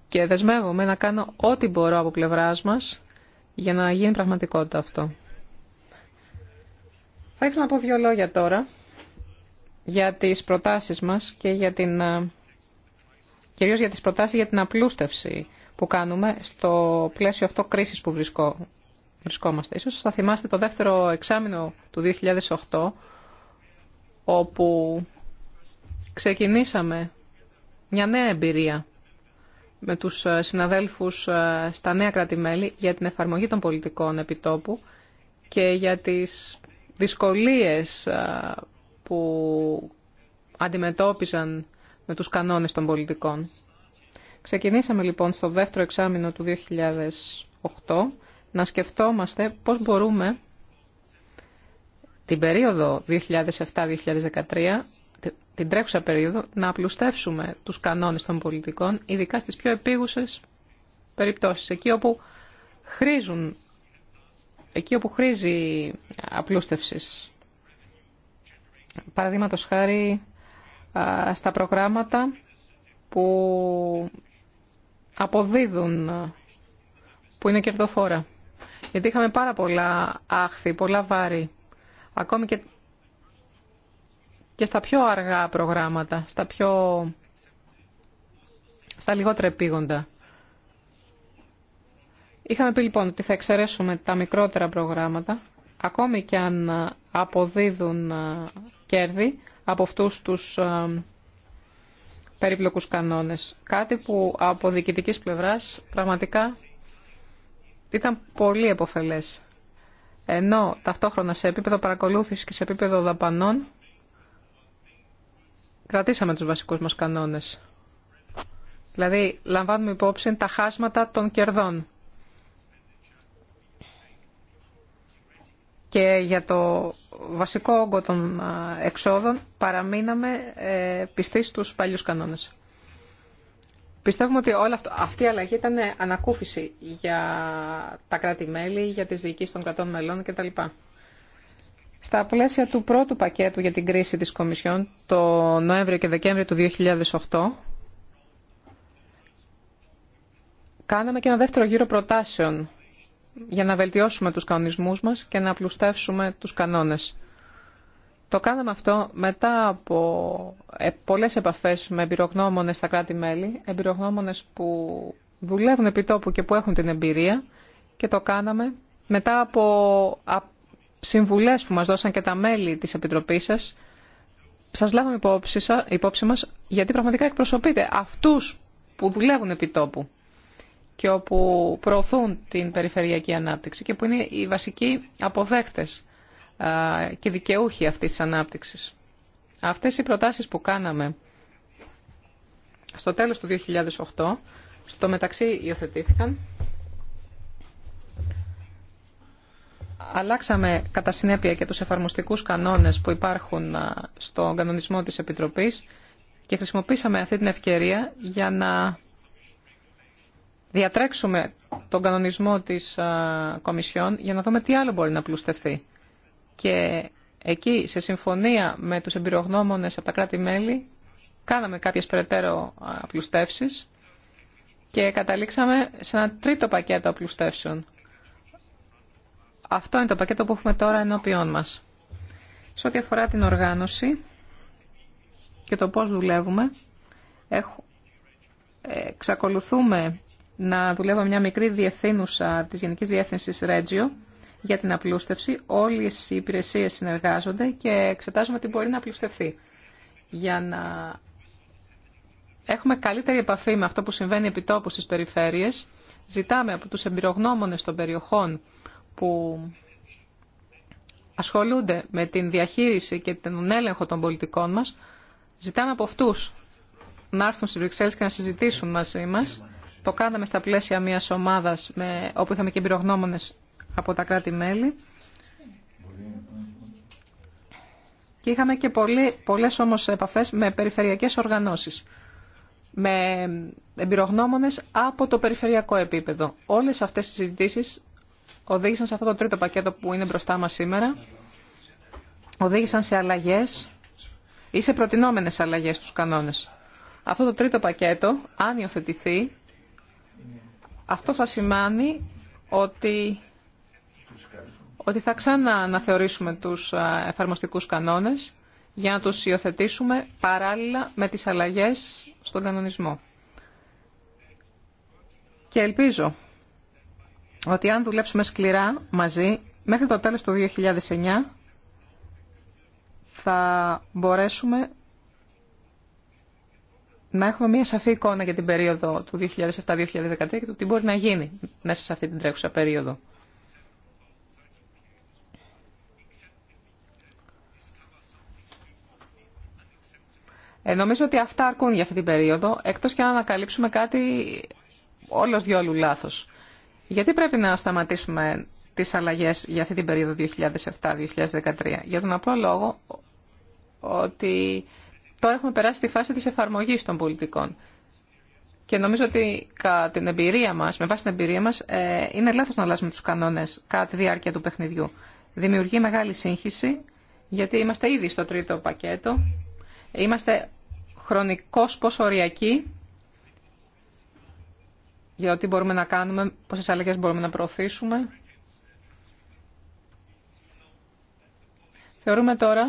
Και δεσμεύομαι να κάνω ό,τι μπορώ από πλευράς μας για να γίνει πραγματικότητα αυτό. Θα ήθελα να πω δύο λόγια τώρα για τις προτάσεις μας και για την, ε, κυρίως για τις προτάσεις για την απλούστευση που κάνουμε στο πλαίσιο αυτό κρίσης που βρισκό, βρισκόμαστε. Ίσως θα θυμάστε το δεύτερο εξάμεινο του 2008 όπου ξεκινήσαμε μια νέα εμπειρία με τους ε, συναδέλφους ε, στα νέα κράτη-μέλη για την εφαρμογή των πολιτικών επιτόπου και για τις δυσκολίες που αντιμετώπιζαν με τους κανόνες των πολιτικών. Ξεκινήσαμε λοιπόν στο δεύτερο εξάμεινο του 2008 να σκεφτόμαστε πώς μπορούμε την περίοδο 2007-2013, την τρέχουσα περίοδο, να απλουστεύσουμε τους κανόνες των πολιτικών, ειδικά στις πιο επίγουσες περιπτώσεις, εκεί όπου χρήζουν εκεί όπου χρήζει απλούστευσης. Παραδείγματος χάρη στα προγράμματα που αποδίδουν, που είναι κερδοφόρα. Γιατί είχαμε πάρα πολλά άχθη, πολλά βάρη, ακόμη και, και στα πιο αργά προγράμματα, στα, πιο, στα λιγότερα επίγοντα. Είχαμε πει λοιπόν ότι θα εξαιρέσουμε τα μικρότερα προγράμματα, ακόμη και αν ε, αποδίδουν ε, κέρδη από αυτούς τους ε, περίπλοκους κανόνες. Κάτι που από διοικητικής πλευράς πραγματικά ήταν πολύ εποφελές. Ενώ ταυτόχρονα σε επίπεδο παρακολούθησης και σε επίπεδο δαπανών κρατήσαμε τους βασικούς μας κανόνες. Δηλαδή λαμβάνουμε υπόψη τα χάσματα των κερδών και για το βασικό όγκο των εξόδων παραμείναμε ε, πιστοί στους παλιούς κανόνες. Πιστεύουμε ότι όλη αυτή η αλλαγή ήταν ανακούφιση για τα κράτη-μέλη, για τις διοικήσεις των κρατών μελών κτλ. Στα πλαίσια του πρώτου πακέτου για την κρίση της Κομισιόν, το Νοέμβριο και Δεκέμβριο του 2008, κάναμε και ένα δεύτερο γύρο προτάσεων για να βελτιώσουμε τους κανονισμούς μας και να απλουστεύσουμε τους κανόνες. Το κάναμε αυτό μετά από ε, πολλές επαφές με εμπειρογνώμονες στα κράτη-μέλη, εμπειρογνώμονες που δουλεύουν επί τόπου και που έχουν την εμπειρία και το κάναμε μετά από συμβουλές που μας δώσαν και τα μέλη της Επιτροπής σας. Σας λάβαμε υπόψη, υπόψη μας γιατί πραγματικά εκπροσωπείτε αυτούς που δουλεύουν επί τόπου και όπου προωθούν την περιφερειακή ανάπτυξη και που είναι οι βασικοί αποδέκτες και δικαιούχοι αυτής της ανάπτυξης. Αυτές οι προτάσεις που κάναμε στο τέλος του 2008, στο μεταξύ υιοθετήθηκαν. Αλλάξαμε κατά συνέπεια και τους εφαρμοστικούς κανόνες που υπάρχουν στον κανονισμό της Επιτροπής και χρησιμοποίησαμε αυτή την ευκαιρία για να διατρέξουμε τον κανονισμό της Κομισιόν για να δούμε τι άλλο μπορεί να πλουστευτεί. Και εκεί, σε συμφωνία με τους εμπειρογνώμονες από τα κράτη-μέλη, κάναμε κάποιες περαιτέρω πλουστεύσεις και καταλήξαμε σε ένα τρίτο πακέτο πλουστεύσεων. Αυτό είναι το πακέτο που έχουμε τώρα ενώπιόν μας. Σε ό,τι αφορά την οργάνωση και το πώς δουλεύουμε, ε, εξακολουθούμε να δουλεύω μια μικρή διευθύνουσα της Γενικής Διεύθυνσης Ρέτζιο για την απλούστευση. Όλες οι υπηρεσίες συνεργάζονται και εξετάζουμε τι μπορεί να απλουστευτεί για να έχουμε καλύτερη επαφή με αυτό που συμβαίνει επί τόπου στις περιφέρειες. Ζητάμε από τους εμπειρογνώμονες των περιοχών που ασχολούνται με την διαχείριση και τον έλεγχο των πολιτικών μας, ζητάμε από αυτούς να έρθουν στις Βρυξέλλες και να συζητήσουν μαζί μας το κάναμε στα πλαίσια μιας ομάδας όπου είχαμε και εμπειρογνώμονε από τα κράτη-μέλη. Και είχαμε και πολλέ πολλές όμως επαφές με περιφερειακές οργανώσεις. Με εμπειρογνώμονες από το περιφερειακό επίπεδο. Όλες αυτές οι συζητήσεις οδήγησαν σε αυτό το τρίτο πακέτο που είναι μπροστά μας σήμερα. Οδήγησαν σε αλλαγές ή σε προτινόμενες αλλαγές στους κανόνες. Αυτό το τρίτο πακέτο, αν υιοθετηθεί, αυτό θα σημαίνει ότι, ότι θα ξανααναθεωρήσουμε τους εφαρμοστικούς κανόνες για να τους υιοθετήσουμε παράλληλα με τις αλλαγές στον κανονισμό. Και ελπίζω ότι αν δουλέψουμε σκληρά μαζί, μέχρι το τέλος του 2009 θα μπορέσουμε να έχουμε μια σαφή εικόνα για την περίοδο του 2007-2013 και το τι μπορεί να γίνει μέσα σε αυτή την τρέχουσα περίοδο. Ε, νομίζω ότι αυτά αρκούν για αυτή την περίοδο, εκτός και να ανακαλύψουμε κάτι όλος διόλου λάθος. Γιατί πρέπει να σταματήσουμε τις αλλαγές για αυτή την περίοδο 2007-2013. Για τον απλό λόγο ότι Τώρα έχουμε περάσει τη φάση της εφαρμογής των πολιτικών. Και νομίζω ότι κατά την εμπειρία μας, με βάση την εμπειρία μας, ε, είναι λάθος να αλλάζουμε τους κανόνες κατά τη διάρκεια του παιχνιδιού. Δημιουργεί μεγάλη σύγχυση, γιατί είμαστε ήδη στο τρίτο πακέτο. Είμαστε χρονικώς ποσοριακοί για ό,τι μπορούμε να κάνουμε, πόσες αλλαγές μπορούμε να προωθήσουμε. Θεωρούμε τώρα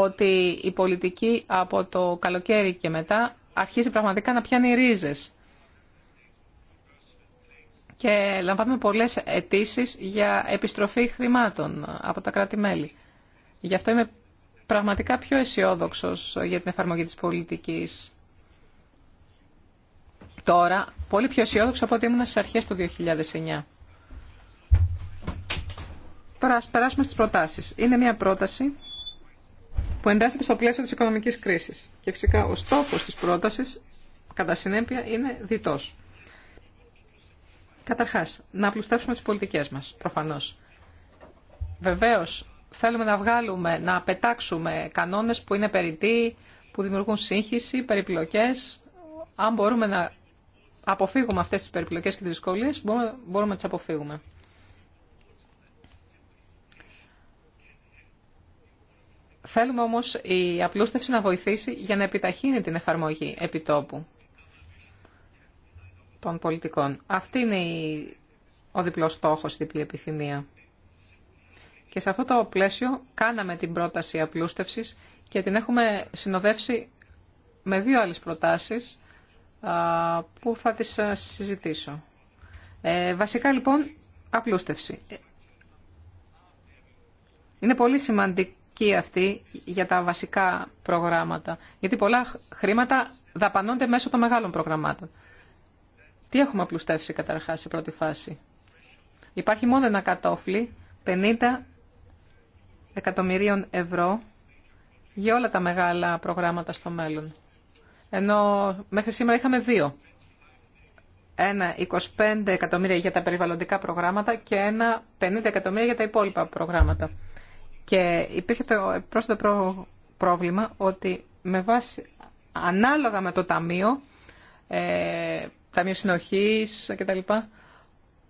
ότι η πολιτική από το καλοκαίρι και μετά αρχίζει πραγματικά να πιάνει ρίζες. Και λαμβάνουμε πολλές αιτήσει για επιστροφή χρημάτων από τα κράτη-μέλη. Γι' αυτό είμαι πραγματικά πιο αισιόδοξο για την εφαρμογή της πολιτικής τώρα, πολύ πιο αισιόδοξο από ότι ήμουν στις αρχές του 2009. Τώρα ας περάσουμε στις προτάσεις. Είναι μια πρόταση που εντάσσεται στο πλαίσιο της οικονομικής κρίσης. Και φυσικά ο στόχος της πρότασης, κατά συνέπεια, είναι διτός. Καταρχάς, να απλουστεύσουμε τις πολιτικές μας, προφανώς. Βεβαίως, θέλουμε να βγάλουμε, να πετάξουμε κανόνες που είναι περιττοί, που δημιουργούν σύγχυση, περιπλοκές. Αν μπορούμε να αποφύγουμε αυτές τις περιπλοκές και τις δυσκολίες, μπορούμε, μπορούμε να τις αποφύγουμε. Θέλουμε όμως η απλούστευση να βοηθήσει για να επιταχύνει την εφαρμογή επιτόπου των πολιτικών. Αυτή είναι η, ο διπλός στόχος, η διπλή επιθυμία. Και σε αυτό το πλαίσιο κάναμε την πρόταση απλούστευσης και την έχουμε συνοδεύσει με δύο άλλες προτάσεις που θα τις συζητήσω. Ε, βασικά λοιπόν, απλούστευση. Ε, είναι πολύ σημαντικό αυτή για τα βασικά προγράμματα. Γιατί πολλά χρήματα δαπανώνται μέσω των μεγάλων προγραμμάτων. Τι έχουμε απλουστεύσει καταρχάς σε πρώτη φάση. Υπάρχει μόνο ένα κατόφλι 50 εκατομμυρίων ευρώ για όλα τα μεγάλα προγράμματα στο μέλλον. Ενώ μέχρι σήμερα είχαμε δύο. Ένα 25 εκατομμύρια για τα περιβαλλοντικά προγράμματα και ένα 50 εκατομμύρια για τα υπόλοιπα προγράμματα. Και υπήρχε το πρόσθετο πρόβλημα ότι με βάση, ανάλογα με το ταμείο, ε, ταμείο συνοχής κτλ.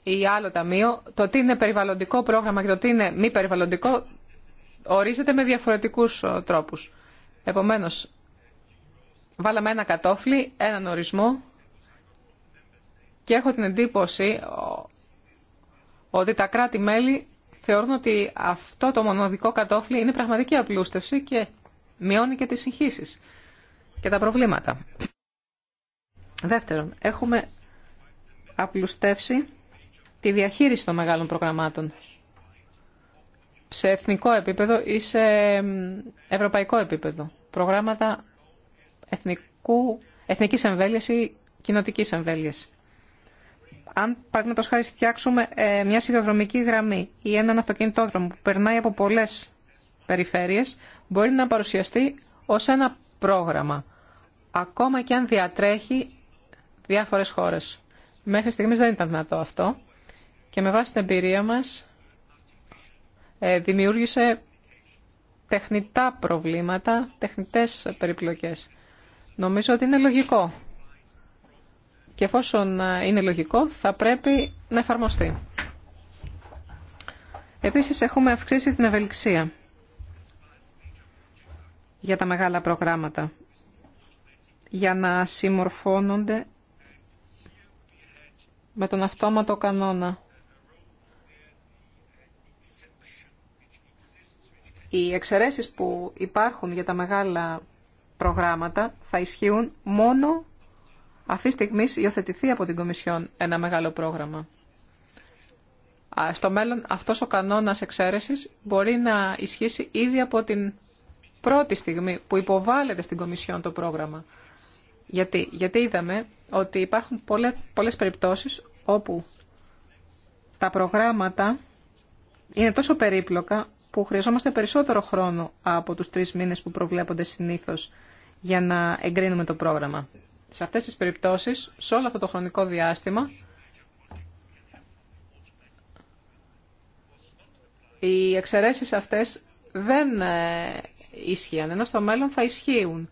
ή άλλο ταμείο, το τι είναι περιβαλλοντικό πρόγραμμα και το τι είναι μη περιβαλλοντικό ορίζεται με διαφορετικούς ε, τρόπους. Επομένως, βάλαμε ένα κατόφλι, έναν ορισμό και έχω την εντύπωση ότι τα κράτη-μέλη θεωρούν ότι αυτό το μονοδικό κατόφλι είναι πραγματική απλούστευση και μειώνει και τις συγχύσεις και τα προβλήματα. Δεύτερον, έχουμε απλουστεύσει τη διαχείριση των μεγάλων προγραμμάτων σε εθνικό επίπεδο ή σε ευρωπαϊκό επίπεδο. Προγράμματα εθνικού, εθνικής εμβέλειας ή κοινοτικής εμβέλειας αν παραδείγματο χάρη φτιάξουμε ε, μια σιδηροδρομική γραμμή ή έναν αυτοκινητόδρομο που περνάει από πολλέ περιφέρειες, μπορεί να παρουσιαστεί ω ένα πρόγραμμα, ακόμα και αν διατρέχει διάφορες χώρες. Μέχρι στιγμή δεν ήταν δυνατό αυτό και με βάση την εμπειρία μα ε, δημιούργησε τεχνητά προβλήματα, τεχνητές περιπλοκές. Νομίζω ότι είναι λογικό και εφόσον ε, είναι λογικό θα πρέπει να εφαρμοστεί. Επίσης έχουμε αυξήσει την ευελιξία για τα μεγάλα προγράμματα για να συμμορφώνονται με τον αυτόματο κανόνα. Οι εξαιρέσεις που υπάρχουν για τα μεγάλα προγράμματα θα ισχύουν μόνο αυτή τη στιγμή υιοθετηθεί από την Κομισιόν ένα μεγάλο πρόγραμμα. Στο μέλλον αυτός ο κανόνας εξαίρεσης μπορεί να ισχύσει ήδη από την πρώτη στιγμή που υποβάλλεται στην Κομισιόν το πρόγραμμα. Γιατί, Γιατί είδαμε ότι υπάρχουν πολλές, πολλές περιπτώσεις όπου τα προγράμματα είναι τόσο περίπλοκα που χρειαζόμαστε περισσότερο χρόνο από τους τρεις μήνες που προβλέπονται συνήθως για να εγκρίνουμε το πρόγραμμα σε αυτές τις περιπτώσεις, σε όλο αυτό το χρονικό διάστημα, οι εξαιρέσεις αυτές δεν ίσχυαν, ε, ενώ στο μέλλον θα ισχύουν.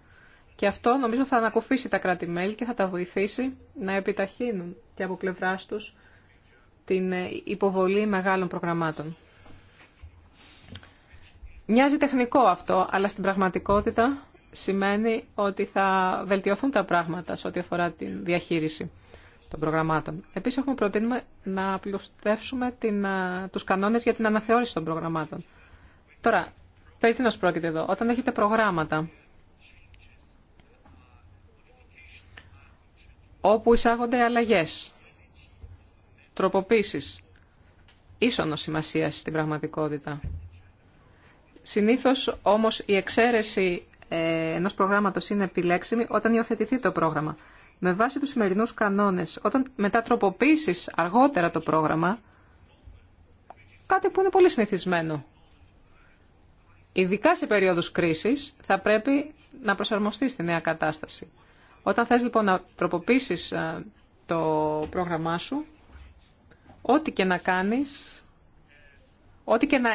Και αυτό νομίζω θα ανακουφίσει τα κράτη-μέλη και θα τα βοηθήσει να επιταχύνουν και από πλευρά του την ε, υποβολή μεγάλων προγραμμάτων. Μοιάζει τεχνικό αυτό, αλλά στην πραγματικότητα σημαίνει ότι θα βελτιωθούν τα πράγματα σε ό,τι αφορά τη διαχείριση των προγραμμάτων. Επίσης έχουμε προτείνουμε να πλουστεύσουμε την, τους κανόνες για την αναθεώρηση των προγραμμάτων. Τώρα, περί τι πρόκειται εδώ. Όταν έχετε προγράμματα όπου εισάγονται αλλαγές, τροποποίησεις, ίσονος σημασία στην πραγματικότητα. Συνήθως όμως η εξαίρεση ε, ενός προγράμματος είναι επιλέξιμη όταν υιοθετηθεί το πρόγραμμα. Με βάση τους σημερινούς κανόνες, όταν μετά τροποποιήσεις αργότερα το πρόγραμμα, κάτι που είναι πολύ συνηθισμένο. Ειδικά σε περίοδους κρίσης θα πρέπει να προσαρμοστεί στη νέα κατάσταση. Όταν θες λοιπόν να τροποποιήσεις ε, το πρόγραμμά σου, ό,τι και να κάνεις, ό,τι και να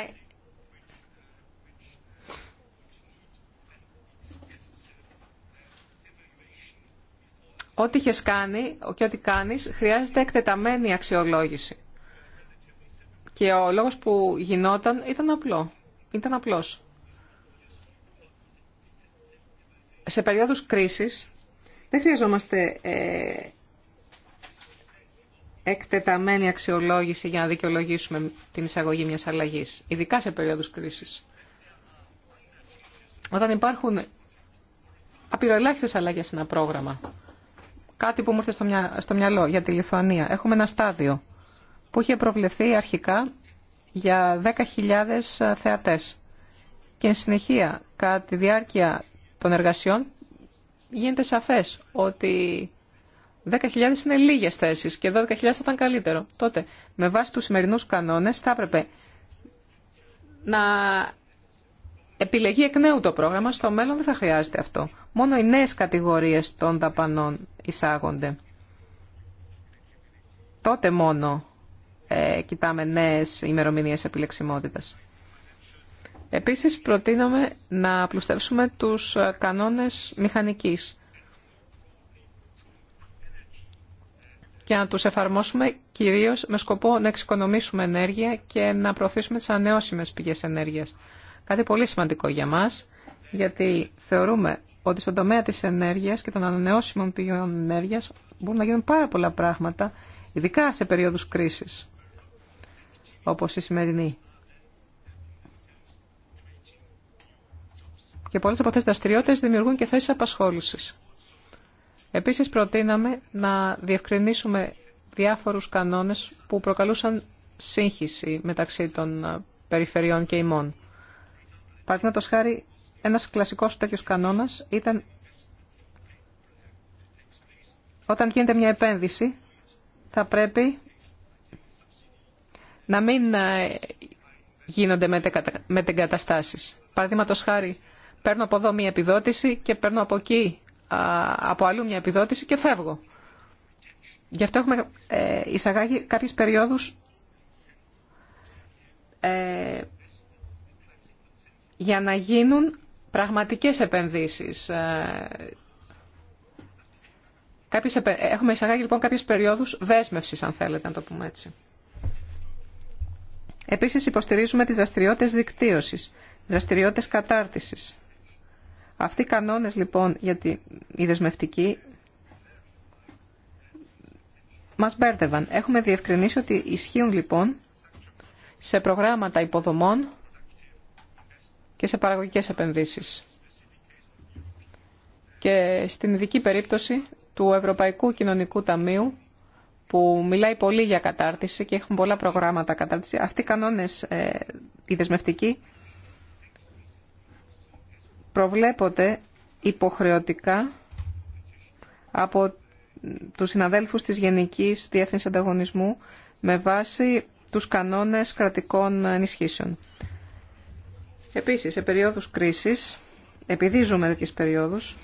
Ό,τι είχε κάνει και ό,τι κάνεις χρειάζεται εκτεταμένη αξιολόγηση. Και ο λόγος που γινόταν ήταν απλό. Ήταν απλός. Σε περίοδους κρίσης δεν χρειαζόμαστε ε, εκτεταμένη αξιολόγηση για να δικαιολογήσουμε την εισαγωγή μιας αλλαγής, ειδικά σε περίοδους κρίσης. Όταν υπάρχουν απειροελάχιστε αλλαγές σε ένα πρόγραμμα, κάτι που μου ήρθε στο, μυαλό για τη Λιθουανία. Έχουμε ένα στάδιο που είχε προβλεφθεί αρχικά για 10.000 ε, θεατές. Και εν συνεχεία, κατά τη διάρκεια των εργασιών, γίνεται σαφές ότι 10.000 είναι λίγες θέσεις και 12.000 θα ήταν καλύτερο. Τότε, με βάση τους σημερινούς κανόνες, θα έπρεπε να επιλεγεί εκ νέου το πρόγραμμα, στο μέλλον δεν θα χρειάζεται αυτό. Μόνο οι νέες κατηγορίες των δαπανών εισάγονται. Τότε μόνο ε, κοιτάμε νέες ημερομηνίες επιλεξιμότητας. Επίσης προτείνουμε να πλουστεύσουμε τους ε, κανόνες μηχανικής και να τους εφαρμόσουμε κυρίως με σκοπό να εξοικονομήσουμε ενέργεια και να προωθήσουμε τις ανεώσιμες πηγές ενέργειας. Κάτι πολύ σημαντικό για μας, γιατί θεωρούμε ότι στον τομέα της ενέργειας και των ανανεώσιμων πηγών ενέργειας μπορούν να γίνουν πάρα πολλά πράγματα, ειδικά σε περίοδους κρίσης, όπως η σημερινή. Και πολλές από αυτές τις δραστηριότητες δημιουργούν και θέσεις απασχόλησης. Επίσης προτείναμε να διευκρινίσουμε διάφορους κανόνες που προκαλούσαν σύγχυση μεταξύ των περιφερειών και ημών. Παραδείγματο χάρη, ένα κλασικό τέτοιο κανόνα ήταν όταν γίνεται μια επένδυση, θα πρέπει να μην ε, γίνονται μετεγκαταστάσεις. Παραδείγματο χάρη, παίρνω από εδώ μια επιδότηση και παίρνω από εκεί, από αλλού μια επιδότηση και φεύγω. Γι' αυτό έχουμε ε, εισαγάγει κάποιες περιόδους ε, για να γίνουν πραγματικές επενδύσεις. Ε, έχουμε εισαγάγει λοιπόν κάποιες περιόδους δέσμευσης, αν θέλετε να το πούμε έτσι. Επίσης υποστηρίζουμε τις δραστηριότητες δικτύωσης, δραστηριότητες κατάρτισης. Αυτοί οι κανόνες λοιπόν για τη, οι δεσμευτική. μας μπέρδευαν. Έχουμε διευκρινίσει ότι ισχύουν λοιπόν σε προγράμματα υποδομών και σε παραγωγικές επενδύσεις. Και στην ειδική περίπτωση του Ευρωπαϊκού Κοινωνικού Ταμείου που μιλάει πολύ για κατάρτιση και έχουν πολλά προγράμματα κατάρτιση. Αυτοί οι κανόνες, ε, οι δεσμευτικοί, προβλέπονται υποχρεωτικά από τους συναδέλφους της Γενικής Διεύθυνσης Ανταγωνισμού με βάση τους κανόνες κρατικών ενισχύσεων. Επίσης, σε περίοδους κρίσης, επειδή ζούμε τέτοιες περίοδους,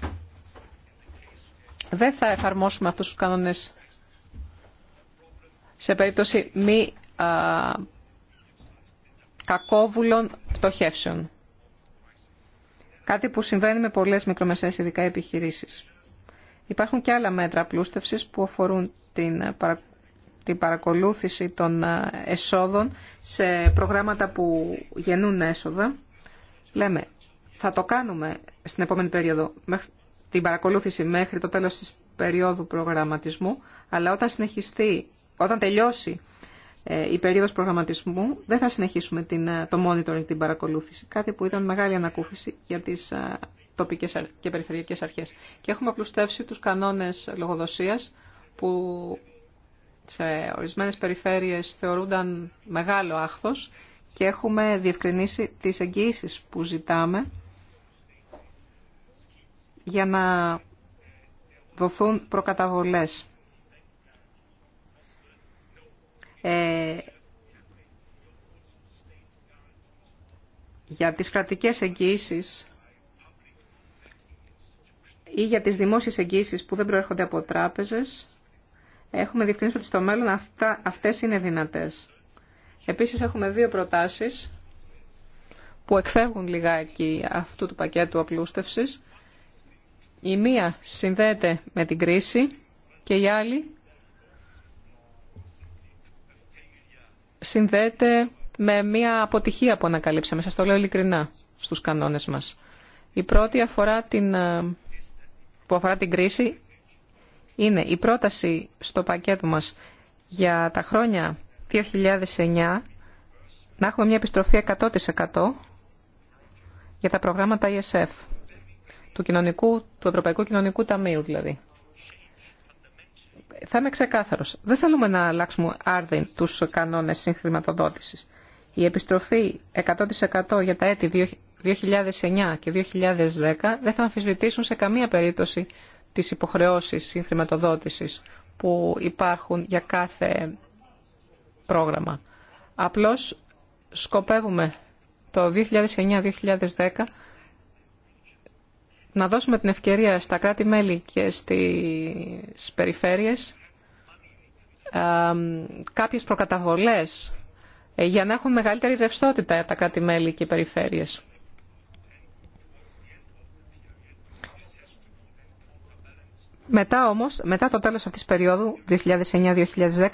δεν θα εφαρμόσουμε αυτούς τους κανόνες σε περίπτωση μη κακόβουλων πτωχεύσεων. Κάτι που συμβαίνει με πολλές μικρομεσαίες ειδικά επιχειρήσεις. Υπάρχουν και άλλα μέτρα πλούστευσης που αφορούν την, την παρακολούθηση των εσόδων σε προγράμματα που γεννούν έσοδα λέμε θα το κάνουμε στην επόμενη περίοδο την παρακολούθηση μέχρι το τέλος της περίοδου προγραμματισμού, αλλά όταν συνεχιστεί, όταν τελειώσει ε, η περίοδος προγραμματισμού, δεν θα συνεχίσουμε την, ε, το monitoring, την παρακολούθηση. Κάτι που ήταν μεγάλη ανακούφιση για τις ε, τοπικές και περιφερειακές αρχές. Και έχουμε απλουστεύσει τους κανόνες λογοδοσίας που σε ορισμένες περιφέρειες θεωρούνταν μεγάλο άχθος και έχουμε διευκρινίσει τις εγγύησεις που ζητάμε για να δοθούν προκαταβολές. Ε, για τις κρατικές εγγύησεις ή για τις δημόσιες εγγύησεις που δεν προέρχονται από τράπεζες, έχουμε διευκρινίσει ότι στο μέλλον αυτά, αυτές είναι δυνατές. Επίσης έχουμε δύο προτάσεις που εκφεύγουν λιγάκι αυτού του πακέτου απλούστευσης. Η μία συνδέεται με την κρίση και η άλλη συνδέεται με μια αποτυχία που ανακαλύψαμε. Σας το λέω ειλικρινά στους κανόνες μας. Η πρώτη αφορά την, ε, που αφορά την κρίση είναι η πρόταση στο πακέτο μας για τα χρόνια 2009 να έχουμε μια επιστροφή 100% για τα προγράμματα ESF, του, κοινωνικού, του Ευρωπαϊκού Κοινωνικού Ταμείου δηλαδή. Θα είμαι ξεκάθαρο. Δεν θέλουμε να αλλάξουμε άρδιν τους κανόνες συγχρηματοδότησης. Η επιστροφή 100% για τα έτη 2009 και 2010 δεν θα αμφισβητήσουν σε καμία περίπτωση τις υποχρεώσεις συγχρηματοδότησης που υπάρχουν για κάθε πρόγραμμα. Απλώς σκοπεύουμε το 2009-2010 να δώσουμε την ευκαιρία στα κράτη-μέλη και στις περιφέρειες κάποιες προκαταβολές ε, για να έχουν μεγαλύτερη ρευστότητα τα κράτη-μέλη και οι περιφέρειες. Μετά όμω, μετά το τέλος αυτής της περίοδου, 2009-2010,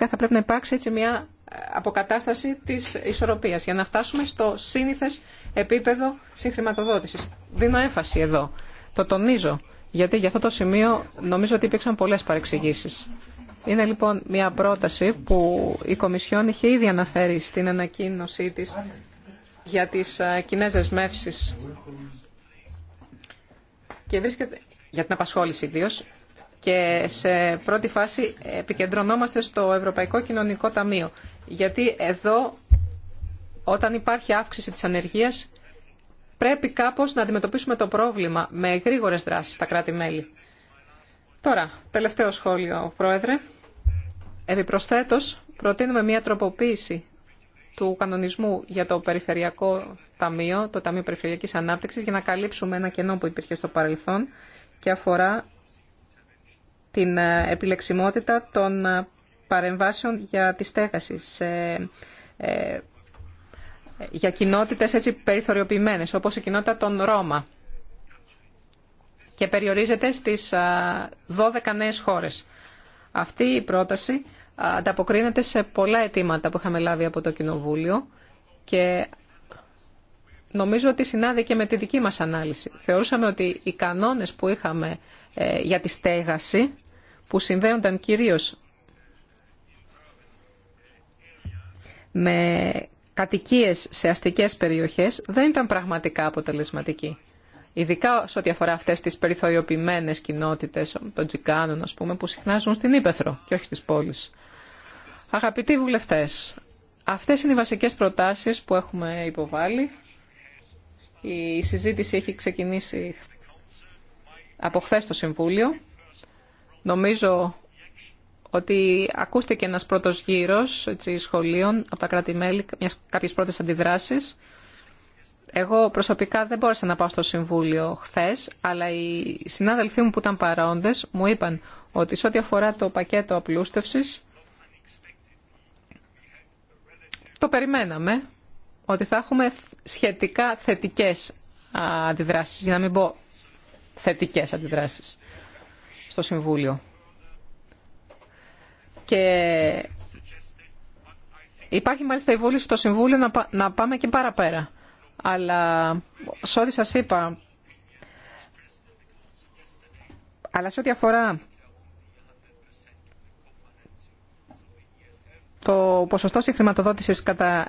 θα πρέπει να υπάρξει έτσι μια αποκατάσταση της ισορροπίας για να φτάσουμε στο σύνηθες επίπεδο συγχρηματοδότησης. Δίνω έμφαση εδώ. Το τονίζω, γιατί για αυτό το σημείο νομίζω ότι υπήρξαν πολλές παρεξηγήσεις. Είναι λοιπόν μια πρόταση που η Κομισιόν είχε ήδη αναφέρει στην ανακοίνωσή της για τις κοινέ δεσμεύσει και βρίσκεται για την απασχόληση ιδίω και σε πρώτη φάση επικεντρωνόμαστε στο Ευρωπαϊκό Κοινωνικό Ταμείο. Γιατί εδώ όταν υπάρχει αύξηση της ανεργίας πρέπει κάπως να αντιμετωπίσουμε το πρόβλημα με γρήγορες δράσεις στα κράτη-μέλη. Τώρα, τελευταίο σχόλιο, Πρόεδρε. Επιπροσθέτως, προτείνουμε μια τροποποίηση του κανονισμού για το Περιφερειακό Ταμείο, το Ταμείο Περιφερειακής Ανάπτυξης, για να καλύψουμε ένα κενό που υπήρχε στο παρελθόν και αφορά την ε, επιλεξιμότητα των ε, παρεμβάσεων για τη στέγαση σε, ε, για κοινότητες έτσι περιθωριοποιημένες, όπως η κοινότητα των Ρώμα και περιορίζεται στις 12 νέες χώρες. Αυτή η πρόταση ανταποκρίνεται σε πολλά αιτήματα που είχαμε λάβει από το Κοινοβούλιο και νομίζω ότι συνάδει και με τη δική μας ανάλυση. Θεωρούσαμε ότι οι κανόνες που είχαμε ε, για τη στέγαση που συνδέονταν κυρίως με κατοικίες σε αστικές περιοχές δεν ήταν πραγματικά αποτελεσματική. Ειδικά σε ό,τι αφορά αυτές τις περιθωριοποιημένες κοινότητες των Τζικάνων, ας πούμε, που συχνά στην Ήπεθρο και όχι στις πόλεις. Αγαπητοί βουλευτές, αυτές είναι οι βασικές προτάσεις που έχουμε υποβάλει. Η συζήτηση έχει ξεκινήσει από χθε το Συμβούλιο. Νομίζω ότι ακούστηκε ένας πρώτος γύρος έτσι, σχολείων από τα κράτη-μέλη, κάποιες πρώτες αντιδράσεις. Εγώ προσωπικά δεν μπόρεσα να πάω στο Συμβούλιο χθες, αλλά οι συνάδελφοί μου που ήταν παρόντες μου είπαν ότι σε ό,τι αφορά το πακέτο απλούστευσης, το περιμέναμε ότι θα έχουμε σχετικά θετικές αντιδράσεις, για να μην πω θετικές αντιδράσεις στο Συμβούλιο. Και υπάρχει μάλιστα η βούληση στο Συμβούλιο να πάμε και παραπέρα. Αλλά σε ό,τι σας είπα, αλλά σε ό,τι αφορά το ποσοστό συγχρηματοδότησης κατά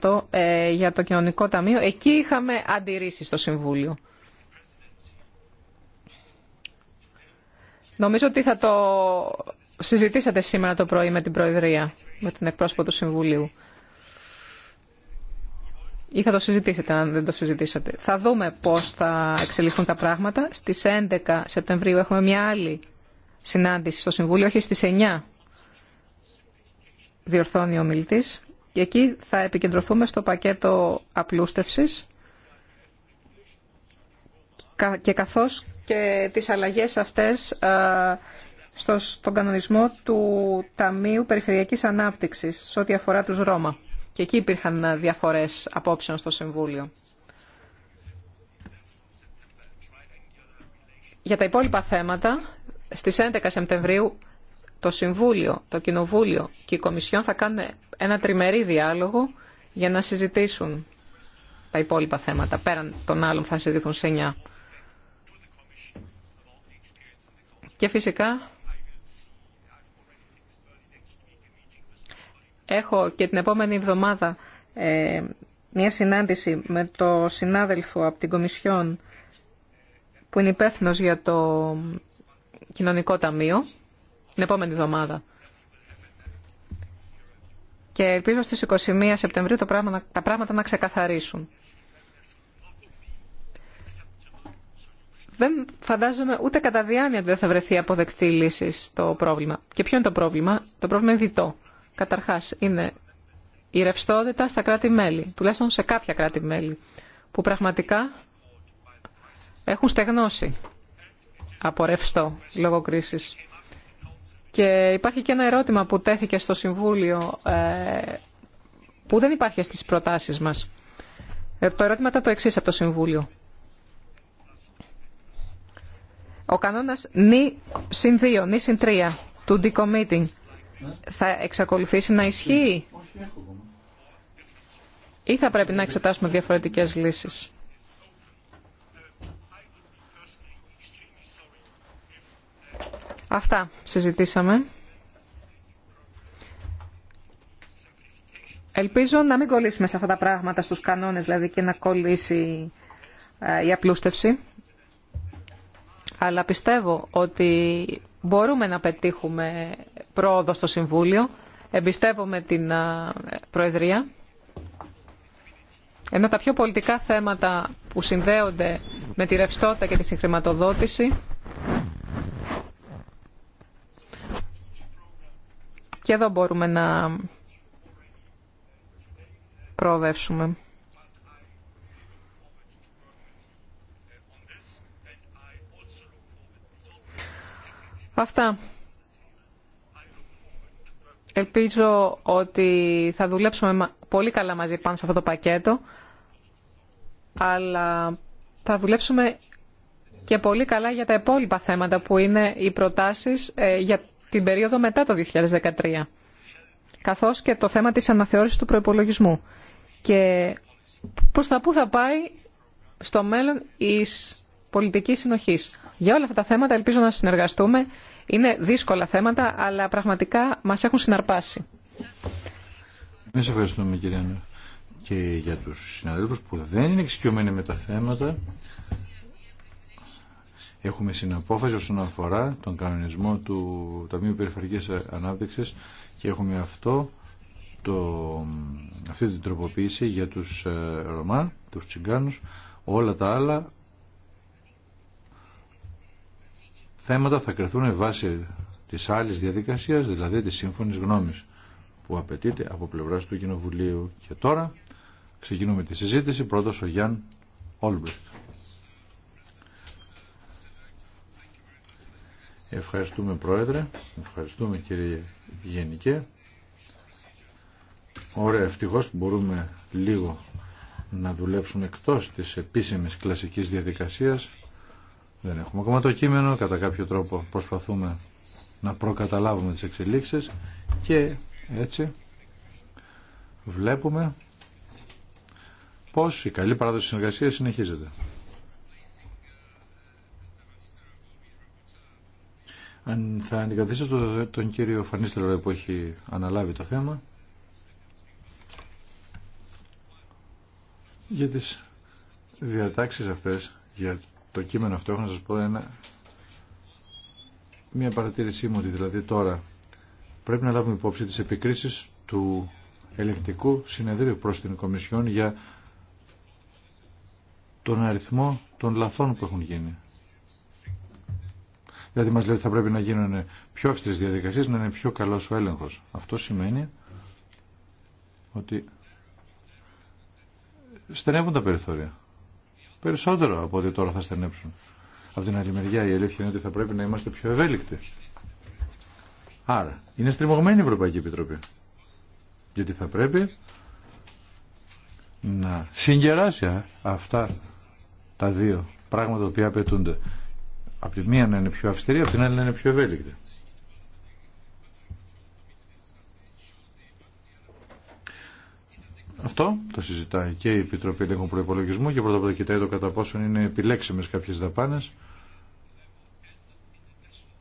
100% ε, για το κοινωνικό ταμείο, εκεί είχαμε αντιρρήσεις στο Συμβούλιο. Νομίζω ότι θα το συζητήσατε σήμερα το πρωί με την Προεδρία, με την εκπρόσωπο του Συμβουλίου. Ή θα το συζητήσετε αν δεν το συζητήσατε. Θα δούμε πώς θα εξελιχθούν τα πράγματα. Στις 11 Σεπτεμβρίου έχουμε μια άλλη συνάντηση στο Συμβούλιο, όχι στις 9 διορθώνει ο μιλτής. Και εκεί θα επικεντρωθούμε στο πακέτο απλούστευσης και καθώς και τις αλλαγές αυτές ε, στο, στον κανονισμό του Ταμείου Περιφερειακής Ανάπτυξης σε ό,τι αφορά τους Ρώμα. Και εκεί υπήρχαν ε, διαφορές απόψεων στο Συμβούλιο. Για τα υπόλοιπα θέματα, στις 11 Σεπτεμβρίου το Συμβούλιο, το Κοινοβούλιο και η Κομισιόν θα κάνουν ένα τριμερή διάλογο για να συζητήσουν τα υπόλοιπα θέματα, πέραν των άλλων θα συζητηθούν σε 9. Και φυσικά έχω και την επόμενη εβδομάδα ε, μια συνάντηση με το συνάδελφο από την Κομισιόν που είναι υπεύθυνο για το Κοινωνικό Ταμείο την επόμενη εβδομάδα. Και ελπίζω στις 21 Σεπτεμβρίου τα πράγματα να ξεκαθαρίσουν. δεν φαντάζομαι ούτε κατά διάνοια ότι δεν θα βρεθεί αποδεκτή λύση στο πρόβλημα. Και ποιο είναι το πρόβλημα. Το πρόβλημα είναι διτό. Καταρχάς είναι η ρευστότητα στα κράτη-μέλη, τουλάχιστον σε κάποια κράτη-μέλη, που πραγματικά έχουν στεγνώσει από ρευστό λόγω κρίση. Και υπάρχει και ένα ερώτημα που τέθηκε στο Συμβούλιο ε, που δεν υπάρχει στις προτάσεις μας. Ε, το ερώτημα ήταν το εξή από το Συμβούλιο. Ο κανόνας νη συν 2, νη συν 3 του decommitting θα εξακολουθήσει να ισχύει ή θα πρέπει να εξετάσουμε διαφορετικές λύσεις. Αυτά συζητήσαμε. Ελπίζω να μην κολλήσουμε σε αυτά τα πράγματα στους κανόνες, δηλαδή και να κολλήσει ε, η απλούστευση αλλά πιστεύω ότι μπορούμε να πετύχουμε πρόοδο στο Συμβούλιο. Εμπιστεύομαι την Προεδρία. Ενώ τα πιο πολιτικά θέματα που συνδέονται με τη ρευστότητα και τη συγχρηματοδότηση και εδώ μπορούμε να προοδεύσουμε. Αυτά. Ελπίζω ότι θα δουλέψουμε πολύ καλά μαζί πάνω σε αυτό το πακέτο, αλλά θα δουλέψουμε και πολύ καλά για τα υπόλοιπα θέματα που είναι οι προτάσεις ε, για την περίοδο μετά το 2013, καθώς και το θέμα της αναθεώρησης του προϋπολογισμού. Και προς τα πού θα πάει στο μέλλον η Πολιτική συνοχής. Για όλα αυτά τα θέματα ελπίζω να συνεργαστούμε. Είναι δύσκολα θέματα, αλλά πραγματικά μας έχουν συναρπάσει. Εμεί ευχαριστούμε κυρία Νέα και για τους συναδέλφους που δεν είναι εξοικειωμένοι με τα θέματα. Έχουμε συναπόφαση όσον αφορά τον κανονισμό του Ταμείου Περιφερειακή ανάπτυξη και έχουμε αυτό το, αυτή την τροποποίηση για τους ε, Ρωμά, τους Τσιγκάνους. Όλα τα άλλα θέματα θα κρεθούν βάσει τη άλλη διαδικασία, δηλαδή τη σύμφωνη γνώμη που απαιτείται από πλευρά του Κοινοβουλίου. Και τώρα ξεκινούμε τη συζήτηση. Πρώτος ο Γιάνν Όλμπρεχτ. Ευχαριστούμε Πρόεδρε, ευχαριστούμε κύριε Γενικέ. Ωραία, ευτυχώς μπορούμε λίγο να δουλέψουμε εκτός της επίσημης κλασικής διαδικασίας δεν έχουμε ακόμα το κείμενο, κατά κάποιο τρόπο προσπαθούμε να προκαταλάβουμε τις εξελίξεις και έτσι βλέπουμε πώς η καλή παράδοση συνεργασία συνεχίζεται. Αν θα αντικαθίσω τον κύριο Φανίστερο που έχει αναλάβει το θέμα για τις διατάξεις αυτές για το κείμενο αυτό έχω να σας πω ένα, μια παρατήρησή μου ότι δηλαδή τώρα πρέπει να λάβουμε υπόψη τις επικρίσεις του ελεγκτικού συνεδρίου προς την Κομισιόν για τον αριθμό των λαθών που έχουν γίνει. Δηλαδή μας λέει ότι θα πρέπει να γίνουν πιο αυστηρές διαδικασίες, να είναι πιο καλός ο έλεγχος. Αυτό σημαίνει ότι στενεύουν τα περιθώρια. Περισσότερο από ότι τώρα θα στενέψουν. Από την άλλη μεριά η αλήθεια είναι ότι θα πρέπει να είμαστε πιο ευέλικτοι. Άρα, είναι στριμωγμένη η Ευρωπαϊκή Επιτροπή. Γιατί θα πρέπει να συγκεράσει αυτά τα δύο πράγματα που απαιτούνται. Από τη μία να είναι πιο αυστηρή, από την άλλη να είναι πιο ευέλικτη. Αυτό το συζητάει και η Επιτροπή Ελέγχου Προπολογισμού και πρώτα απ' όλα κοιτάει το κατά πόσο είναι επιλέξιμε κάποιε δαπάνε.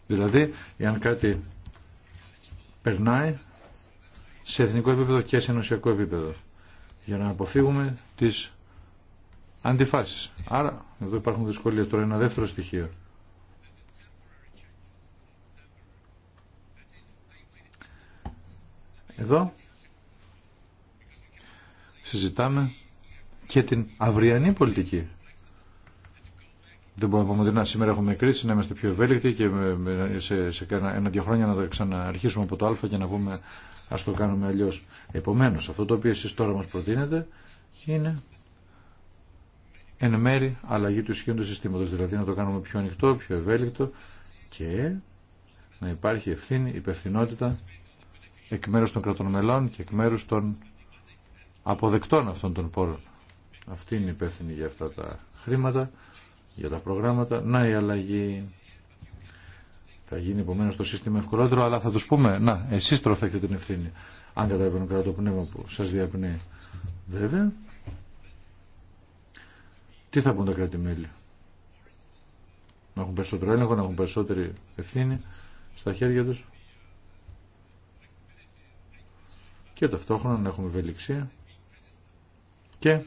Δηλαδή, εάν κάτι περνάει σε εθνικό επίπεδο και σε ενωσιακό επίπεδο για να αποφύγουμε τις αντιφάσεις. Άρα, εδώ υπάρχουν δυσκολίε. Τώρα ένα δεύτερο στοιχείο. Εδώ συζητάμε και την αυριανή πολιτική. Δεν μπορούμε να πούμε ότι να, σήμερα έχουμε κρίση, να είμαστε πιο ευέλικτοι και σε, σε ένα-δύο χρόνια να ξαναρχίσουμε από το Α και να πούμε α το κάνουμε αλλιώ. Επομένω, αυτό το οποίο εσεί τώρα μα προτείνετε είναι εν μέρη αλλαγή του του συστήματο. δηλαδή να το κάνουμε πιο ανοιχτό, πιο ευέλικτο και να υπάρχει ευθύνη, υπευθυνότητα εκ μέρου των κρατών μελών και εκ μέρου των αποδεκτών αυτών των πόρων. Αυτή είναι υπεύθυνη για αυτά τα χρήματα, για τα προγράμματα. Να η αλλαγή θα γίνει επομένω το σύστημα ευκολότερο, αλλά θα του πούμε, να, εσεί τροφέτε την ευθύνη, αν καταλαβαίνω κατά το πνεύμα που σα διαπνέει. Βέβαια. Τι θα πούν τα κράτη-μέλη. Να έχουν περισσότερο έλεγχο, να έχουν περισσότερη ευθύνη στα χέρια τους και ταυτόχρονα να έχουμε ευελιξία και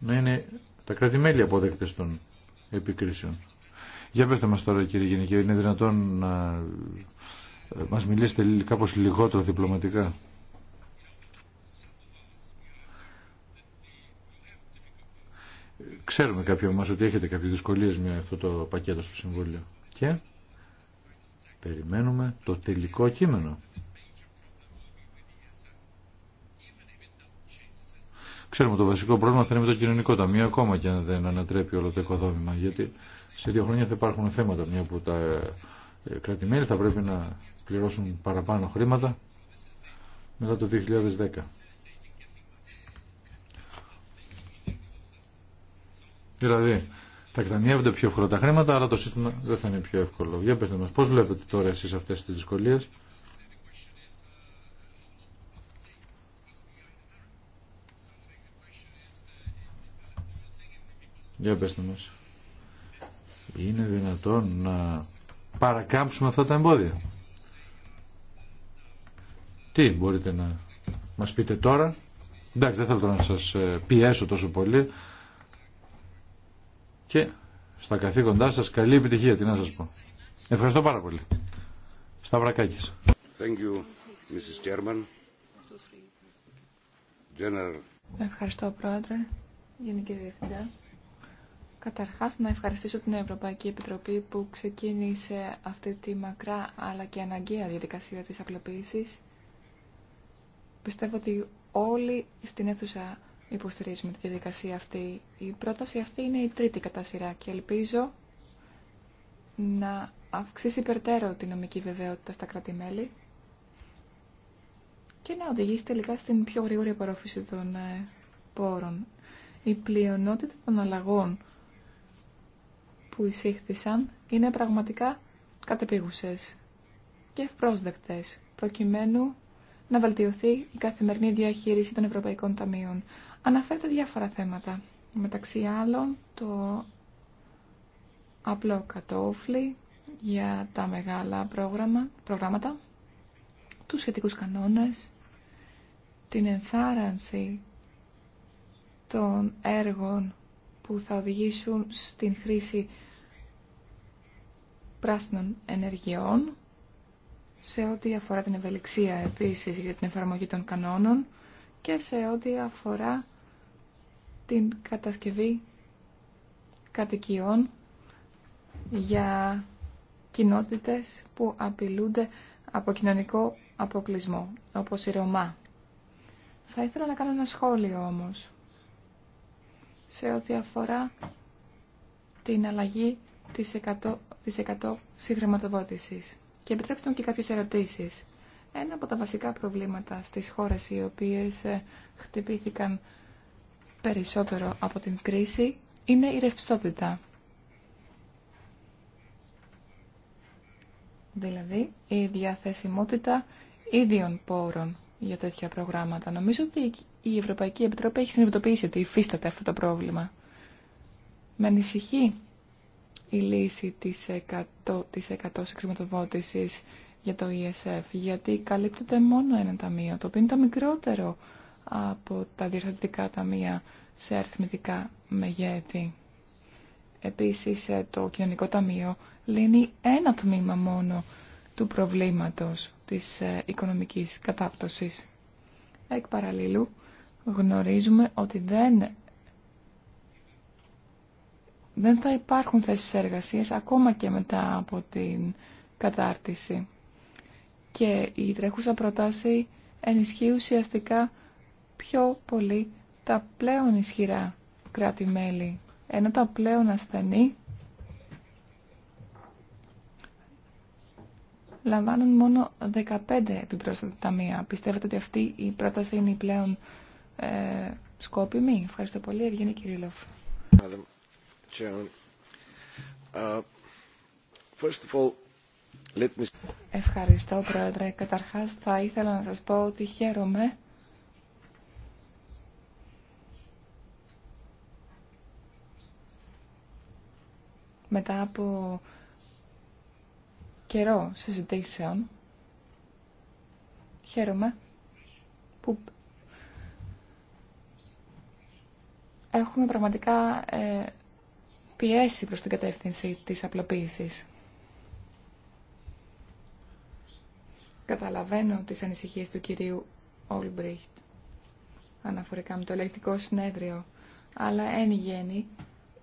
να είναι τα κράτη-μέλη αποδέκτες των επικρίσεων. Για πέστε μας τώρα κύριε Γενική, είναι δυνατόν να ε, μας μιλήσετε κάπως λιγότερο διπλωματικά. Ξέρουμε κάποιοι μας ότι έχετε κάποιες δυσκολίες με αυτό το πακέτο στο Συμβούλιο. Και περιμένουμε το τελικό κείμενο. Ξέρουμε το βασικό πρόβλημα θα είναι με το κοινωνικό ταμείο ακόμα και αν δεν ανατρέπει όλο το οικοδόμημα. Γιατί σε δύο χρόνια θα υπάρχουν θέματα. Μια που τα ε, κρατημέλη θα πρέπει να πληρώσουν παραπάνω χρήματα μετά το 2010. Δηλαδή, θα εκταμιεύονται πιο εύκολα τα χρήματα, αλλά το σύστημα δεν θα είναι πιο εύκολο. Για πετε μας, πώς βλέπετε τώρα εσείς αυτέ τι δυσκολίε. Για πέστε μας. Είναι δυνατόν να παρακάμψουμε αυτά τα εμπόδια. Τι μπορείτε να μας πείτε τώρα. Εντάξει, δεν θέλω να σας ε, πιέσω τόσο πολύ. Και στα καθήκοντά σας καλή επιτυχία, τι να σας πω. Ευχαριστώ πάρα πολύ. Σταυρακάκης. Thank you, Mrs. Chairman. General. Ευχαριστώ, Πρόεδρε, Γενική Καταρχάς να ευχαριστήσω την Ευρωπαϊκή Επιτροπή που ξεκίνησε αυτή τη μακρά αλλά και αναγκαία διαδικασία της απλοποίησης. Πιστεύω ότι όλοι στην αίθουσα υποστηρίζουμε τη διαδικασία αυτή. Η πρόταση αυτή είναι η τρίτη κατά σειρά και ελπίζω να αυξήσει περτέρω τη νομική βεβαιότητα στα κράτη-μέλη και να οδηγήσει τελικά στην πιο γρήγορη απορρόφηση των ε, πόρων. Η πλειονότητα των αλλαγών που εισήχθησαν είναι πραγματικά κατεπίγουσες και ευπρόσδεκτες, προκειμένου να βελτιωθεί η καθημερινή διαχείριση των Ευρωπαϊκών Ταμείων. Αναφέρεται διάφορα θέματα, μεταξύ άλλων το απλό κατόφλι για τα μεγάλα πρόγραμμα, προγράμματα, τους σχετικούς κανόνες, την ενθάρρυνση των έργων που θα οδηγήσουν στην χρήση πράσινων ενεργειών σε ό,τι αφορά την ευελιξία επίσης για την εφαρμογή των κανόνων και σε ό,τι αφορά την κατασκευή κατοικιών για κοινότητες που απειλούνται από κοινωνικό αποκλεισμό, όπως η Ρωμά. Θα ήθελα να κάνω ένα σχόλιο όμως, σε ό,τι αφορά την αλλαγή της 100%, της Και επιτρέψτε μου και κάποιες ερωτήσεις. Ένα από τα βασικά προβλήματα στις χώρες οι οποίες ε, χτυπήθηκαν περισσότερο από την κρίση είναι η ρευστότητα. Δηλαδή η διαθεσιμότητα ίδιων πόρων για τέτοια προγράμματα. Νομίζω ότι η Ευρωπαϊκή Επιτροπή έχει συνειδητοποιήσει ότι υφίσταται αυτό το πρόβλημα. Με ανησυχεί η λύση της 100% συγκριματοβότησης για το ESF, γιατί καλύπτεται μόνο ένα ταμείο, το οποίο είναι το μικρότερο από τα διευθυντικά ταμεία σε αριθμητικά μεγέθη. Επίσης, ε, το κοινωνικό ταμείο λύνει ένα τμήμα μόνο του προβλήματος της ε, οικονομικής κατάπτωσης. Εκ παραλλήλου, γνωρίζουμε ότι δεν δεν θα υπάρχουν θέσεις εργασίας ακόμα και μετά από την κατάρτιση. Και η τρέχουσα προτάση ενισχύει ουσιαστικά πιο πολύ τα πλέον ισχυρά κράτη-μέλη, ενώ τα πλέον ασθενή λαμβάνουν μόνο 15 επιπρόσθετα ταμεία. Πιστεύετε ότι αυτή η πρόταση είναι η πλέον ε, σκόπιμη. Ευχαριστώ πολύ. Ευγένη Κυρίλοφ. Uh, Ευχαριστώ, Πρόεδρε. Καταρχάς, θα ήθελα να σας πω ότι χαίρομαι μετά από καιρό συζητήσεων χαίρομαι που έχουμε πραγματικά ε, πιέσει προς την κατεύθυνση της απλοποίησης. Καταλαβαίνω τις ανησυχίες του κυρίου Όλμπριχτ αναφορικά με το ελεκτικό συνέδριο, αλλά εν γέννη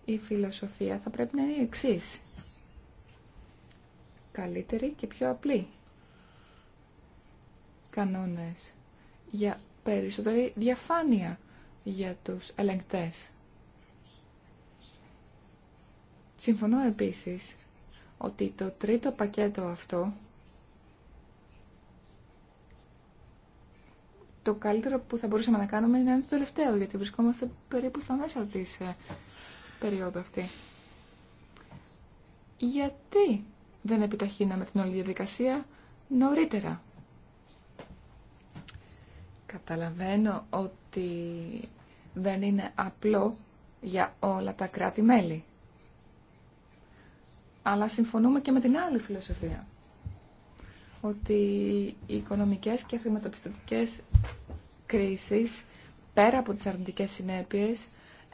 η φιλοσοφία θα πρέπει να είναι η εξή. Καλύτερη και πιο απλή. Κανόνες για περισσότερη διαφάνεια για τους ελεγκτές. Συμφωνώ επίσης ότι το τρίτο πακέτο αυτό το καλύτερο που θα μπορούσαμε να κάνουμε είναι να είναι το τελευταίο, γιατί βρισκόμαστε περίπου στα μέσα της ε, περίοδου αυτή. Γιατί δεν επιταχύναμε την όλη διαδικασία νωρίτερα. Καταλαβαίνω ότι δεν είναι απλό για όλα τα κράτη-μέλη. Αλλά συμφωνούμε και με την άλλη φιλοσοφία. Ότι οι οικονομικές και χρηματοπιστωτικές κρίσεις, πέρα από τις αρνητικές συνέπειες,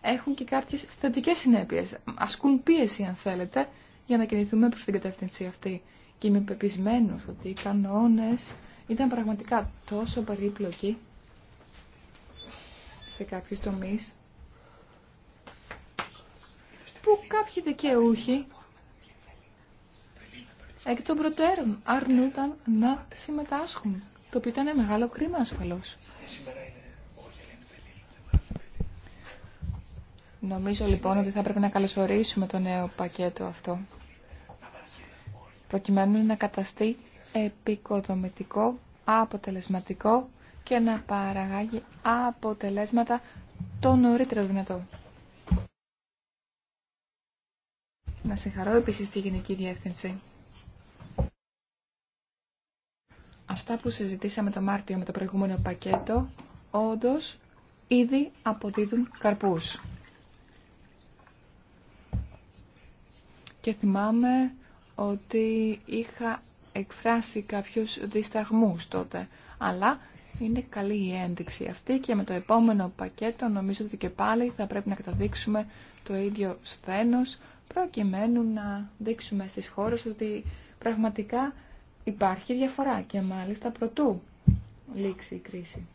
έχουν και κάποιες θετικές συνέπειες. Ασκούν πίεση, αν θέλετε, για να κινηθούμε προς την κατεύθυνση αυτή. Και είμαι πεπισμένος ότι οι κανόνες ήταν πραγματικά τόσο περίπλοκοι σε κάποιους τομείς που κάποιοι δικαιούχοι εκ των προτέρων αρνούταν να συμμετάσχουν. Το οποίο ήταν μεγάλο κρίμα ασφαλώ. Νομίζω λοιπόν ότι θα πρέπει να καλωσορίσουμε το νέο πακέτο αυτό προκειμένου να καταστεί επικοδομητικό, αποτελεσματικό και να παραγάγει αποτελέσματα το νωρίτερο δυνατό. Να συγχαρώ επίσης τη Γενική Διεύθυνση. Αυτά που συζητήσαμε το Μάρτιο με το προηγούμενο πακέτο, όντως ήδη αποδίδουν καρπούς. Και θυμάμαι ότι είχα εκφράσει κάποιους δισταγμούς τότε. Αλλά είναι καλή η ένδειξη αυτή και με το επόμενο πακέτο νομίζω ότι και πάλι θα πρέπει να καταδείξουμε το ίδιο σθένος προκειμένου να δείξουμε στις χώρες ότι πραγματικά Υπάρχει διαφορά και μάλιστα προτού λήξει η κρίση.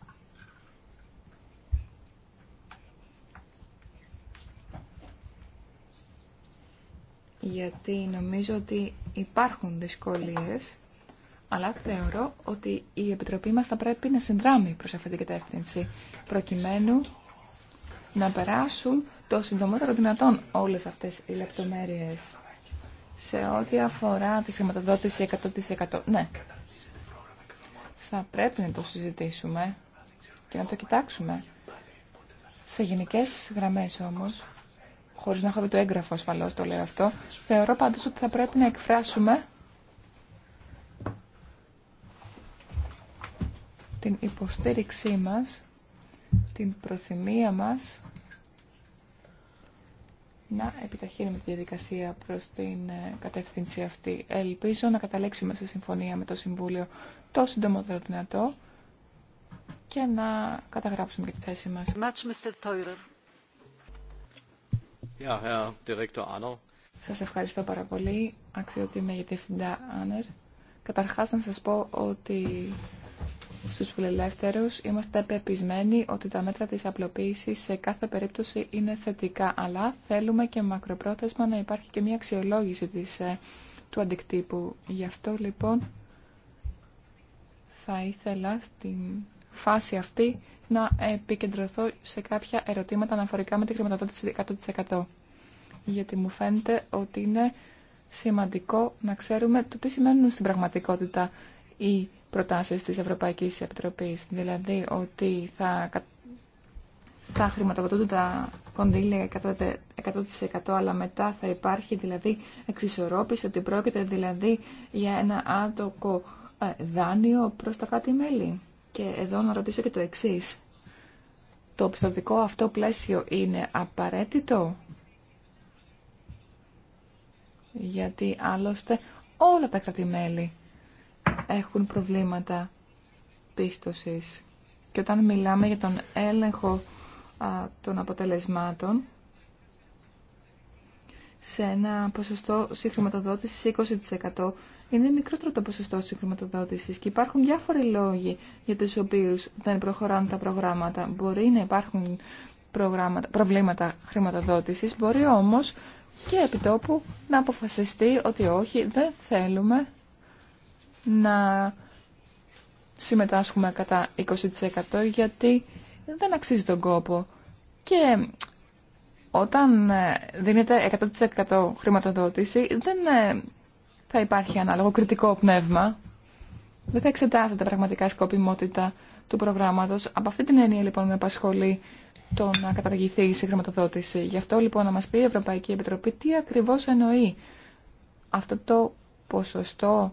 γιατί νομίζω ότι υπάρχουν δυσκολίες, αλλά θεωρώ ότι η Επιτροπή μας θα πρέπει να συνδράμει προς αυτή την κατεύθυνση, προκειμένου να περάσουν το συντομότερο δυνατόν όλες αυτές οι λεπτομέρειες. Σε ό,τι αφορά τη χρηματοδότηση 100% ναι. Θα πρέπει να το συζητήσουμε και να το κοιτάξουμε. Σε γενικές γραμμές όμως, χωρίς να έχω δει το έγγραφο ασφαλώς το λέω αυτό, θεωρώ πάντως ότι θα πρέπει να εκφράσουμε την υποστήριξή μας, την προθυμία μας να επιταχύνουμε τη διαδικασία προς την ε, κατεύθυνση αυτή. Ελπίζω να καταλέξουμε σε συμφωνία με το Συμβούλιο το συντομότερο δυνατό και να καταγράψουμε και τη θέση μας. Σας ευχαριστώ πάρα πολύ, αξιότιμη διευθυντά Άνερ. Καταρχάς να σας πω ότι στους φιλελεύθερους είμαστε πεπισμένοι ότι τα μέτρα της απλοποίησης σε κάθε περίπτωση είναι θετικά, αλλά θέλουμε και μακροπρόθεσμα να υπάρχει και μια αξιολόγηση της, ε, του αντικτύπου. Γι' αυτό λοιπόν θα ήθελα στην φάση αυτή να επικεντρωθώ σε κάποια ερωτήματα αναφορικά με τη χρηματοδότηση 100%. Γιατί μου φαίνεται ότι είναι σημαντικό να ξέρουμε το τι σημαίνουν στην πραγματικότητα οι προτάσεις της Ευρωπαϊκής Επιτροπής. Δηλαδή ότι θα, θα χρηματοδοτούνται τα κονδύλια 100%, 100% αλλά μετά θα υπάρχει δηλαδή εξισορρόπηση ότι πρόκειται δηλαδή για ένα άτοκο ε, δάνειο προς τα κράτη-μέλη. Και εδώ να ρωτήσω και το εξή. Το πιστοτικό αυτό πλαίσιο είναι απαραίτητο γιατί άλλωστε όλα τα κρατημέλη έχουν προβλήματα πίστοσης. Και όταν μιλάμε για τον έλεγχο των αποτελεσμάτων σε ένα ποσοστό συγχρηματοδότησης 20% είναι μικρότερο το ποσοστό συγχρηματοδότησης και υπάρχουν διάφοροι λόγοι για τους οποίους δεν προχωράνε τα προγράμματα. Μπορεί να υπάρχουν προβλήματα χρηματοδότησης, μπορεί όμως και επιτόπου να αποφασιστεί ότι όχι, δεν θέλουμε να συμμετάσχουμε κατά 20% γιατί δεν αξίζει τον κόπο. Και όταν ε, δίνεται 100% χρηματοδότηση δεν ε, θα υπάρχει ανάλογο κριτικό πνεύμα. Δεν θα εξετάζεται πραγματικά σκοπιμότητα του προγράμματος. Από αυτή την έννοια λοιπόν με απασχολεί το να καταργηθεί η χρηματοδότηση. Γι' αυτό λοιπόν να μας πει η Ευρωπαϊκή Επιτροπή τι ακριβώς εννοεί αυτό το ποσοστό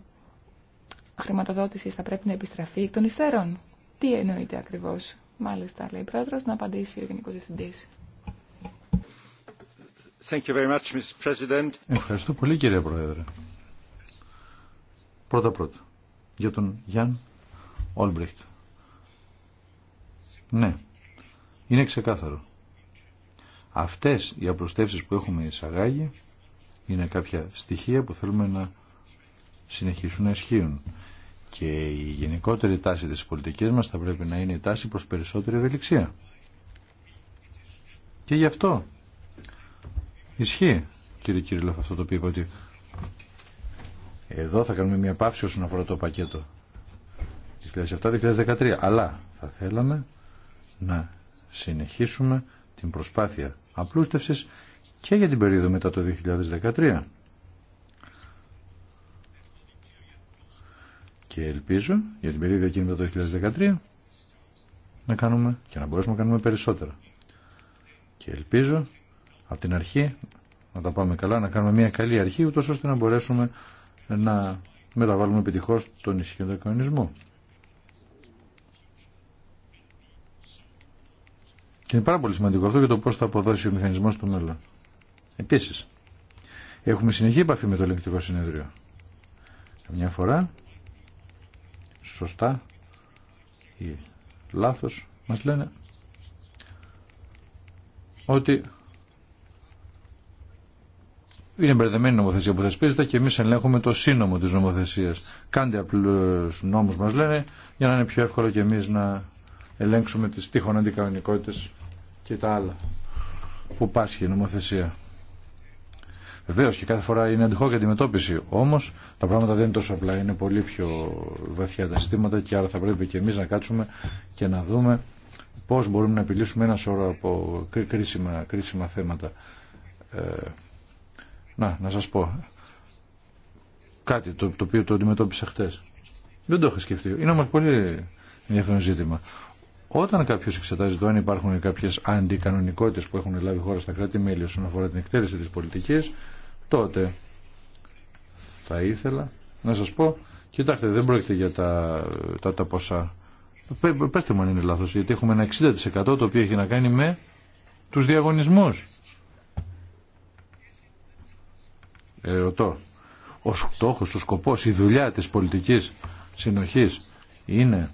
χρηματοδότηση θα πρέπει να επιστραφεί εκ των υστέρων. Τι εννοείται ακριβώς. Μάλιστα, λέει η Πρόεδρος, να απαντήσει ο γενικό διευθυντή. Ευχαριστώ πολύ κύριε Πρόεδρε. Πρώτα πρώτα, για τον Γιάνν Όλμπριχτ. Ναι, είναι ξεκάθαρο. Αυτές οι απλουστεύσεις που έχουμε εισαγάγει είναι κάποια στοιχεία που θέλουμε να συνεχίσουν να ισχύουν. Και η γενικότερη τάση της πολιτικής μας θα πρέπει να είναι η τάση προς περισσότερη ευελιξία. Και γι' αυτό ισχύει, κύριε Κυρίλοφ, αυτό το οποίο ότι εδώ θα κάνουμε μια πάυση όσον αφορά το πακέτο 2007-2013. Αλλά θα θέλαμε να συνεχίσουμε την προσπάθεια απλούστευσης και για την περίοδο μετά το 2013. και ελπίζω για την περίοδο εκείνη το 2013 να κάνουμε και να μπορέσουμε να κάνουμε περισσότερα. Και ελπίζω από την αρχή να τα πάμε καλά, να κάνουμε μια καλή αρχή ούτως ώστε να μπορέσουμε να μεταβάλουμε επιτυχώς τον ισχυρό κανονισμό. Και είναι πάρα πολύ σημαντικό αυτό για το πώς θα αποδώσει ο μηχανισμός στο μέλλον. Επίσης, έχουμε συνεχή επαφή με το ελεγκτικό συνέδριο. Μια φορά σωστά ή λάθος μας λένε ότι είναι μπερδεμένη η νομοθεσία που θεσπίζεται και εμείς ελέγχουμε το σύνομο της νομοθεσίας. Κάντε απλούς νόμους μας λένε για να είναι πιο εύκολο και εμείς να ελέγξουμε τις τείχων αντικανονικότητες και τα άλλα που πάσχει η νομοθεσία. Βεβαίω και κάθε φορά είναι αντιχώ και αντιμετώπιση. Όμω τα πράγματα δεν είναι τόσο απλά. Είναι πολύ πιο βαθιά τα συστήματα και άρα θα πρέπει και εμεί να κάτσουμε και να δούμε πώ μπορούμε να επιλύσουμε ένα σώρο από κρίσιμα, κρίσιμα θέματα. Ε, να, να σα πω κάτι το, το οποίο το αντιμετώπισα χτε. Δεν το είχα σκεφτεί. Είναι όμω πολύ ενδιαφέρον ζήτημα. Όταν κάποιο εξετάζει το αν υπάρχουν κάποιε αντικανονικότητε που έχουν λάβει χώρα στα κράτη-μέλη όσον αφορά την εκτέλεση τη πολιτική, τότε θα ήθελα να σα πω, κοιτάξτε, δεν πρόκειται για τα, τα, τα ποσά. Πετε μου αν είναι λάθο, γιατί έχουμε ένα 60% το οποίο έχει να κάνει με του διαγωνισμού. Ερωτώ. Ο στόχο, ο σκοπό, η δουλειά τη πολιτική συνοχή είναι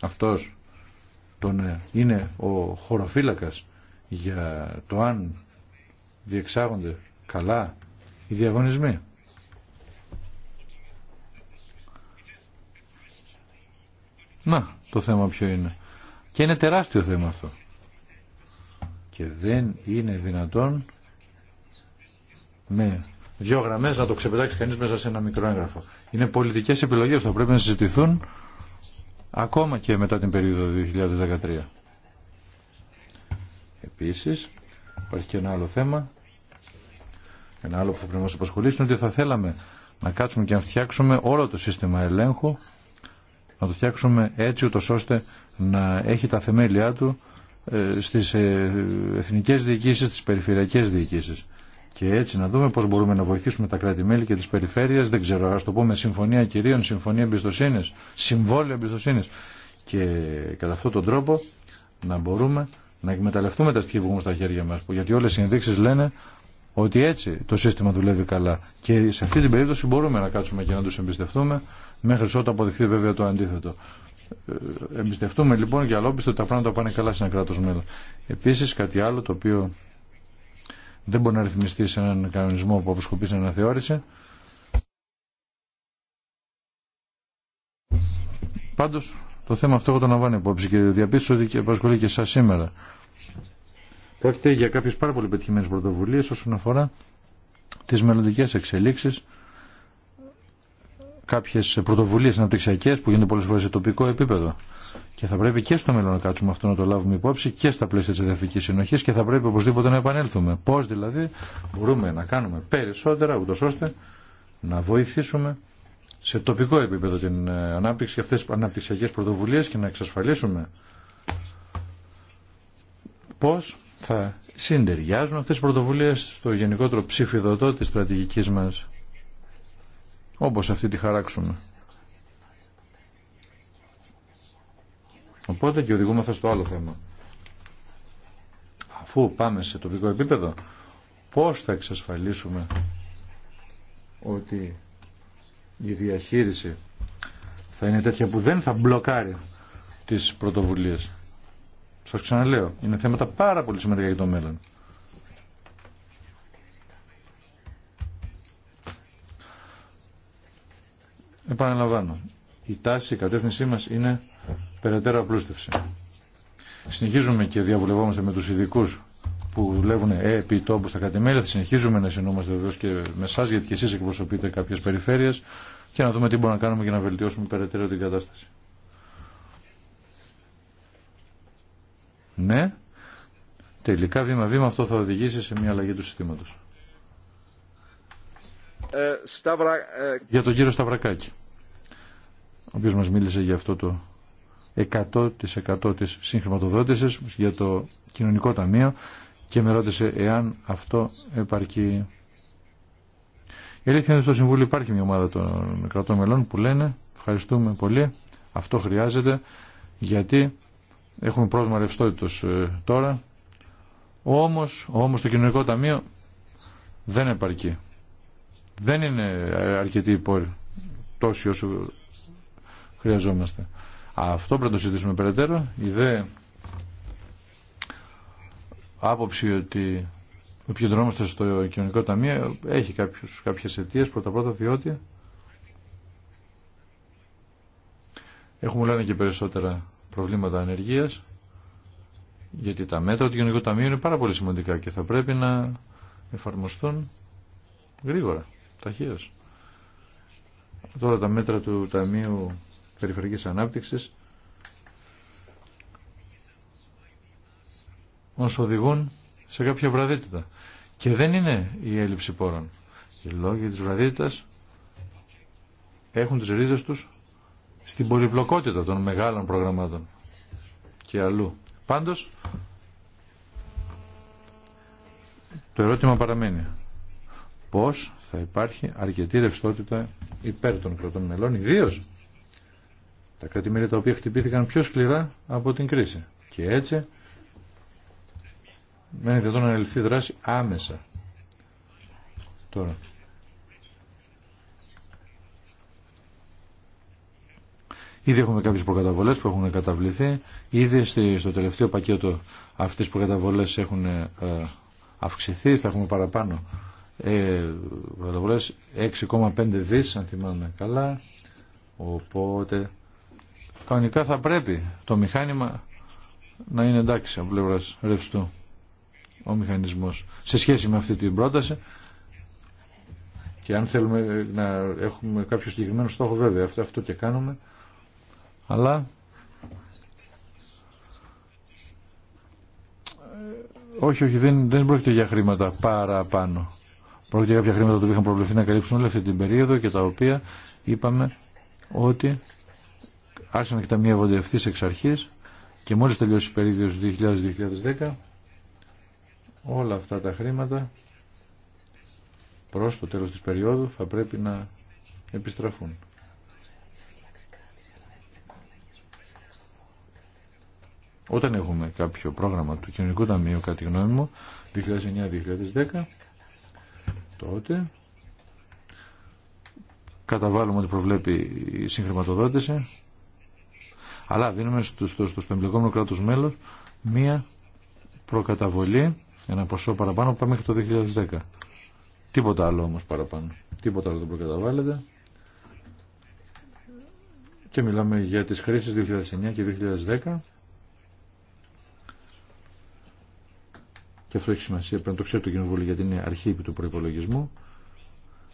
αυτός είναι ο χωροφύλακας για το αν διεξάγονται καλά οι διαγωνισμοί. Να, το θέμα ποιο είναι. Και είναι τεράστιο θέμα αυτό. Και δεν είναι δυνατόν με δύο γραμμές να το ξεπετάξει κανείς μέσα σε ένα μικρό έγγραφο. Είναι πολιτικές επιλογές που θα πρέπει να συζητηθούν ακόμα και μετά την περίοδο 2013. Επίσης, υπάρχει και ένα άλλο θέμα, ένα άλλο που θα πρέπει να μας απασχολήσει, ότι θα θέλαμε να κάτσουμε και να φτιάξουμε όλο το σύστημα ελέγχου, να το φτιάξουμε έτσι ούτως ώστε να έχει τα θεμέλια του ε, στις ε, εθνικές διοικήσεις, στις περιφερειακές διοικήσεις και έτσι να δούμε πώ μπορούμε να βοηθήσουμε τα κράτη-μέλη και τι περιφέρειες, δεν ξέρω, α το πούμε συμφωνία κυρίων, συμφωνία εμπιστοσύνη, συμβόλαιο εμπιστοσύνη. Και κατά αυτόν τον τρόπο να μπορούμε να εκμεταλλευτούμε τα στοιχεία που έχουμε στα χέρια μα. γιατί όλε οι ενδείξεις λένε ότι έτσι το σύστημα δουλεύει καλά. Και σε αυτή την περίπτωση μπορούμε να κάτσουμε και να του εμπιστευτούμε, μέχρι ότου αποδειχθεί βέβαια το αντίθετο. Ε, εμπιστευτούμε λοιπόν για αλόπιστο ότι τα πράγματα πάνε καλά σε ένα κράτο μέλο. Επίση κάτι άλλο το οποίο δεν μπορεί να ρυθμιστεί σε έναν κανονισμό που αποσκοπεί σε αναθεώρηση. Πάντως, το θέμα αυτό εγώ το λαμβάνω υπόψη και διαπίστωσα ότι και απασχολεί και εσά σήμερα. Πρόκειται για κάποιε πάρα πολύ πετυχημένε πρωτοβουλίε όσον αφορά τις μελλοντικέ εξελίξεις Κάποιε πρωτοβουλίε αναπτυξιακέ που γίνονται πολλέ φορέ σε τοπικό επίπεδο. Και θα πρέπει και στο μέλλον να κάτσουμε αυτό να το λάβουμε υπόψη και στα πλαίσια τη Εδαφική συνοχή και θα πρέπει οπωσδήποτε να επανέλθουμε. πώ δηλαδή μπορούμε να κάνουμε περισσότερα ούτω ώστε να βοηθήσουμε σε τοπικό επίπεδο την ε, ανάπτυξη και αυτές τις πρωτοβουλίε πρωτοβουλίες και να εξασφαλίσουμε πώ θα συντεριάζουν αυτές τις πρωτοβουλίες στο γενικότερο ψηφιδωτό της στρατηγικής μας όπως αυτή τη χαράξουμε. Οπότε και οδηγούμεθα στο άλλο θέμα. Αφού πάμε σε τοπικό επίπεδο, πώς θα εξασφαλίσουμε ότι η διαχείριση θα είναι τέτοια που δεν θα μπλοκάρει τις πρωτοβουλίες. Σας ξαναλέω, είναι θέματα πάρα πολύ σημαντικά για το μέλλον. Επαναλαμβάνω, η τάση, η κατεύθυνσή μας είναι περαιτέρω απλούστευση. Συνεχίζουμε και διαβουλευόμαστε με τους ειδικού που δουλεύουν επί τόπου στα κατημέρια. Θα συνεχίζουμε να συνομιλούμαστε βεβαίω και με εσά, γιατί και εσεί εκπροσωπείτε κάποιε περιφέρειε και να δούμε τι μπορούμε να κάνουμε για να βελτιώσουμε περαιτέρω την κατάσταση. Ναι, τελικά βήμα-βήμα αυτό θα οδηγήσει σε μια αλλαγή του συστήματος. Ε, ε, για τον κύριο Σταυρακάκη, ο οποίος μας μίλησε για αυτό το 100% της συγχρηματοδότησης για το κοινωνικό ταμείο και με ρώτησε εάν αυτό επαρκεί. Η αλήθεια είναι στο Συμβούλιο υπάρχει μια ομάδα των κρατών μελών που λένε ευχαριστούμε πολύ, αυτό χρειάζεται γιατί έχουμε πρόβλημα ρευστότητος ε, τώρα όμως, όμως το κοινωνικό ταμείο δεν επαρκεί. Δεν είναι αρκετή η τόση όσο χρειαζόμαστε. Αυτό πρέπει να το συζητήσουμε περαιτέρω. Η δε άποψη ότι επικεντρωνόμαστε στο κοινωνικό ταμείο έχει κάποιους, κάποιες αιτίες πρώτα-πρώτα διότι έχουμε λένε και περισσότερα προβλήματα ανεργίας γιατί τα μέτρα του κοινωνικού ταμείου είναι πάρα πολύ σημαντικά και θα πρέπει να εφαρμοστούν γρήγορα. Τώρα τα μέτρα του Ταμείου Περιφερικής ανάπτυξη. μας οδηγούν σε κάποια βραδίτητα Και δεν είναι η έλλειψη πόρων. Οι λόγοι της βραδίτητα έχουν τι ρίζες τους στην πολυπλοκότητα των μεγάλων προγραμμάτων και αλλού. Πάντως, το ερώτημα παραμένει πώς θα υπάρχει αρκετή ρευστότητα υπέρ των κρατών μελών, ιδίω τα κρατημέρια τα οποία χτυπήθηκαν πιο σκληρά από την κρίση. Και έτσι μένει δυνατόν να αναλυθεί δράση άμεσα. Τώρα. Ήδη έχουμε κάποιε προκαταβολές που έχουν καταβληθεί. Ήδη στο τελευταίο πακέτο αυτές οι προκαταβολές έχουν ε, αυξηθεί. Θα έχουμε παραπάνω ε, 6,5 δις αν θυμάμαι καλά οπότε κανονικά θα πρέπει το μηχάνημα να είναι εντάξει από πλευρά ρευστού ο μηχανισμός σε σχέση με αυτή την πρόταση και αν θέλουμε να έχουμε κάποιο συγκεκριμένο στόχο βέβαια αυτό, αυτό και κάνουμε αλλά ε, όχι όχι δεν, δεν πρόκειται για χρήματα παραπάνω Πρόκειται για κάποια χρήματα που είχαν προβλεφθεί να καλύψουν όλη αυτή την περίοδο και τα οποία είπαμε ότι άρχισαν να τα ευθύ εξ αρχή και μόλι τελειώσει η περίοδο 2000-2010 όλα αυτά τα χρήματα προ το τέλο τη περίοδου θα πρέπει να επιστραφούν. Όταν έχουμε κάποιο πρόγραμμα του Κοινωνικού Ταμείου, κατά τη γνώμη μου, 2009-2010, τότε καταβάλουμε ότι προβλέπει η συγχρηματοδότηση αλλά δίνουμε στο, στο, στο, στο εμπλεκόμενο κράτος μέλος μία προκαταβολή ένα ποσό παραπάνω που πάμε μέχρι το 2010 τίποτα άλλο όμως παραπάνω τίποτα άλλο δεν προκαταβάλλεται και μιλάμε για τις χρήσεις 2009 και 2010 και αυτό έχει σημασία, πρέπει να το ξέρει το Κοινοβούλιο γιατί είναι αρχή του προπολογισμού,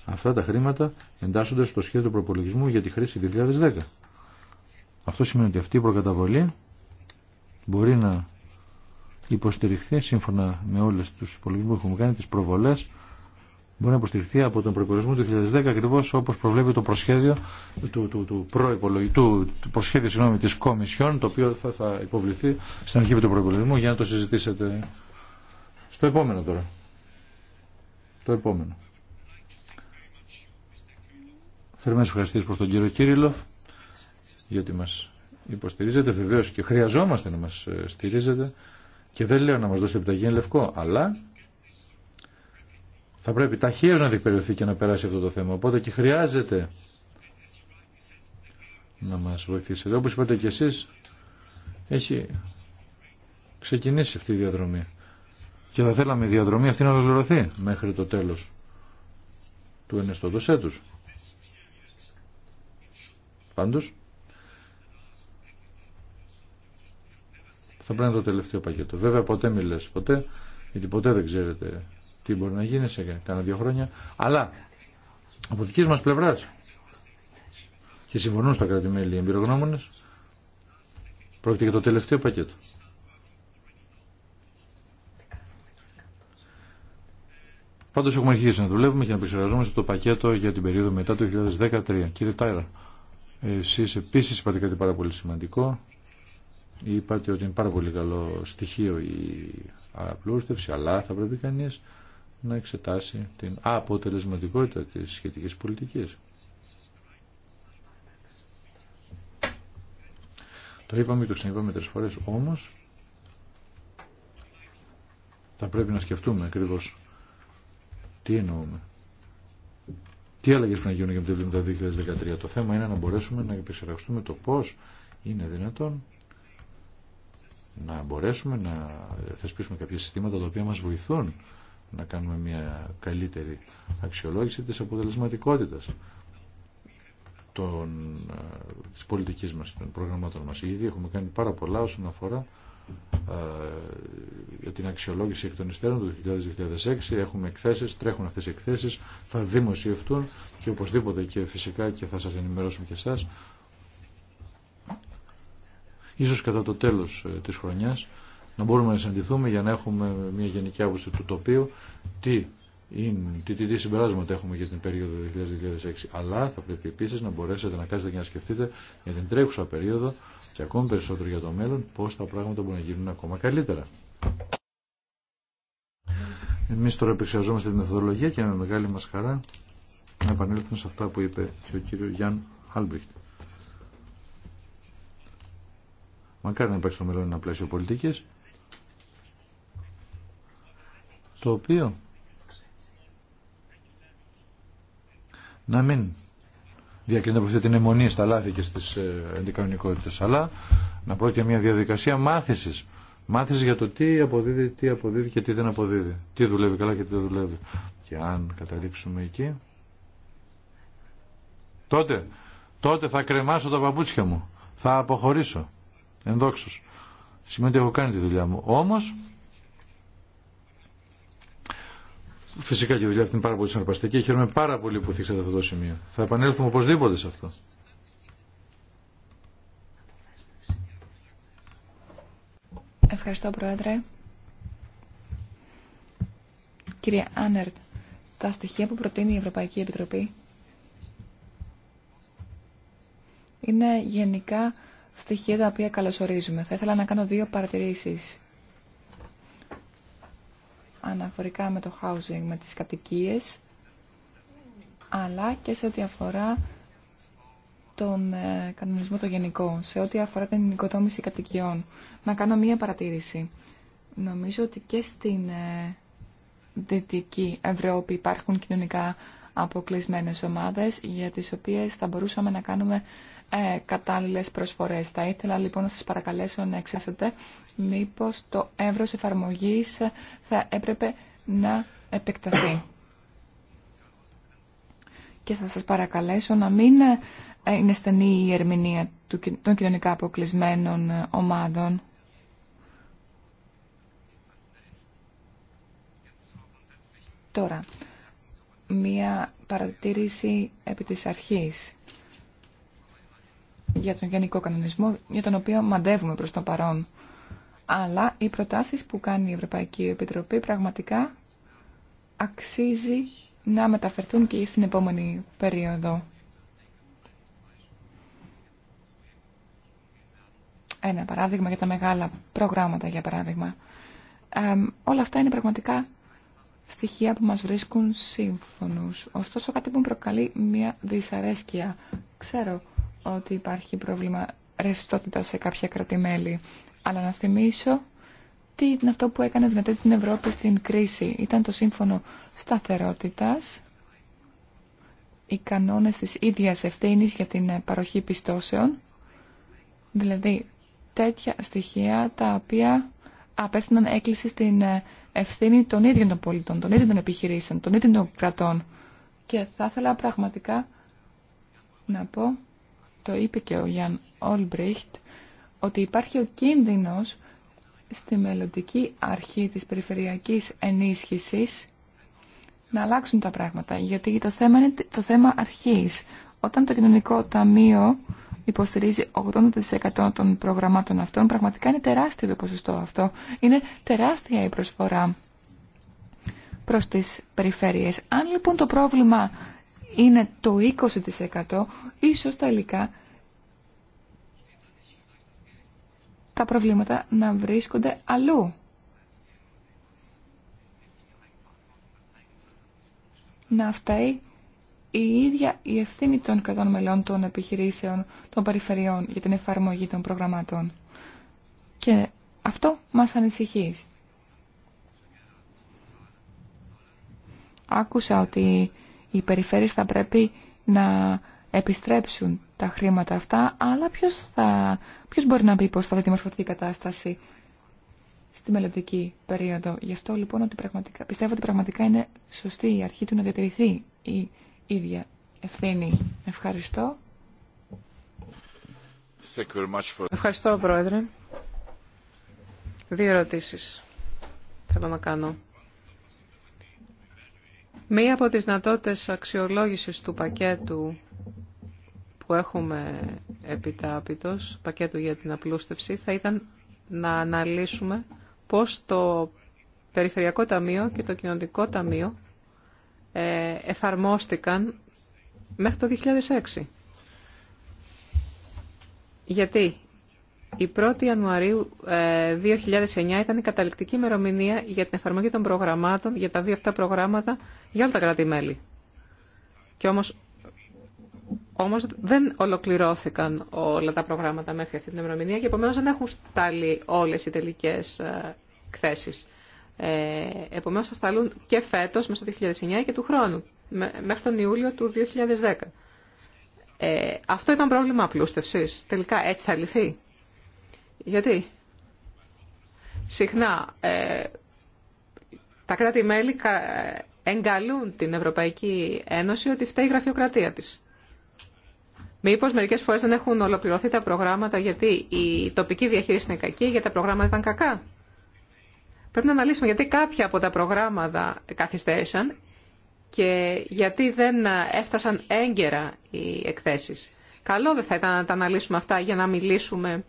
αυτά τα χρήματα εντάσσονται στο σχέδιο του προπολογισμού για τη χρήση 2010. Αυτό σημαίνει ότι αυτή η προκαταβολή μπορεί να υποστηριχθεί σύμφωνα με όλες τους υπολογισμούς που έχουμε κάνει, τις προβολές, μπορεί να υποστηριχθεί από τον προπολογισμό του 2010 ακριβώς όπως προβλέπει το προσχέδιο του, του, του, του, του προσχέδιο της Κομισιόν το οποίο θα, θα υποβληθεί στην αρχή του προπολογισμού για να το συζητήσετε. Το επόμενο τώρα. Το επόμενο. Θερμές ευχαριστίες προς τον κύριο Κύριλοφ γιατί μας υποστηρίζετε βεβαίως και χρειαζόμαστε να μας ε, στηρίζετε και δεν λέω να μας δώσετε επιταγή λευκό αλλά θα πρέπει ταχύως να διεκπαιρεωθεί και να περάσει αυτό το θέμα οπότε και χρειάζεται να μας βοηθήσετε όπως είπατε και εσείς έχει ξεκινήσει αυτή η διαδρομή και θα θέλαμε η διαδρομή αυτή να ολοκληρωθεί μέχρι το τέλος του ενεστώτος έτους. Πάντως, θα πρέπει να το τελευταίο πακέτο. Βέβαια ποτέ μιλές, ποτέ, γιατί ποτέ δεν ξέρετε τι μπορεί να γίνει σε κάνα δύο χρόνια, αλλά από δική μας πλευράς και συμφωνούν στα κράτη-μέλη οι εμπειρογνώμονες, πρόκειται για το τελευταίο πακέτο. Πάντω έχουμε αρχίσει να δουλεύουμε και να επεξεργαζόμαστε το πακέτο για την περίοδο μετά το 2013. Κύριε Τάιρα, εσεί επίσης είπατε κάτι πάρα πολύ σημαντικό. Είπατε ότι είναι πάρα πολύ καλό στοιχείο η απλούστευση, αλλά θα πρέπει κανείς να εξετάσει την αποτελεσματικότητα της σχετικής πολιτικής. Το είπαμε, το ξαναείπαμε τρεις φορές, όμως θα πρέπει να σκεφτούμε ακριβώς τι εννοούμε. Τι αλλαγέ πρέπει να γίνουν για το 2013. Το θέμα είναι να μπορέσουμε να επεξεργαστούμε το πώ είναι δυνατόν να μπορέσουμε να θεσπίσουμε κάποια συστήματα τα οποία μα βοηθούν να κάνουμε μια καλύτερη αξιολόγηση της αποτελεσματικότητας των, ε, της πολιτικής μας, των προγραμμάτων μας. Ήδη έχουμε κάνει πάρα πολλά όσον αφορά ε, για την αξιολόγηση εκ των υστέρων του 2006 Έχουμε εκθέσεις, τρέχουν αυτές οι εκθέσεις, θα δημοσιευτούν και οπωσδήποτε και φυσικά και θα σας ενημερώσουμε και εσάς. Ίσως κατά το τέλος ε, της χρονιάς να μπορούμε να συναντηθούμε για να έχουμε μια γενική άποψη του τοπίου, τι, τι, τι, συμπεράσματα έχουμε για την περιοδο του 2000-2006. Αλλά θα πρέπει επίσης να μπορέσετε να κάνετε και να σκεφτείτε για την τρέχουσα περίοδο και ακόμη περισσότερο για το μέλλον πώς τα πράγματα μπορούν να γίνουν ακόμα καλύτερα. Εμείς τώρα επεξεργαζόμαστε τη μεθοδολογία και με μεγάλη μας χαρά να επανέλθουμε σε αυτά που είπε και ο κύριος Γιάνν Αλμπριχτ. Μακάρι να υπάρξει στο μέλλον ένα πλαίσιο πολιτικής το οποίο να μην διακρίνεται από αυτή την αιμονή στα λάθη και στις ε, αντικανονικότητες, αλλά να πρόκειται μια διαδικασία μάθησης. Μάθησης για το τι αποδίδει, τι αποδίδει και τι δεν αποδίδει. Τι δουλεύει καλά και τι δεν δουλεύει. Και αν καταλήξουμε εκεί, τότε, τότε θα κρεμάσω τα παπούτσια μου. Θα αποχωρήσω. Ενδόξως. Σημαίνει ότι έχω κάνει τη δουλειά μου. Όμως, Φυσικά και η δουλειά αυτή είναι πάρα πολύ συναρπαστική. Χαίρομαι πάρα πολύ που θίξατε αυτό το σημείο. Θα επανέλθουμε οπωσδήποτε σε αυτό. Ευχαριστώ, Πρόεδρε. Κύριε Άνερτ, τα στοιχεία που προτείνει η Ευρωπαϊκή Επιτροπή είναι γενικά στοιχεία τα οποία καλωσορίζουμε. Θα ήθελα να κάνω δύο παρατηρήσεις αναφορικά με το housing, με τις κατοικίες, αλλά και σε ό,τι αφορά τον ε, κανονισμό το γενικό, σε ό,τι αφορά την οικοδόμηση κατοικιών. Να κάνω μία παρατήρηση. Νομίζω ότι και στην ε, Δυτική Ευρώπη υπάρχουν κοινωνικά αποκλεισμένες ομάδες για τις οποίες θα μπορούσαμε να κάνουμε ε, κατάλληλες προσφορές. Θα ήθελα λοιπόν να σας παρακαλέσω να εξετάσετε μήπως το εύρος εφαρμογής θα έπρεπε να επεκταθεί. Και θα σας παρακαλέσω να μην ε, είναι στενή η ερμηνεία των κοινωνικά αποκλεισμένων ε, ομάδων. Τώρα, μία παρατήρηση επί της αρχής για τον γενικό κανονισμό για τον οποίο μαντεύουμε προς το παρόν. Αλλά οι προτάσεις που κάνει η Ευρωπαϊκή Επιτροπή πραγματικά αξίζει να μεταφερθούν και στην επόμενη περίοδο. Ένα παράδειγμα για τα μεγάλα προγράμματα, για παράδειγμα. όλα αυτά είναι πραγματικά στοιχεία που μας βρίσκουν σύμφωνους. Ωστόσο, κάτι που προκαλεί μια δυσαρέσκεια. Ξέρω ότι υπάρχει πρόβλημα ρευστότητα σε κάποια κρατημέλη. Αλλά να θυμίσω τι ήταν αυτό που έκανε δυνατή την Ευρώπη στην κρίση. Ήταν το σύμφωνο σταθερότητας, οι κανόνες της ίδιας ευθύνης για την παροχή πιστώσεων, δηλαδή τέτοια στοιχεία τα οποία απέθυναν έκκληση στην ευθύνη των ίδιων των πολιτών, των ίδιων των επιχειρήσεων, των ίδιων των κρατών. Και θα ήθελα πραγματικά να πω το είπε και ο Γιάνν Όλμπριχτ, ότι υπάρχει ο κίνδυνος στη μελλοντική αρχή της περιφερειακής ενίσχυσης να αλλάξουν τα πράγματα. Γιατί το θέμα είναι το θέμα αρχής. Όταν το κοινωνικό ταμείο υποστηρίζει 80% των προγραμμάτων αυτών, πραγματικά είναι τεράστιο το ποσοστό αυτό. Είναι τεράστια η προσφορά προς τις περιφέρειες. Αν λοιπόν το πρόβλημα είναι το 20% ίσως τελικά τα προβλήματα να βρίσκονται αλλού. Να φταίει η ίδια η ευθύνη των κρατών μελών των επιχειρήσεων των περιφερειών για την εφαρμογή των προγραμμάτων. Και αυτό μας ανησυχεί. Άκουσα ότι οι περιφέρειες θα πρέπει να επιστρέψουν τα χρήματα αυτά, αλλά ποιος, θα, ποιος μπορεί να πει πώς θα δημορφωθεί η κατάσταση στη μελλοντική περίοδο. Γι' αυτό λοιπόν ότι πραγματικά, πιστεύω ότι πραγματικά είναι σωστή η αρχή του να διατηρηθεί η ίδια ευθύνη. Ευχαριστώ. Ευχαριστώ, Πρόεδρε. Δύο ερωτήσεις θέλω να κάνω. Μία από τις δυνατότητες αξιολόγησης του πακέτου που έχουμε επιτάπητος, πακέτου για την απλούστευση, θα ήταν να αναλύσουμε πώς το Περιφερειακό Ταμείο και το Κοινωνικό Ταμείο ε, εφαρμόστηκαν μέχρι το 2006. Γιατί η 1η Ιανουαρίου 2009 ε, ήταν η καταληκτική ημερομηνία για την εφαρμογή των προγραμμάτων, για τα δύο αυτά προγράμματα, για όλα τα κράτη-μέλη. Και όμως, όμως δεν ολοκληρώθηκαν όλα τα προγράμματα μέχρι αυτή την ημερομηνία και επομένως δεν έχουν στάλει όλες οι τελικές ε, εκθέσεις. Ε, επομένως θα σταλούν και φέτος, μέσα το 2009 και του χρόνου, μέχρι τον Ιούλιο του 2010. Ε, αυτό ήταν πρόβλημα απλούστευσης. Τελικά έτσι θα λυθεί. Γιατί συχνά ε, τα κράτη-μέλη ε, εγκαλούν την Ευρωπαϊκή Ένωση ότι φταίει η γραφειοκρατία της. Μήπως μερικές φορές δεν έχουν ολοκληρωθεί τα προγράμματα γιατί η τοπική διαχείριση είναι κακή, γιατί τα προγράμματα ήταν κακά. Πρέπει να αναλύσουμε γιατί κάποια από τα προγράμματα καθυστέρησαν και γιατί δεν έφτασαν έγκαιρα οι εκθέσεις. Καλό δεν θα ήταν να τα αναλύσουμε αυτά για να μιλήσουμε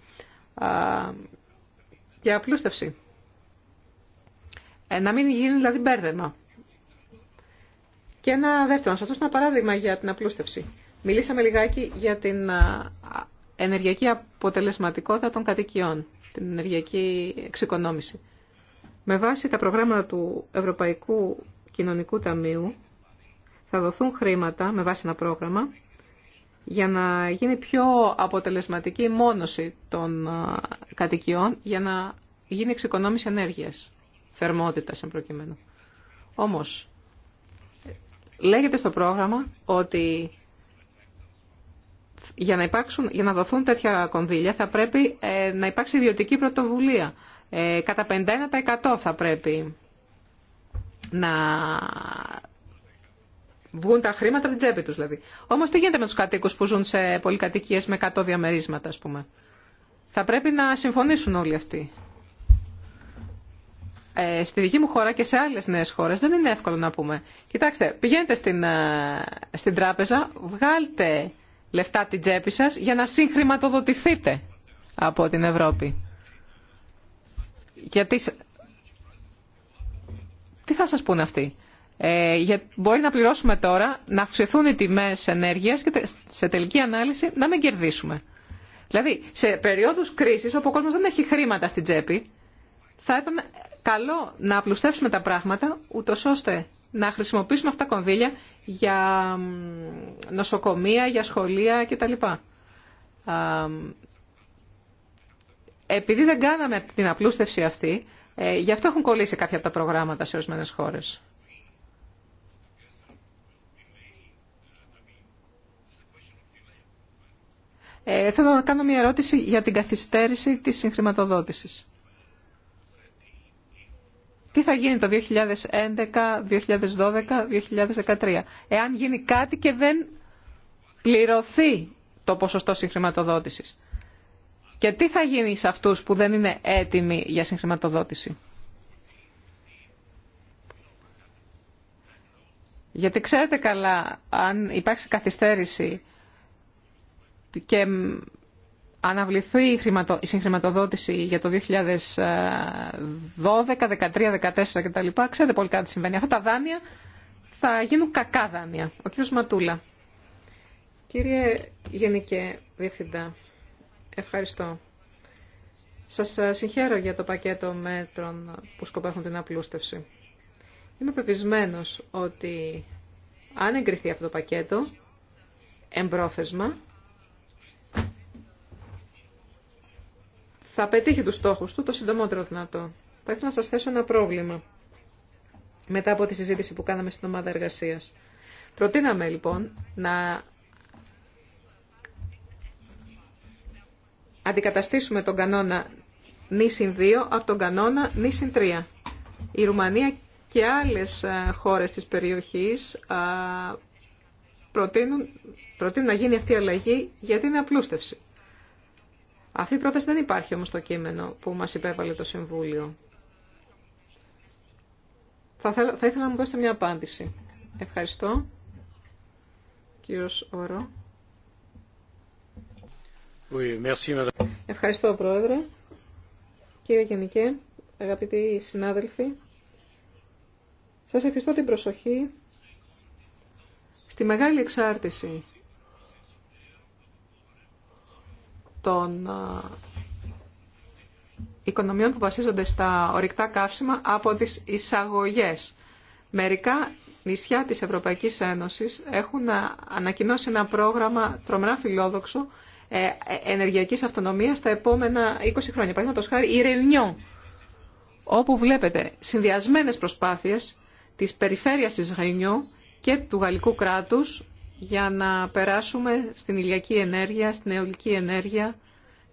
για απλούστευση. Ε, να μην γίνει δηλαδή μπέρδεμα. Και ένα δεύτερο, να σας δώσω ένα παράδειγμα για την απλούστευση. Μιλήσαμε λιγάκι για την ενεργειακή αποτελεσματικότητα των κατοικιών, την ενεργειακή εξοικονόμηση. Με βάση τα προγράμματα του Ευρωπαϊκού Κοινωνικού Ταμείου θα δοθούν χρήματα με βάση ένα πρόγραμμα για να γίνει πιο αποτελεσματική η μόνωση των κατοικιών για να γίνει εξοικονόμηση ενέργειας, θερμότητας εν προκειμένου. Όμως, λέγεται στο πρόγραμμα ότι για να, υπάρξουν, για να δοθούν τέτοια κονδύλια θα πρέπει ε, να υπάρξει ιδιωτική πρωτοβουλία. Ε, κατά 51% θα πρέπει να βγουν τα χρήματα από την τσέπη του, δηλαδή. Όμως τι γίνεται με τους κατοικού που ζουν σε πολυκατοικίε με 100 διαμερίσματα α πούμε. Θα πρέπει να συμφωνήσουν όλοι αυτοί. Ε, στη δική μου χώρα και σε άλλες νέε χώρες δεν είναι εύκολο να πούμε. Κοιτάξτε, πηγαίνετε στην, ε, στην τράπεζα, βγάλτε λεφτά την τσέπη σα για να συγχρηματοδοτηθείτε από την Ευρώπη. Τι θα σας πούνε αυτοί. Ε, μπορεί να πληρώσουμε τώρα, να αυξηθούν οι τιμές ενέργειας και σε τελική ανάλυση να μην κερδίσουμε. Δηλαδή, σε περίοδους κρίσης όπου ο κόσμος δεν έχει χρήματα στην τσέπη, θα ήταν καλό να απλουστεύσουμε τα πράγματα, ούτω ώστε να χρησιμοποιήσουμε αυτά τα κονδύλια για νοσοκομεία, για σχολεία κτλ. Επειδή δεν κάναμε την απλούστευση αυτή, ε, γι' αυτό έχουν κολλήσει κάποια από τα προγράμματα σε ορισμένε χώρες. Ε, θέλω να κάνω μια ερώτηση για την καθυστέρηση της συγχρηματοδότησης. Τι θα γίνει το 2011, 2012, 2013, εάν γίνει κάτι και δεν πληρωθεί το ποσοστό συγχρηματοδότησης. Και τι θα γίνει σε αυτούς που δεν είναι έτοιμοι για συγχρηματοδότηση. Γιατί ξέρετε καλά, αν υπάρξει καθυστέρηση και αναβληθεί η, συγχρηματοδότηση για το 2012, 2013, 2014 κτλ. Ξέρετε πολύ κάτι συμβαίνει. Αυτά τα δάνεια θα γίνουν κακά δάνεια. Ο κύριος Ματούλα. Κύριε Γενικέ Διευθυντά, ευχαριστώ. Σας ε, συγχαίρω για το πακέτο μέτρων που σκοπεύουν την απλούστευση. Είμαι πεπισμένος ότι αν εγκριθεί αυτό το πακέτο, εμπρόθεσμα, θα πετύχει τους στόχους του το συντομότερο δυνατό. Θα ήθελα να σας θέσω ένα πρόβλημα μετά από τη συζήτηση που κάναμε στην ομάδα εργασίας. Προτείναμε λοιπόν να αντικαταστήσουμε τον κανόνα νησιν 2 από τον κανόνα νησιν 3. Η Ρουμανία και άλλες ε, χώρες της περιοχής προτείνουν, προτείνουν να γίνει αυτή η αλλαγή γιατί είναι απλούστευση. Αυτή η πρόταση δεν υπάρχει όμως στο κείμενο που μας υπέβαλε το Συμβούλιο. Θα, θα ήθελα να μου δώσετε μια απάντηση. Ευχαριστώ. Κύριος Όρο. Ευχαριστώ, Πρόεδρε. Κύριε Γενικέ, αγαπητοί συνάδελφοι, σας ευχαριστώ την προσοχή στη μεγάλη εξάρτηση των οικονομιών που βασίζονται στα ορυκτά καύσιμα από τις εισαγωγές. Μερικά νησιά της Ευρωπαϊκής Ένωσης έχουν ανακοινώσει ένα πρόγραμμα τρομερά φιλόδοξο ε, ενεργειακής αυτονομίας τα επόμενα 20 χρόνια. Παραδείγματος χάρη η Ρεουνιό, όπου βλέπετε συνδυασμένες προσπάθειες της περιφέρειας της Ρεουνιό και του γαλλικού κράτους για να περάσουμε στην ηλιακή ενέργεια, στην αιωλική ενέργεια,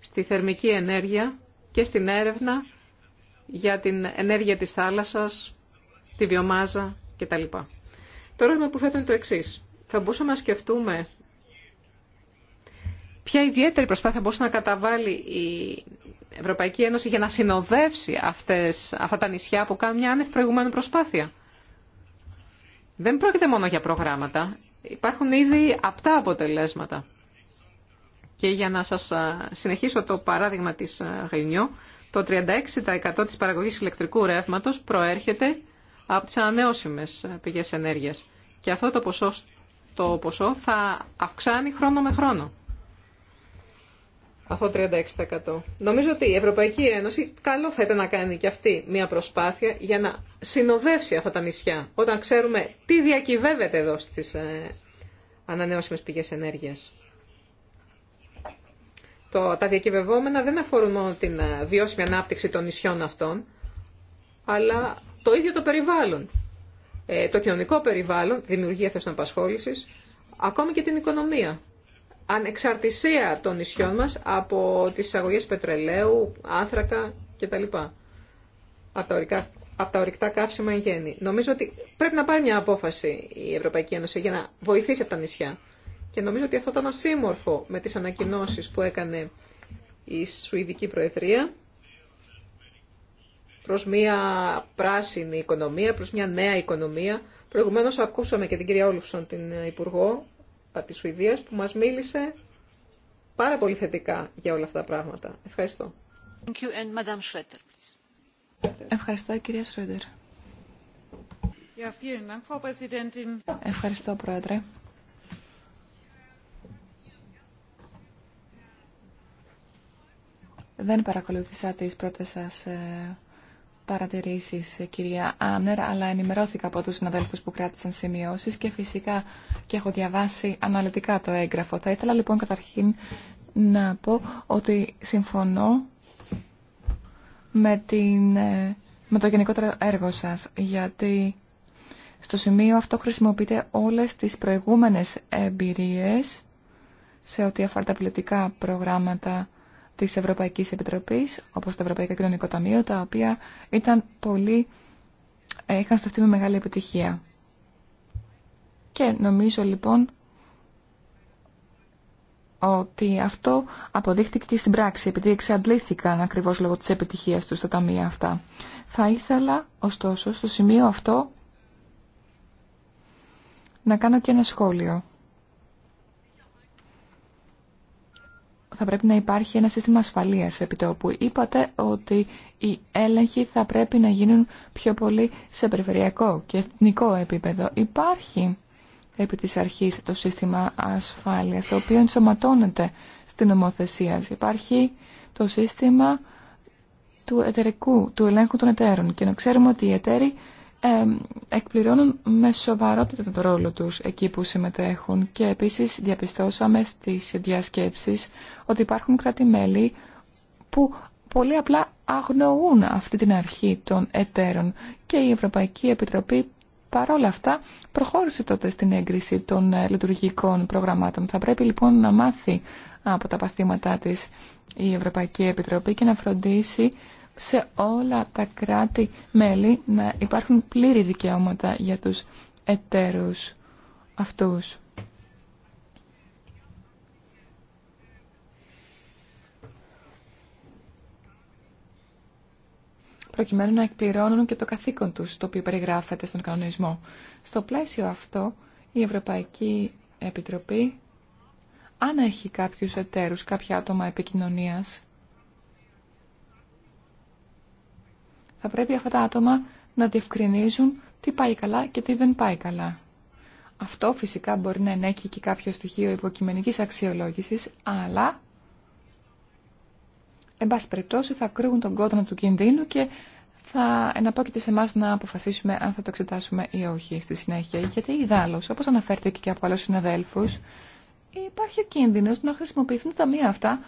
στη θερμική ενέργεια και στην έρευνα για την ενέργεια της θάλασσας, τη βιομάζα κτλ. Το ερώτημα που θέτω είναι το εξή. Θα μπορούσαμε να σκεφτούμε ποια ιδιαίτερη προσπάθεια μπορούσε να καταβάλει η Ευρωπαϊκή Ένωση για να συνοδεύσει αυτές, αυτά τα νησιά που κάνουν μια άνευ προηγουμένου προσπάθεια. Δεν πρόκειται μόνο για προγράμματα υπάρχουν ήδη απτά αποτελέσματα. Και για να σας συνεχίσω το παράδειγμα της Γρινιό, το 36% της παραγωγής ηλεκτρικού ρεύματος προέρχεται από τις ανανεώσιμες πηγές ενέργειας. Και αυτό το ποσό, το ποσό θα αυξάνει χρόνο με χρόνο αυτό 36%. Νομίζω ότι η Ευρωπαϊκή Ένωση καλό θα ήταν να κάνει και αυτή μια προσπάθεια για να συνοδεύσει αυτά τα νησιά, όταν ξέρουμε τι διακυβεύεται εδώ στις ε, ανανεώσιμες πηγές ενέργειας. Το, τα διακυβευόμενα δεν αφορούν μόνο την ε, βιώσιμη ανάπτυξη των νησιών αυτών, αλλά το ίδιο το περιβάλλον. Ε, το κοινωνικό περιβάλλον, δημιουργία θέσεων απασχόληση, ακόμη και την οικονομία ανεξαρτησία των νησιών μας από τις εισαγωγές πετρελαίου, άνθρακα κτλ. Από τα, ορικά από τα ορυκτά καύσιμα εν γέννη. Νομίζω ότι πρέπει να πάρει μια απόφαση η Ευρωπαϊκή Ένωση για να βοηθήσει από τα νησιά. Και νομίζω ότι αυτό ήταν ασύμμορφο με τις ανακοινώσεις που έκανε η Σουηδική Προεδρία προς μια πράσινη οικονομία, προς μια νέα οικονομία. Προηγουμένως ακούσαμε και την κυρία Όλουφσον, την Υπουργό, της Σουηδίας που μας μίλησε πάρα πολύ θετικά για όλα αυτά τα πράγματα. Ευχαριστώ. Ευχαριστώ κυρία Σρόντερ. Ευχαριστώ πρόεδρε. Δεν παρακολουθήσατε τις πρώτες σας ε, παρατηρήσεις, κυρία Άνερ, αλλά ενημερώθηκα από τους συναδέλφους που κράτησαν σημειώσεις και φυσικά και έχω διαβάσει αναλυτικά το έγγραφο. Θα ήθελα λοιπόν καταρχήν να πω ότι συμφωνώ με, ε, το γενικότερο έργο σας, γιατί στο σημείο αυτό χρησιμοποιείτε όλες τις προηγούμενες εμπειρίες σε ό,τι αφορά τα πολιτικά προγράμματα της Ευρωπαϊκής Επιτροπής, όπως το Ευρωπαϊκό Κοινωνικό Ταμείο, τα οποία ήταν πολύ, ε, είχαν σταθεί με μεγάλη επιτυχία. Και νομίζω λοιπόν ότι αυτό αποδείχτηκε και στην πράξη, επειδή εξαντλήθηκαν ακριβώς λόγω της επιτυχίας του στα ταμεία αυτά. Θα ήθελα, ωστόσο, στο σημείο αυτό να κάνω και ένα σχόλιο. θα πρέπει να υπάρχει ένα σύστημα ασφαλείας που Είπατε ότι οι έλεγχοι θα πρέπει να γίνουν πιο πολύ σε περιφερειακό και εθνικό επίπεδο. Υπάρχει επί της αρχής το σύστημα ασφάλειας, το οποίο ενσωματώνεται στην νομοθεσία. Υπάρχει το σύστημα του εταιρικού, του ελέγχου των εταίρων και να ξέρουμε ότι οι εταίροι εκπληρώνουν με σοβαρότητα τον ρόλο τους εκεί που συμμετέχουν και επίσης διαπιστώσαμε στις διασκέψεις ότι υπάρχουν κράτη-μέλη που πολύ απλά αγνοούν αυτή την αρχή των εταίρων και η Ευρωπαϊκή Επιτροπή παρόλα αυτά προχώρησε τότε στην έγκριση των ε, λειτουργικών προγραμμάτων. Θα πρέπει λοιπόν να μάθει από τα παθήματά της η Ευρωπαϊκή Επιτροπή και να φροντίσει σε όλα τα κράτη-μέλη να υπάρχουν πλήρη δικαιώματα για τους εταίρους αυτούς. προκειμένου να εκπληρώνουν και το καθήκον τους, το οποίο περιγράφεται στον κανονισμό. Στο πλαίσιο αυτό, η Ευρωπαϊκή Επιτροπή, αν έχει κάποιους εταίρους, κάποια άτομα επικοινωνίας, θα πρέπει αυτά τα άτομα να διευκρινίζουν τι πάει καλά και τι δεν πάει καλά. Αυτό φυσικά μπορεί να ενέχει και κάποιο στοιχείο υποκειμενικής αξιολόγησης, αλλά εν πάση περιπτώσει, θα κρύβουν τον κόδωνα του κινδύνου και θα εναπόκειται σε εμά να αποφασίσουμε αν θα το εξετάσουμε ή όχι στη συνέχεια. Γιατί η δαλο όπω αναφέρθηκε και από άλλου συναδέλφου, υπάρχει ο κίνδυνο να χρησιμοποιηθούν τα μία αυτά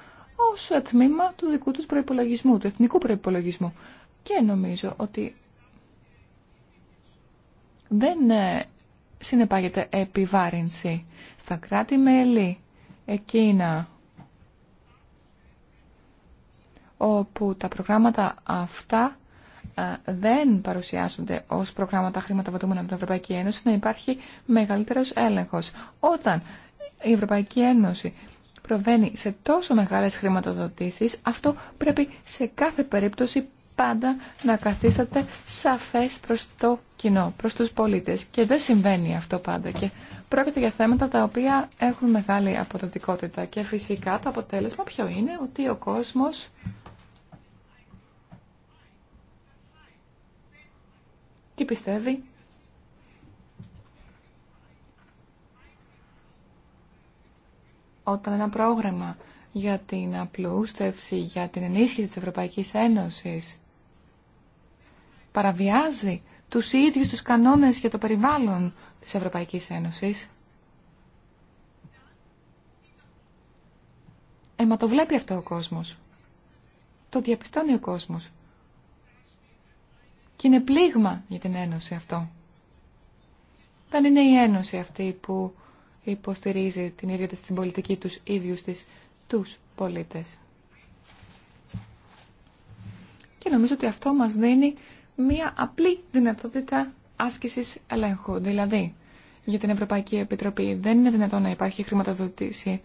ω τμήμα του δικού του προπολογισμού, του εθνικού προπολογισμού. Και νομίζω ότι δεν ε, συνεπάγεται επιβάρυνση στα κράτη-μέλη εκείνα όπου τα προγράμματα αυτά ε, δεν παρουσιάζονται ως προγράμματα χρηματοδοτούμενα από την Ευρωπαϊκή Ένωση, να υπάρχει μεγαλύτερος έλεγχος. Όταν η Ευρωπαϊκή Ένωση προβαίνει σε τόσο μεγάλες χρηματοδοτήσεις, αυτό πρέπει σε κάθε περίπτωση πάντα να καθίσταται σαφές προς το κοινό, προς τους πολίτες. Και δεν συμβαίνει αυτό πάντα. Και πρόκειται για θέματα τα οποία έχουν μεγάλη αποδοτικότητα. Και φυσικά το αποτέλεσμα ποιο είναι, ότι ο κόσμος και πιστεύει όταν ένα πρόγραμμα για την απλούστευση, για την ενίσχυση της Ευρωπαϊκής Ένωσης παραβιάζει τους ίδιους τους κανόνες για το περιβάλλον της Ευρωπαϊκής Ένωσης. Ε, μα το βλέπει αυτό ο κόσμος. Το διαπιστώνει ο κόσμος. Και είναι πλήγμα για την Ένωση αυτό. Δεν είναι η Ένωση αυτή που υποστηρίζει την ίδια της την πολιτική τους ίδιους της, τους πολίτες. Και νομίζω ότι αυτό μας δίνει μία απλή δυνατότητα άσκησης ελέγχου. Δηλαδή, για την Ευρωπαϊκή Επιτροπή δεν είναι δυνατόν να υπάρχει χρηματοδοτήση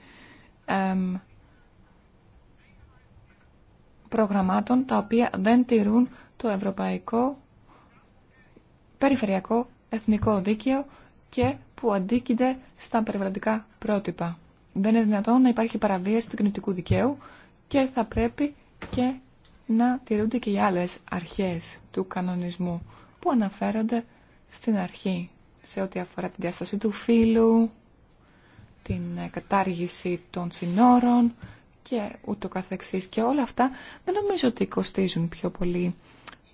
προγραμμάτων τα οποία δεν τηρούν το ευρωπαϊκό περιφερειακό εθνικό δίκαιο και που αντίκειται στα περιβαλλοντικά πρότυπα. Δεν είναι δυνατόν να υπάρχει παραβίαση του κινητικού δικαίου και θα πρέπει και να τηρούνται και οι άλλες αρχές του κανονισμού που αναφέρονται στην αρχή σε ό,τι αφορά την διάσταση του φύλου, την κατάργηση των συνόρων και ούτω καθεξής και όλα αυτά δεν νομίζω ότι κοστίζουν πιο πολύ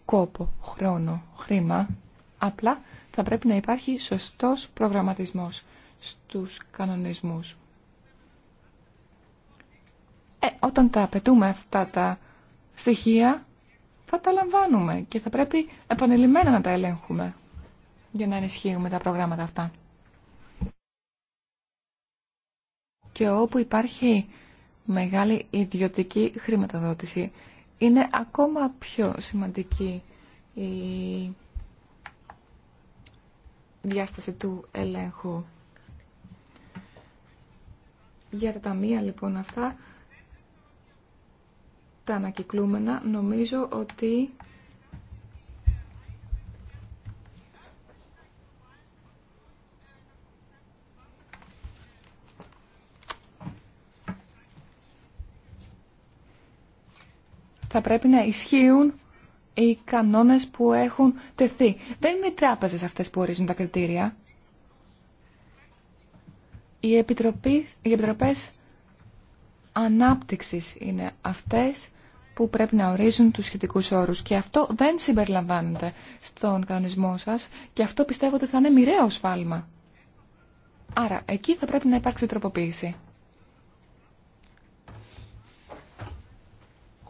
κόπο, χρόνο, χρήμα Απλά θα πρέπει να υπάρχει σωστός προγραμματισμός στους κανονισμούς. Ε, όταν τα απαιτούμε αυτά τα στοιχεία, θα τα λαμβάνουμε και θα πρέπει επανειλημμένα να τα ελέγχουμε για να ενισχύουμε τα προγράμματα αυτά. Και όπου υπάρχει μεγάλη ιδιωτική χρηματοδότηση, είναι ακόμα πιο σημαντική η διάσταση του ελέγχου. Για τα ταμεία λοιπόν αυτά, τα ανακυκλούμενα, νομίζω ότι θα πρέπει να ισχύουν οι κανόνες που έχουν τεθεί. Δεν είναι οι τράπεζες αυτές που ορίζουν τα κριτήρια. Οι, επιτροπές, οι ανάπτυξης είναι αυτές που πρέπει να ορίζουν τους σχετικούς όρους και αυτό δεν συμπεριλαμβάνεται στον κανονισμό σας και αυτό πιστεύω ότι θα είναι μοιραίο σφάλμα. Άρα εκεί θα πρέπει να υπάρξει τροποποίηση.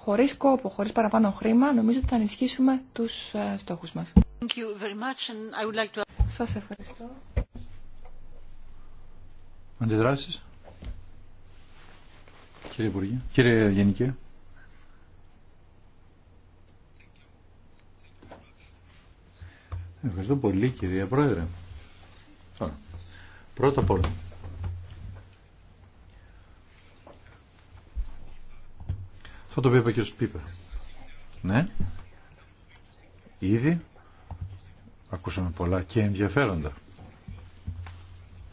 Χωρί κόπο, χωρί παραπάνω χρήμα, νομίζω ότι θα ενισχύσουμε του ε, στόχου μας. Σα Σας ευχαριστώ. Αντιδράσει. Κύριε Υπουργέ. Κύριε Γενικέ. Ευχαριστώ πολύ κυρία Πρόεδρε. πρώτα απ' όλα, το οποίο είπε και ο Σπίπερ. Ναι. Ήδη ακούσαμε πολλά και ενδιαφέροντα.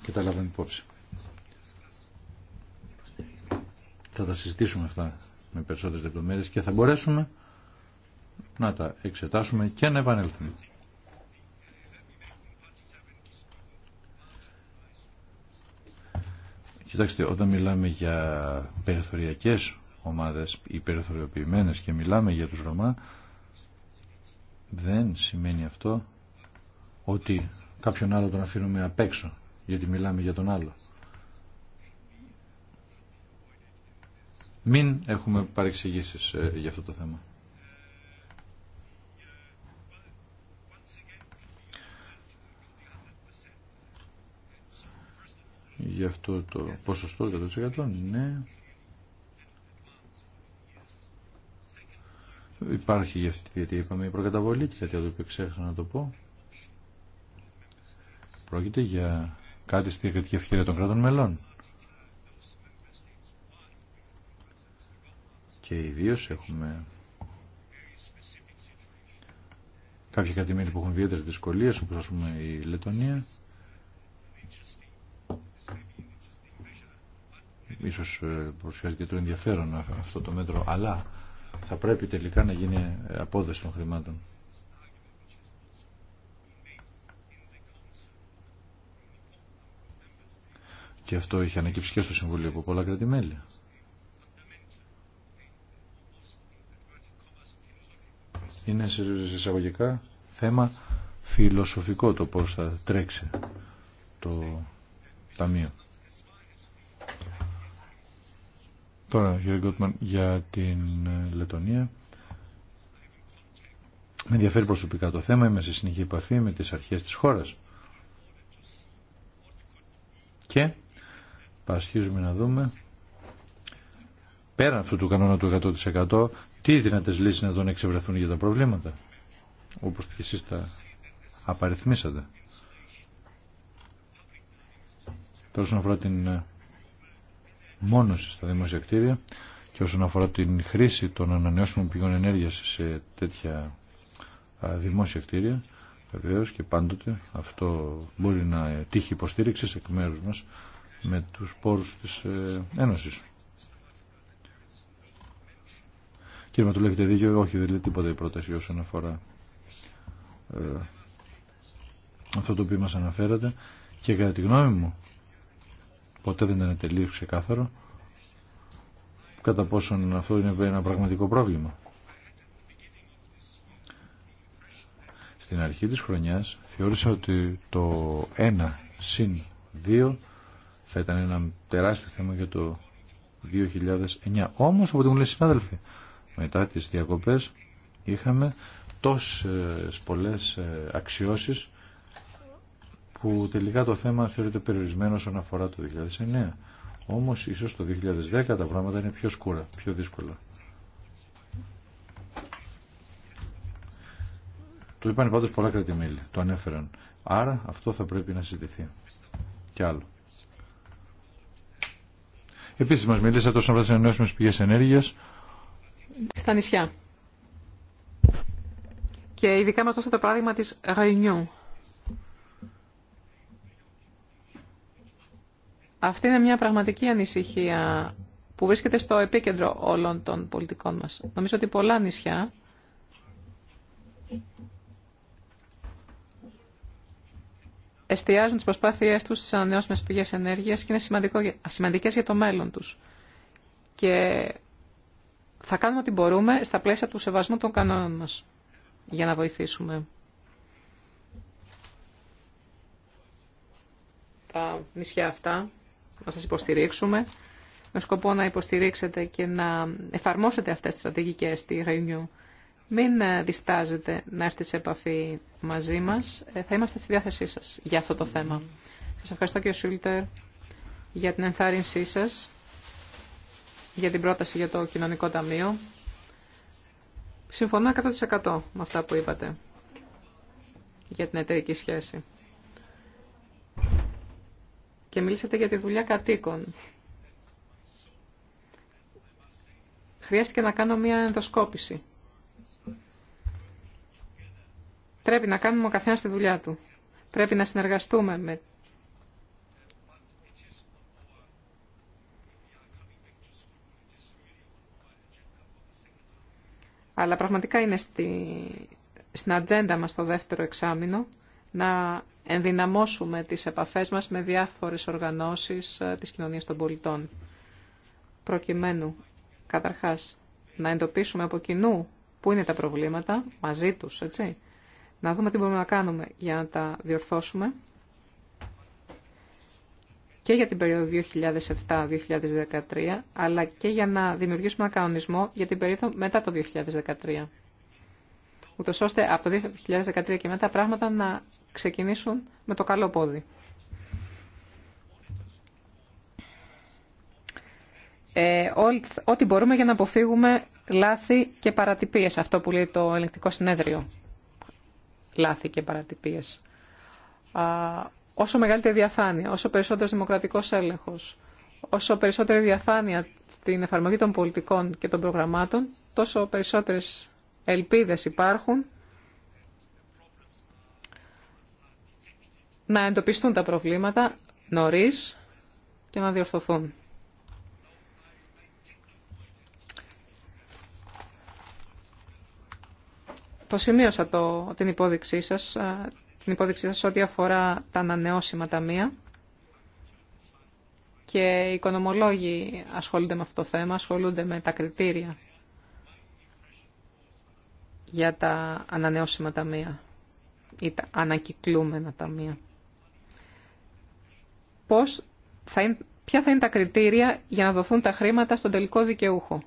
Και τα λάβαμε υπόψη. Θα τα συζητήσουμε αυτά με περισσότερες λεπτομέρειες και θα μπορέσουμε να τα εξετάσουμε και να επανέλθουμε. Κοιτάξτε, όταν μιλάμε για περιθωριακές ομάδες υπερθωριοποιημένες και μιλάμε για τους Ρωμά δεν σημαίνει αυτό ότι κάποιον άλλο τον αφήνουμε απ' έξω γιατί μιλάμε για τον άλλο. Μην έχουμε παρεξηγήσεις ε, για αυτό το θέμα. Γι' αυτό το ποσοστό 100% ναι. Υπάρχει για αυτή τη διετία, είπαμε, η προκαταβολή και κάτι άλλο που ξέχασα να το πω. Πρόκειται για κάτι στη διακριτική ευκαιρία των κράτων μελών. Και ιδίω έχουμε κάποια κατημέρια που έχουν ιδιαίτερε δυσκολίε, όπω α πούμε η Λετωνία. Ίσως ε, προσφέρει και το ενδιαφέρον αυτό το μέτρο, αλλά θα πρέπει τελικά να γίνει απόδοση των χρημάτων. Και αυτό έχει ανακύψει και στο Συμβούλιο από πολλά μέλη. Είναι σε εισαγωγικά θέμα φιλοσοφικό το πώς θα τρέξει το Ταμείο. Τώρα, κύριε Γκότμαν, για την ε, Λετωνία. Με ενδιαφέρει προσωπικά το θέμα. Είμαι σε συνεχή επαφή με τις αρχές της χώρας. Και πασχίζουμε να δούμε πέραν αυτού του κανόνα του 100% τι δυνατές λύσεις να τον εξευρεθούν για τα προβλήματα. Όπως και εσείς τα απαριθμίσατε. Τώρα όσον αφορά την ε, Μόνο στα δημόσια κτίρια και όσον αφορά την χρήση των ανανεώσιμων πηγών ενέργειας σε τέτοια δημόσια κτίρια βεβαίω και πάντοτε αυτό μπορεί να τύχει υποστήριξη εκ μέρους μας με τους πόρους της ε, Ένωσης. Κύριε Ματουλέ, έχετε δίκιο, όχι δεν λέει τίποτα η πρόταση όσον αφορά ε, αυτό το οποίο μας αναφέρατε και κατά τη γνώμη μου Ποτέ δεν ήταν τελείως ξεκάθαρο κατά πόσον αυτό είναι ένα πραγματικό πρόβλημα. Στην αρχή της χρονιάς θεώρησα ότι το 1 συν 2 θα ήταν ένα τεράστιο θέμα για το 2009. Όμως, από ό,τι μου λέει συνάδελφοι, μετά τις διακοπές είχαμε τόσες πολλές ε, αξιώσεις που τελικά το θέμα θεωρείται περιορισμένο όσον αφορά το 2009. Όμως ίσως το 2010 τα πράγματα είναι πιο σκούρα, πιο δύσκολα. Το είπαν πάντως πολλά κρατημέλη, το ανέφεραν. Άρα αυτό θα πρέπει να συζητηθεί. Και άλλο. Επίσης μας μιλήσατε όσον αφορά τις ανανεώσιμες πηγές ενέργειας. Στα νησιά. Και ειδικά μας δώσατε το παράδειγμα της Ραϊνιού. Αυτή είναι μια πραγματική ανησυχία που βρίσκεται στο επίκεντρο όλων των πολιτικών μας. Νομίζω ότι πολλά νησιά εστιάζουν τις προσπάθειές τους στις ανανεώσιμες πηγές ενέργειας και είναι σημαντικό, σημαντικές για το μέλλον τους. Και θα κάνουμε ό,τι μπορούμε στα πλαίσια του σεβασμού των κανόνων μας για να βοηθήσουμε. Τα νησιά αυτά να σας υποστηρίξουμε με σκοπό να υποστηρίξετε και να εφαρμόσετε αυτές τις στρατηγικές στη ΡΕΙΝΙΟΥ. Μην ε, διστάζετε να έρθετε σε επαφή μαζί μας. Ε, θα είμαστε στη διάθεσή σας για αυτό το θέμα. Σας ευχαριστώ ο Σούλτερ για την ενθάρρυνσή σας, για την πρόταση για το κοινωνικό ταμείο. Συμφωνώ 100% με αυτά που είπατε για την εταιρική σχέση και μίλησατε για τη δουλειά κατοίκων. Χρειάστηκε να κάνω μία ενδοσκόπηση. Πρέπει να κάνουμε ο καθένας τη δουλειά του. Πρέπει να συνεργαστούμε με αλλά πραγματικά είναι στη, στην ατζέντα μας το δεύτερο εξάμεινο να ενδυναμώσουμε τις επαφές μας με διάφορες οργανώσεις ε, της κοινωνίας των πολιτών. Προκειμένου, καταρχάς, να εντοπίσουμε από κοινού πού είναι τα προβλήματα, μαζί τους, έτσι. Να δούμε τι μπορούμε να κάνουμε για να τα διορθώσουμε. Και για την περίοδο 2007-2013, αλλά και για να δημιουργήσουμε ένα κανονισμό για την περίοδο μετά το 2013. Ούτως ώστε από το 2013 και μετά πράγματα να ξεκινήσουν με το καλό πόδι. Ε, ό,τι μπορούμε για να αποφύγουμε λάθη και παρατυπίες. Αυτό που λέει το ελεγκτικό συνέδριο. Λάθη και παρατυπίες. Α, όσο μεγαλύτερη διαφάνεια, όσο περισσότερος δημοκρατικός έλεγχος, όσο περισσότερη διαφάνεια στην εφαρμογή των πολιτικών και των προγραμμάτων, τόσο περισσότερες ελπίδες υπάρχουν να εντοπιστούν τα προβλήματα νωρίς και να διορθωθούν. Το σημείωσα το, την υπόδειξή σας, την υπόδειξή σας ό,τι αφορά τα ανανεώσιμα ταμεία και οι οικονομολόγοι ασχολούνται με αυτό το θέμα, ασχολούνται με τα κριτήρια για τα ανανεώσιμα ταμεία ή τα ανακυκλούμενα ταμεία πώς θα ποια θα είναι τα κριτήρια για να δοθούν τα χρήματα στον τελικό δικαιούχο.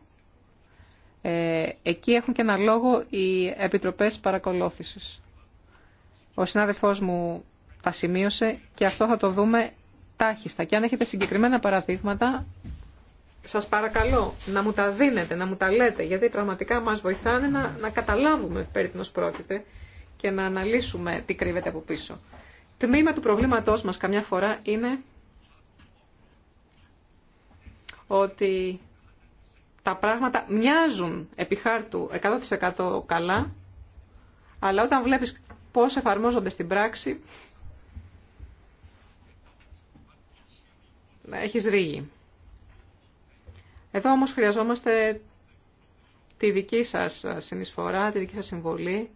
Ε, εκεί έχουν και ένα λόγο οι επιτροπές παρακολούθησης. Ο συνάδελφός μου τα σημείωσε και αυτό θα το δούμε τάχιστα. Και αν έχετε συγκεκριμένα παραδείγματα, σας παρακαλώ να μου τα δίνετε, να μου τα λέτε, γιατί πραγματικά μας βοηθάνε να, να καταλάβουμε περί τίνος πρόκειται και να αναλύσουμε τι κρύβεται από πίσω. Τμήμα του προβλήματός μας καμιά φορά είναι ότι τα πράγματα μοιάζουν επί χάρτου 100% καλά, αλλά όταν βλέπεις πώς εφαρμόζονται στην πράξη, έχεις ρίγη. Εδώ όμως χρειαζόμαστε τη δική σας συνεισφορά, τη δική σας συμβολή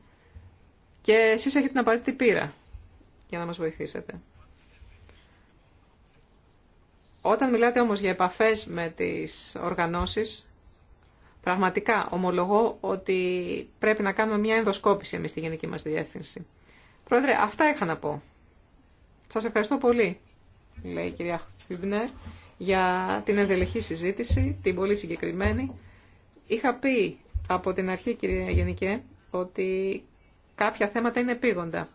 και εσείς έχετε την απαραίτητη πείρα για να μας βοηθήσετε. Όταν μιλάτε όμως για επαφές με τις οργανώσεις, πραγματικά ομολογώ ότι πρέπει να κάνουμε μια ενδοσκόπηση εμείς στη γενική μας διεύθυνση. Πρόεδρε, αυτά είχα να πω. Σας ευχαριστώ πολύ, λέει η κυρία Στυμπνέρ για την ενδελεχή συζήτηση, την πολύ συγκεκριμένη. Είχα πει από την αρχή, κυρία Γενικέ, ότι κάποια θέματα είναι επίγοντα.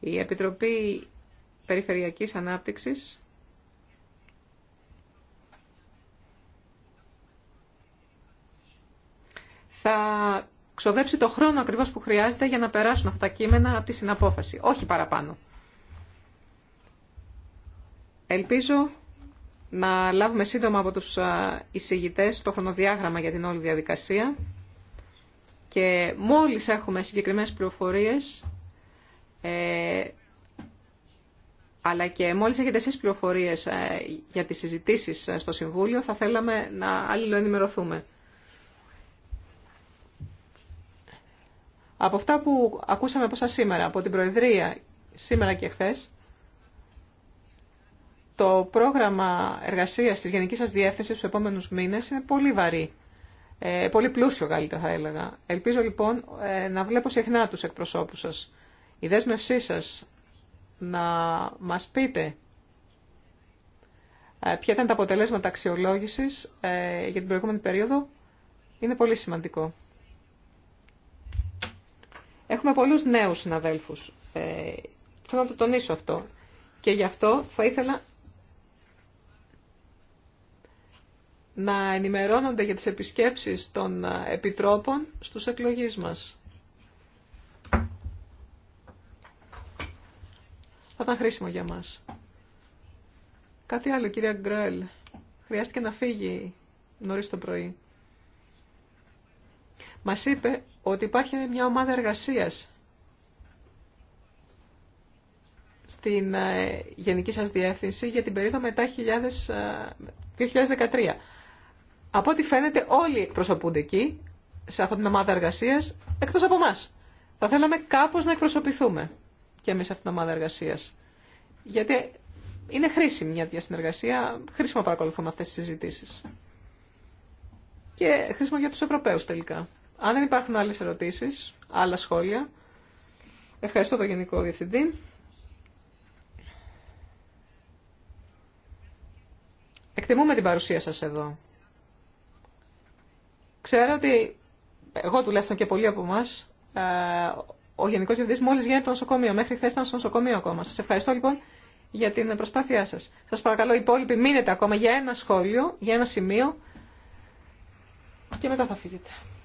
Η Επιτροπή Περιφερειακής Ανάπτυξης θα ξοδέψει το χρόνο ακριβώς που χρειάζεται για να περάσουν αυτά τα κείμενα από τη συναπόφαση. Όχι παραπάνω. Ελπίζω να λάβουμε σύντομα από τους εισηγητές το χρονοδιάγραμμα για την όλη διαδικασία και μόλις έχουμε συγκεκριμένες πληροφορίες ε, αλλά και μόλις έχετε εσείς πληροφορίες ε, για τις συζητήσεις ε, στο Συμβούλιο θα θέλαμε να αλληλοενημερωθούμε. Από αυτά που ακούσαμε από σας σήμερα, από την Προεδρία σήμερα και χθε, το πρόγραμμα εργασίας της Γενικής σας Διεύθυνσης στους επόμενους μήνες είναι πολύ βαρύ. Ε, πολύ πλούσιο καλύτερα θα έλεγα. Ελπίζω λοιπόν ε, να βλέπω συχνά τους εκπροσώπους σας. Η δέσμευσή σας να μας πείτε ε, ποια ήταν τα αποτελέσματα αξιολόγησης για την προηγούμενη περίοδο είναι πολύ σημαντικό. Έχουμε πολλούς νέους συναδέλφους. Ε, θέλω να το τονίσω αυτό. Και γι' αυτό θα ήθελα να ενημερώνονται για τις επισκέψεις των ε, επιτρόπων στους εκλογείς μας. Θα ήταν χρήσιμο για μας. Κάτι άλλο, κυρία Γκρέλ. Χρειάστηκε να φύγει νωρίς το πρωί. Μας είπε ότι υπάρχει μια ομάδα εργασίας στην ε, γενική σας διεύθυνση για την περίοδο μετά 2013. Ε, από ό,τι φαίνεται όλοι προσωπούνται εκεί, σε αυτή την ομάδα εργασίας, εκτός από εμά. Θα θέλαμε κάπως να εκπροσωπηθούμε και εμείς αυτήν την ομάδα εργασίας. Γιατί είναι χρήσιμη μια διασυνεργασία, χρήσιμο παρακολουθούμε αυτές τις συζητήσεις. Και χρήσιμο για τους Ευρωπαίους τελικά. Αν δεν υπάρχουν άλλες ερωτήσεις, άλλα σχόλια, ευχαριστώ τον Γενικό Διευθυντή. Εκτιμούμε την παρουσία σας εδώ. Ξέρω ότι εγώ τουλάχιστον και πολλοί από εμά, ε, ο Γενικό Διευθυντή μόλι γίνεται στο νοσοκομείο. Μέχρι χθε ήταν στο νοσοκομείο ακόμα. Σα ευχαριστώ λοιπόν για την προσπάθειά σα. Σα παρακαλώ οι υπόλοιποι μείνετε ακόμα για ένα σχόλιο, για ένα σημείο και μετά θα φύγετε.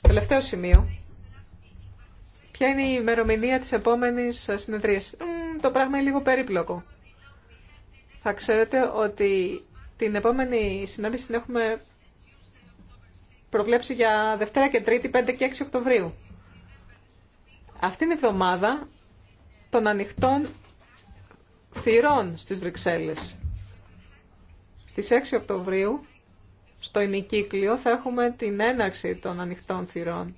Τελευταίο σημείο. Ποια είναι η ημερομηνία της επόμενης ε, συνεδρίας. το πράγμα είναι λίγο περίπλοκο. Θα ξέρετε ότι την επόμενη συνάντηση την έχουμε προβλέψει για Δευτέρα και Τρίτη, 5 και 6 Οκτωβρίου. είναι η εβδομάδα των ανοιχτών θυρών στις Βρυξέλλες. Στις 6 Οκτωβρίου στο ημικύκλιο θα έχουμε την έναρξη των ανοιχτών θυρών.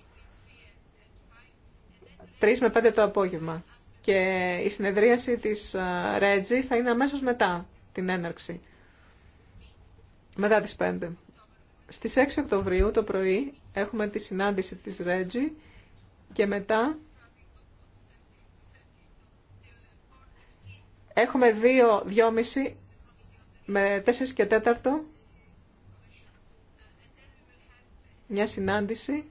3 με 5 το απόγευμα. Και η συνεδρίαση της Ρέτζη θα είναι αμέσως μετά την έναρξη. Μετά τις 5. Στις 6 Οκτωβρίου το πρωί έχουμε τη συνάντηση της Ρέτζη και μετά έχουμε δύο 2,5 με 4 και 4 μια συνάντηση.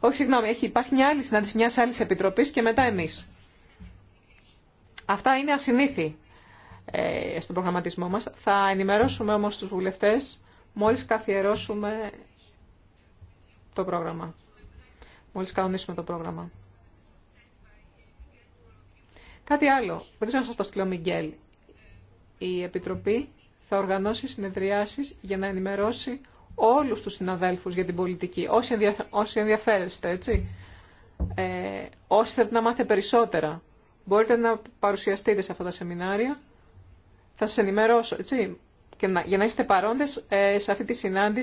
Όχι, συγγνώμη, έχει, υπάρχει μια άλλη συνάντηση μια άλλη επιτροπή και μετά εμεί. Αυτά είναι ασυνήθιοι ε, στον προγραμματισμό μας. Θα ενημερώσουμε όμως τους βουλευτές μόλις καθιερώσουμε το πρόγραμμα. Μόλις κανονίσουμε το πρόγραμμα. Κάτι άλλο, δεν ξέρω να σας το στείλω Μιγγέλ. Η Επιτροπή θα οργανώσει συνεδριάσεις για να ενημερώσει όλους τους συναδέλφους για την πολιτική, όσοι, όσοι ενδιαφέρεστε, έτσι. Ε, όσοι θέλετε να μάθετε περισσότερα, μπορείτε να παρουσιαστείτε σε αυτά τα σεμινάρια. Θα σας ενημερώσω, έτσι, για να είστε παρόντες ε, σε αυτή τη συνάντηση.